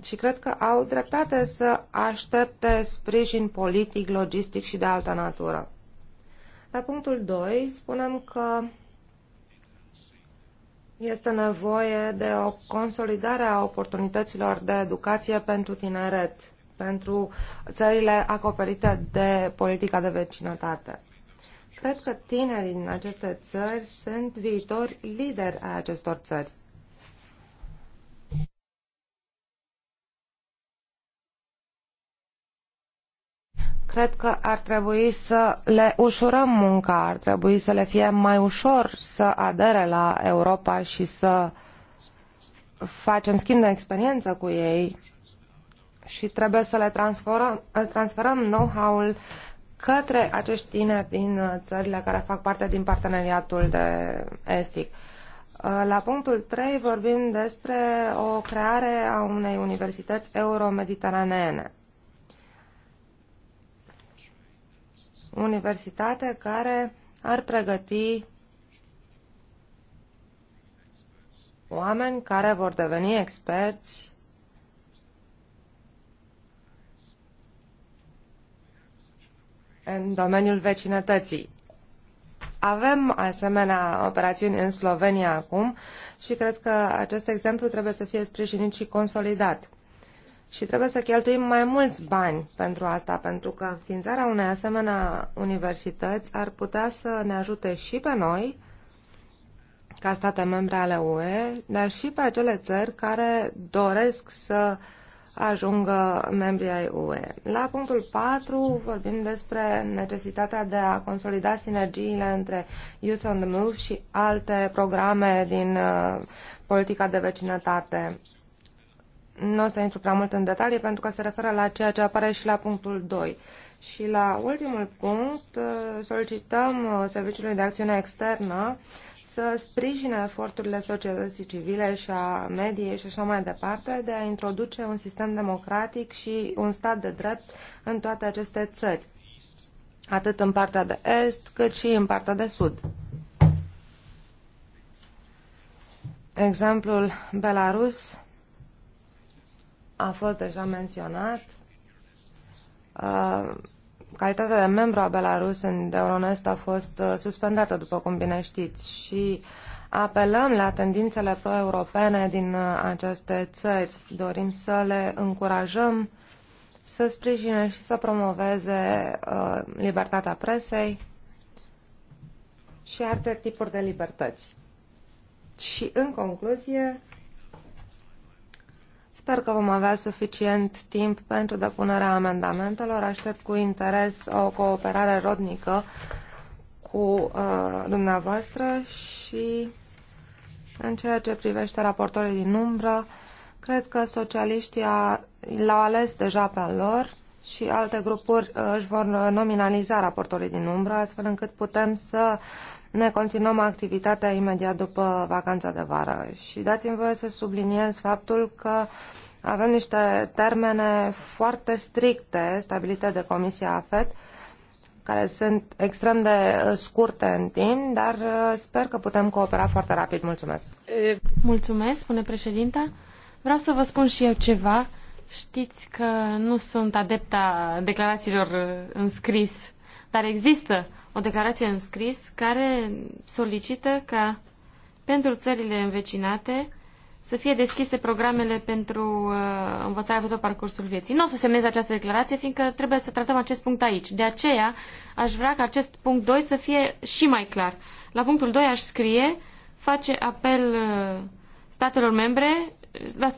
Și cred că au dreptate să aștepte sprijin politic, logistic și de altă natură. La punctul 2 spunem că este nevoie de o consolidare a oportunităților de educație pentru tineret, pentru țările acoperite de politica de vecinătate. Cred că tinerii din aceste țări sunt viitori lideri a acestor țări. Cred că ar trebui să le ușurăm munca, ar trebui să le fie mai ușor să adere la Europa și să facem schimb de experiență cu ei și trebuie să le transferăm, transferăm know-how-ul către acești tineri din uh, țările care fac parte din parteneriatul de estic. Uh, la punctul 3 vorbim despre o creare a unei universități euromediteraneene. Universitate care ar pregăti oameni care vor deveni experți în domeniul vecinătății. Avem asemenea operațiuni în Slovenia acum și cred că acest exemplu trebuie să fie sprijinit și consolidat. Și trebuie să cheltuim mai mulți bani pentru asta, pentru că înființarea unei asemenea universități ar putea să ne ajute și pe noi, ca state membre ale UE, dar și pe acele țări care doresc să uh, ajungă membrii ai UE. La punctul 4 vorbim despre necesitatea de a consolida sinergiile între Youth on the Move și alte programe din uh, politica de vecinătate. Nu o să intru prea mult în detalii pentru că se referă la ceea ce apare și la punctul 2. Și la ultimul punct uh, solicităm uh, Serviciului de Acțiune Externă să sprijine eforturile societății civile și a mediei și așa mai departe de a introduce un sistem democratic și un stat de drept în toate aceste țări, atât în partea de est cât și în partea de sud. Exemplul Belarus a fost deja menționat. Uh, calitatea de membru a Belarus în Euronest a fost uh, suspendată, după cum bine știți, și apelăm la tendințele pro-europene din uh, aceste țări. Dorim să le încurajăm să sprijine și să promoveze uh, libertatea presei și alte tipuri de libertăți. Și, în concluzie, Sper că vom avea suficient timp pentru depunerea amendamentelor. Aștept cu interes o cooperare rodnică cu uh, dumneavoastră și în ceea ce privește raportorii din umbră, cred că socialiștii l-au ales deja pe al lor și alte grupuri uh, își vor uh, nominaliza raportorii din umbră, astfel încât putem să ne continuăm activitatea imediat după vacanța de vară. Și dați-mi voie să subliniez faptul că avem niște termene foarte stricte stabilite de Comisia AFET, care sunt extrem de uh, scurte în timp, dar uh, sper că putem coopera foarte rapid. Mulțumesc! Mulțumesc, spune președinta. Vreau să vă spun și eu ceva. Știți că nu sunt adepta declarațiilor uh, înscris, dar există o declarație în scris care solicită ca pentru țările învecinate să fie deschise programele pentru uh, învățarea pe tot parcursul vieții. Nu o să semnez această declarație, fiindcă trebuie să tratăm acest punct aici. De aceea, aș vrea ca acest punct 2 să fie și mai clar. La punctul 2 aș scrie, face apel uh, statelor membre,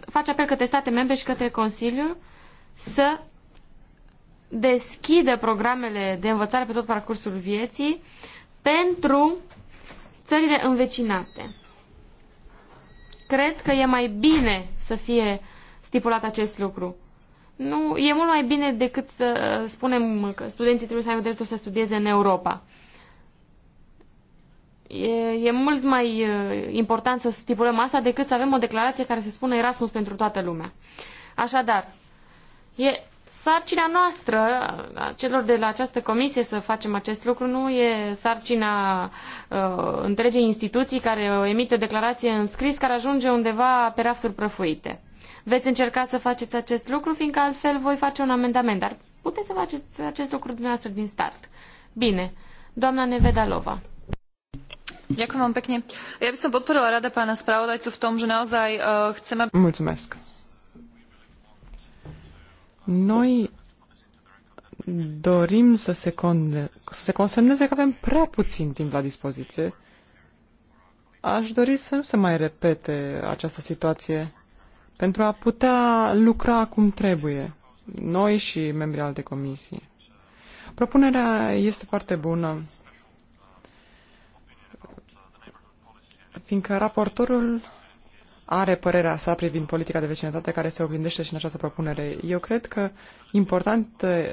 face apel către state membre și către Consiliu să deschidă programele de învățare pe tot parcursul vieții pentru țările învecinate. Cred că e mai bine să fie stipulat acest lucru. Nu, e mult mai bine decât să uh, spunem că studenții trebuie să aibă dreptul să studieze în Europa. E, e mult mai uh, important să stipulăm asta decât să avem o declarație care se spune Erasmus pentru toată lumea. Așadar, e sarcina noastră, a celor de la această comisie să facem acest lucru, nu e sarcina uh, întregii instituții care emite o declarație în scris care ajunge undeva pe rafturi prăfuite. Veți încerca să faceți acest lucru, fiindcă altfel voi face un amendament, dar puteți să faceți acest lucru dumneavoastră din start. Bine, doamna Nevedalova. Ďakujem vám pekne. Ja by som podporila rada pána spravodajcu v tom, že naozaj uh, chceme... Mulțumesc. Noi dorim să se, con- să se consemneze că avem prea puțin timp la dispoziție. Aș dori să nu se mai repete această situație pentru a putea lucra cum trebuie, noi și membrii alte comisii. Propunerea este foarte bună, fiindcă raportorul are părerea sa privind politica de vecinătate care se oglindește și în această propunere. Eu cred că important eh,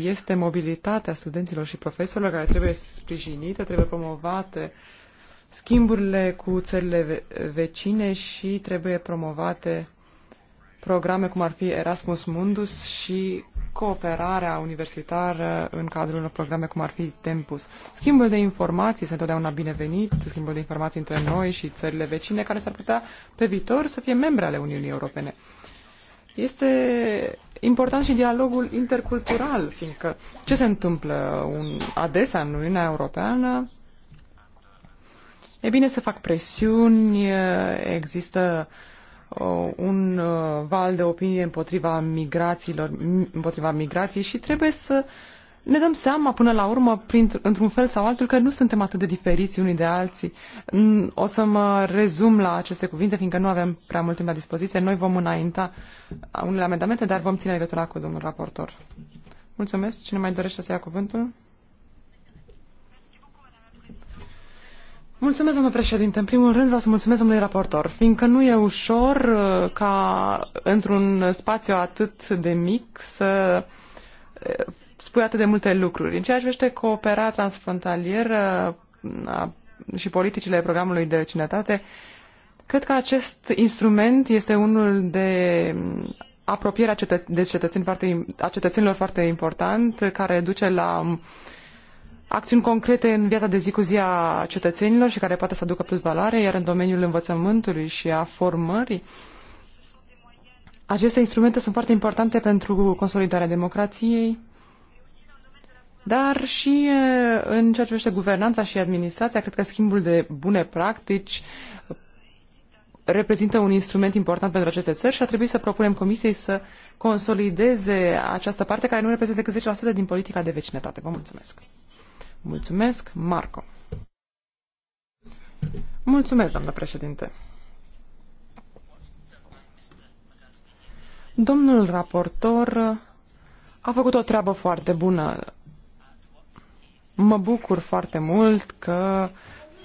este mobilitatea studenților și profesorilor care trebuie sprijinite, trebuie promovate schimburile cu țările vecine și trebuie promovate programe cum ar fi Erasmus Mundus și cooperarea universitară în cadrul unor programe cum ar fi Tempus. Schimbul de informații este întotdeauna binevenit, schimbul de informații între noi și țările vecine care s-ar putea pe viitor să fie membre ale Uniunii Europene. Este important și dialogul intercultural, fiindcă ce se întâmplă un, adesea în Uniunea Europeană? E bine, să fac presiuni, există uh, Uh, un uh, val de opinie împotriva migrațiilor, împotriva migrației și trebuie să ne dăm seama până la urmă, într-un fel sau altul, că nu suntem atât de diferiți unii de alții. O să mă rezum la aceste cuvinte, fiindcă nu avem prea mult timp la dispoziție. Noi vom înainta unele amendamente, dar vom ține legătura cu domnul raportor. Mulțumesc. Cine mai dorește să ia cuvântul? Mulțumesc, domnule președinte. În primul rând vreau să mulțumesc domnului raportor, fiindcă nu e ușor uh, ca într-un spațiu atât de mic să uh, spui atât de multe lucruri. În ceea ce vește cooperarea transfrontalieră uh, și politicile programului de vecinătate, cred că acest instrument este unul de apropiere a, cetă- de cetățeni foarte, a cetățenilor foarte important, care duce la um, acțiuni concrete în viața de zi cu zi a cetățenilor și care poate să aducă plus valoare, iar în domeniul învățământului și a formării, aceste instrumente sunt foarte importante pentru consolidarea democrației, dar și în ceea ce privește guvernanța și administrația, cred că schimbul de bune practici reprezintă un instrument important pentru aceste țări și ar trebui să propunem Comisiei să consolideze această parte care nu reprezintă decât 10% din politica de vecinătate. Vă mulțumesc! Mulțumesc, Marco. Mulțumesc, doamnă președinte. Domnul raportor a făcut o treabă foarte bună. Mă bucur foarte mult că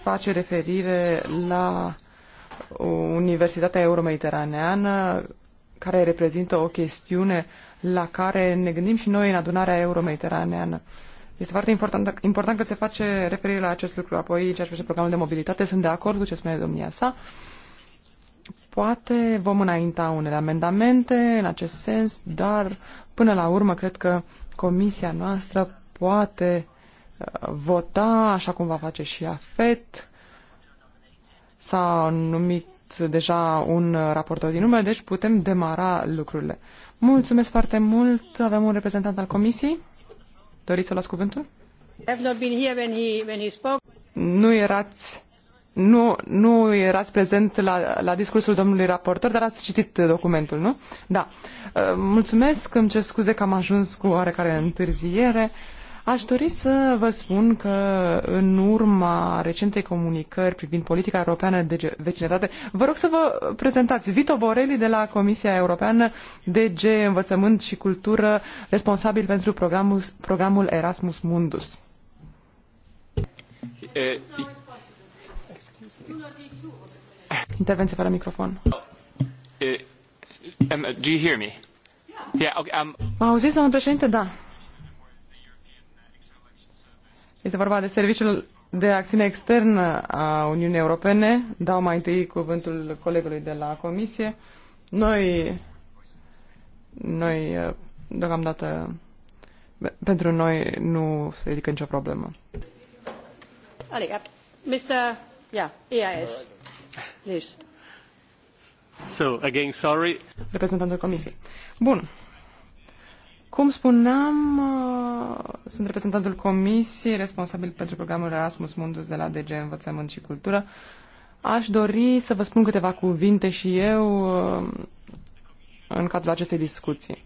face referire la Universitatea Euromediteraneană, care reprezintă o chestiune la care ne gândim și noi în adunarea euromediteraneană. Este foarte important, important că se face referire la acest lucru. Apoi, ceea ce privește programul de mobilitate, sunt de acord cu ce spune domnia sa. Poate vom înainta unele amendamente în acest sens, dar până la urmă cred că comisia noastră poate uh, vota așa cum va face și AFET. S-a numit deja un raportor din urmă, deci putem demara lucrurile. Mulțumesc foarte mult. Avem un reprezentant al comisiei. Doriți să luați cuvântul? Nu erați, nu, nu erați prezent la, la discursul domnului raportor, dar ați citit documentul, nu? Da. Mulțumesc, îmi cer scuze că am ajuns cu oarecare întârziere. Uh, Aș dori să vă spun că în urma recentei comunicări privind politica europeană de vecinătate, vă rog să vă prezentați Vito Borelli de la Comisia Europeană DG Învățământ și Cultură, responsabil pentru programul, programul Erasmus Mundus. Intervenție fără microfon. Do you hear me? Yeah, okay, um... M-auziți, domnul președinte? Da. Este vorba de Serviciul de Acțiune Externă a Uniunii Europene. Dau mai întâi cuvântul colegului de la Comisie. Noi, noi deocamdată, pentru noi nu se ridică nicio problemă. Mr. Yeah, EIS. So, again, sorry. Reprezentantul Comisiei. Bun. Cum spuneam, uh, sunt reprezentantul comisiei responsabil pentru programul Erasmus Mundus de la DG Învățământ și Cultură. Aș dori să vă spun câteva cuvinte și eu uh, în cadrul acestei discuții.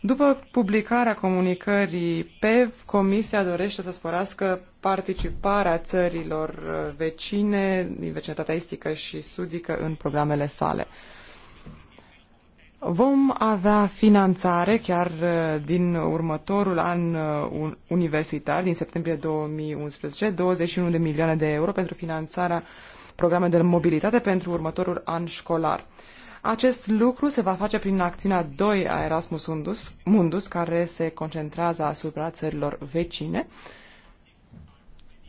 După publicarea comunicării PEV, Comisia dorește să sporească participarea țărilor uh, vecine din vecinătatea estică și sudică în programele sale. Vom avea finanțare chiar uh, din următorul an uh, universitar, din septembrie 2011, 21 de milioane de euro pentru finanțarea programelor de mobilitate pentru următorul an școlar. Acest lucru se va face prin acțiunea 2 a Erasmus Mundus, Mundus care se concentrează asupra țărilor vecine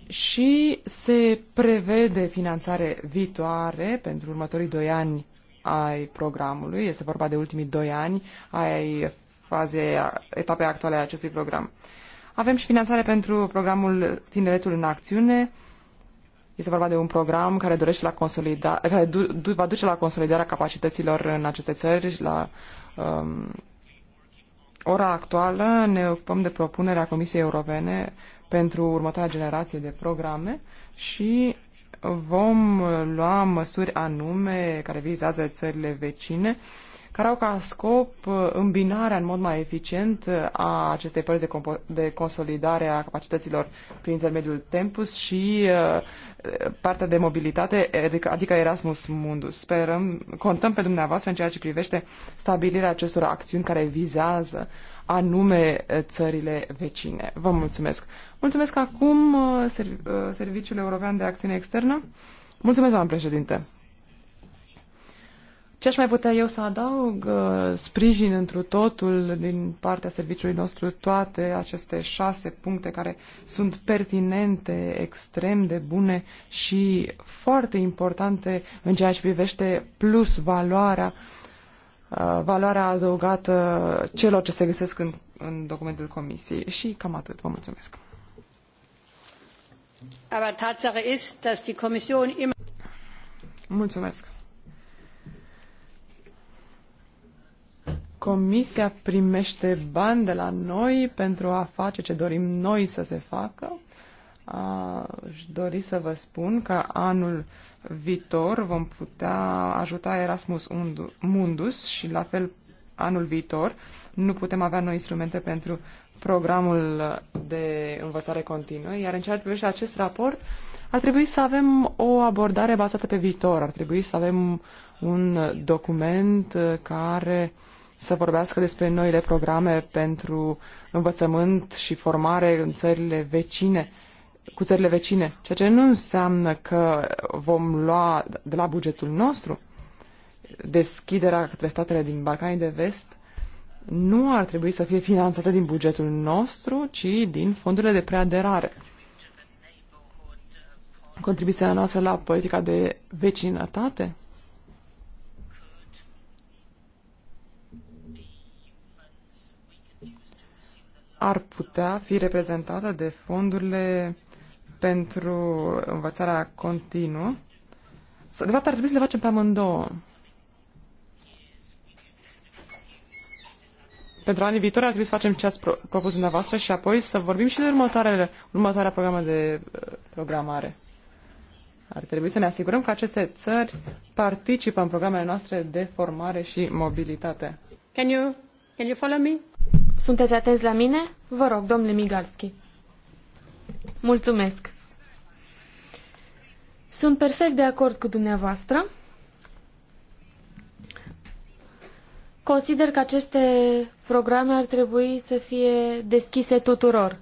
și se prevede finanțare viitoare pentru următorii doi ani ai programului, este vorba de ultimii doi ani ai fazei, etapei actuale a acestui program. Avem și finanțare pentru programul Tineretul în Acțiune. Este vorba de un program care, dorește la consolida, care du, du, va duce la consolidarea capacităților în aceste țări. La um, ora actuală ne ocupăm de propunerea Comisiei Europene pentru următoarea generație de programe și vom lua măsuri anume care vizează țările vecine, care au ca scop uh, îmbinarea în mod mai eficient uh, a acestei părți de, de consolidare a capacităților prin intermediul Tempus și uh, partea de mobilitate, adică, adică Erasmus Mundus. Sperăm, contăm pe dumneavoastră în ceea ce privește stabilirea acestor acțiuni care vizează anume țările vecine. Vă mulțumesc! Mulțumesc acum uh, uh, Serviciul European de Acțiune Externă. Mulțumesc, doamnă președinte. Ce aș mai putea eu să adaug? Uh, sprijin întru totul din partea serviciului nostru toate aceste șase puncte care sunt pertinente, extrem de bune și foarte importante în ceea ce privește plus valoarea, valoarea adăugată celor ce se găsesc în, în documentul comisiei. Și cam atât. Vă mulțumesc. Aber Tatsache ist, dass die Kommission immer... Comisia primește bani de la noi pentru a face ce dorim noi să se facă. Aș dori să vă spun că anul viitor vom putea ajuta Erasmus Mundus și la fel anul viitor nu putem avea noi instrumente pentru programul de învățare continuă, iar în ceea ce privește acest raport, ar trebui să avem o abordare bazată pe viitor, ar trebui să avem un document uh, care să vorbească despre noile programe pentru învățământ și formare în țările vecine, cu țările vecine, ceea ce nu înseamnă că vom lua de la bugetul nostru deschiderea către statele din Balcanii de Vest nu ar trebui să fie finanțate din bugetul nostru, ci din fondurile de preaderare. Contribuția noastră la politica de vecinătate ar putea fi reprezentată de fondurile pentru învățarea continuă. De fapt, ar trebui să le facem pe amândouă. pentru anii viitori ar trebui să facem ce ați propus dumneavoastră și apoi să vorbim și de următoarele, următoarea programă de uh, programare. Ar trebui să ne asigurăm că aceste țări participă în programele noastre de formare și mobilitate. Can you, can you follow me? Sunteți atenți la mine? Vă rog, domnule Migalski. Mulțumesc. Sunt perfect de acord cu dumneavoastră. Consider că aceste programe ar trebui să fie deschise tuturor.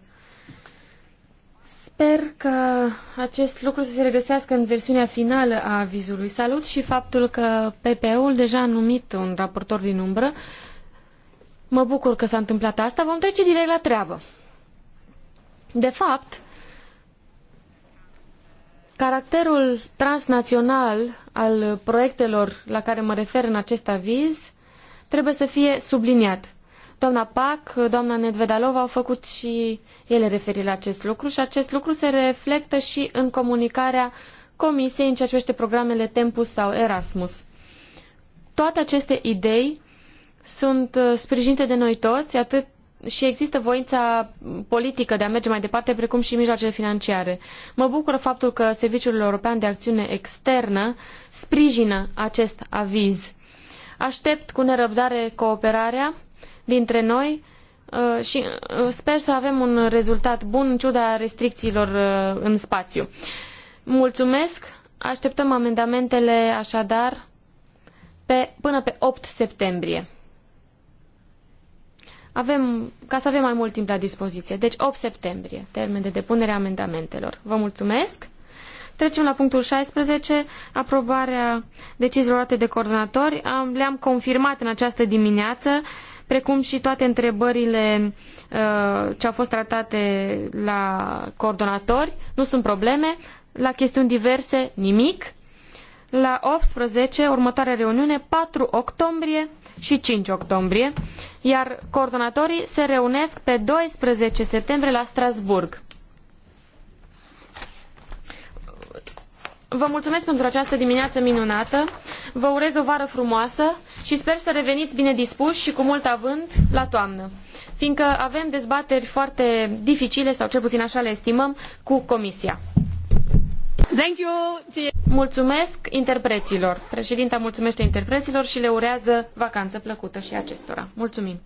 Sper că acest lucru să se regăsească în versiunea finală a avizului. Salut și faptul că PPE-ul deja a numit un raportor din umbră. Mă bucur că s-a întâmplat asta. Vom trece direct la treabă. De fapt, caracterul transnațional al proiectelor la care mă refer în acest aviz trebuie să fie subliniat. Doamna Pac, doamna Nedvedalova au făcut și ele referire la acest lucru și acest lucru se reflectă și în comunicarea Comisiei în ceea ce privește programele Tempus sau Erasmus. Toate aceste idei sunt uh, sprijinite de noi toți, atât și există voința politică de a merge mai departe, precum și mijloacele financiare. Mă bucură faptul că Serviciul European de Acțiune Externă sprijină acest aviz Aștept cu nerăbdare cooperarea dintre noi uh, și uh, sper să avem un rezultat bun în ciuda restricțiilor uh, în spațiu. Mulțumesc! Așteptăm amendamentele așadar pe, până pe 8 septembrie. Avem, ca să avem mai mult timp la dispoziție. Deci 8 septembrie, termen de depunere a amendamentelor. Vă mulțumesc! Trecem la punctul 16, aprobarea deciziilor luate de coordonatori. Le-am confirmat în această dimineață, precum și toate întrebările uh, ce au fost tratate la coordonatori. Nu sunt probleme. La chestiuni diverse, nimic. La 18, următoarea reuniune, 4 octombrie și 5 octombrie, iar coordonatorii se reunesc pe 12 septembrie la Strasburg. Vă mulțumesc pentru această dimineață minunată, vă urez o vară frumoasă și sper să reveniți bine dispuși și cu mult avânt la toamnă, fiindcă avem dezbateri foarte dificile, sau cel puțin așa le estimăm, cu Comisia. Mulțumesc interpreților. Președinta mulțumește interpreților și le urează vacanță plăcută și acestora. Mulțumim!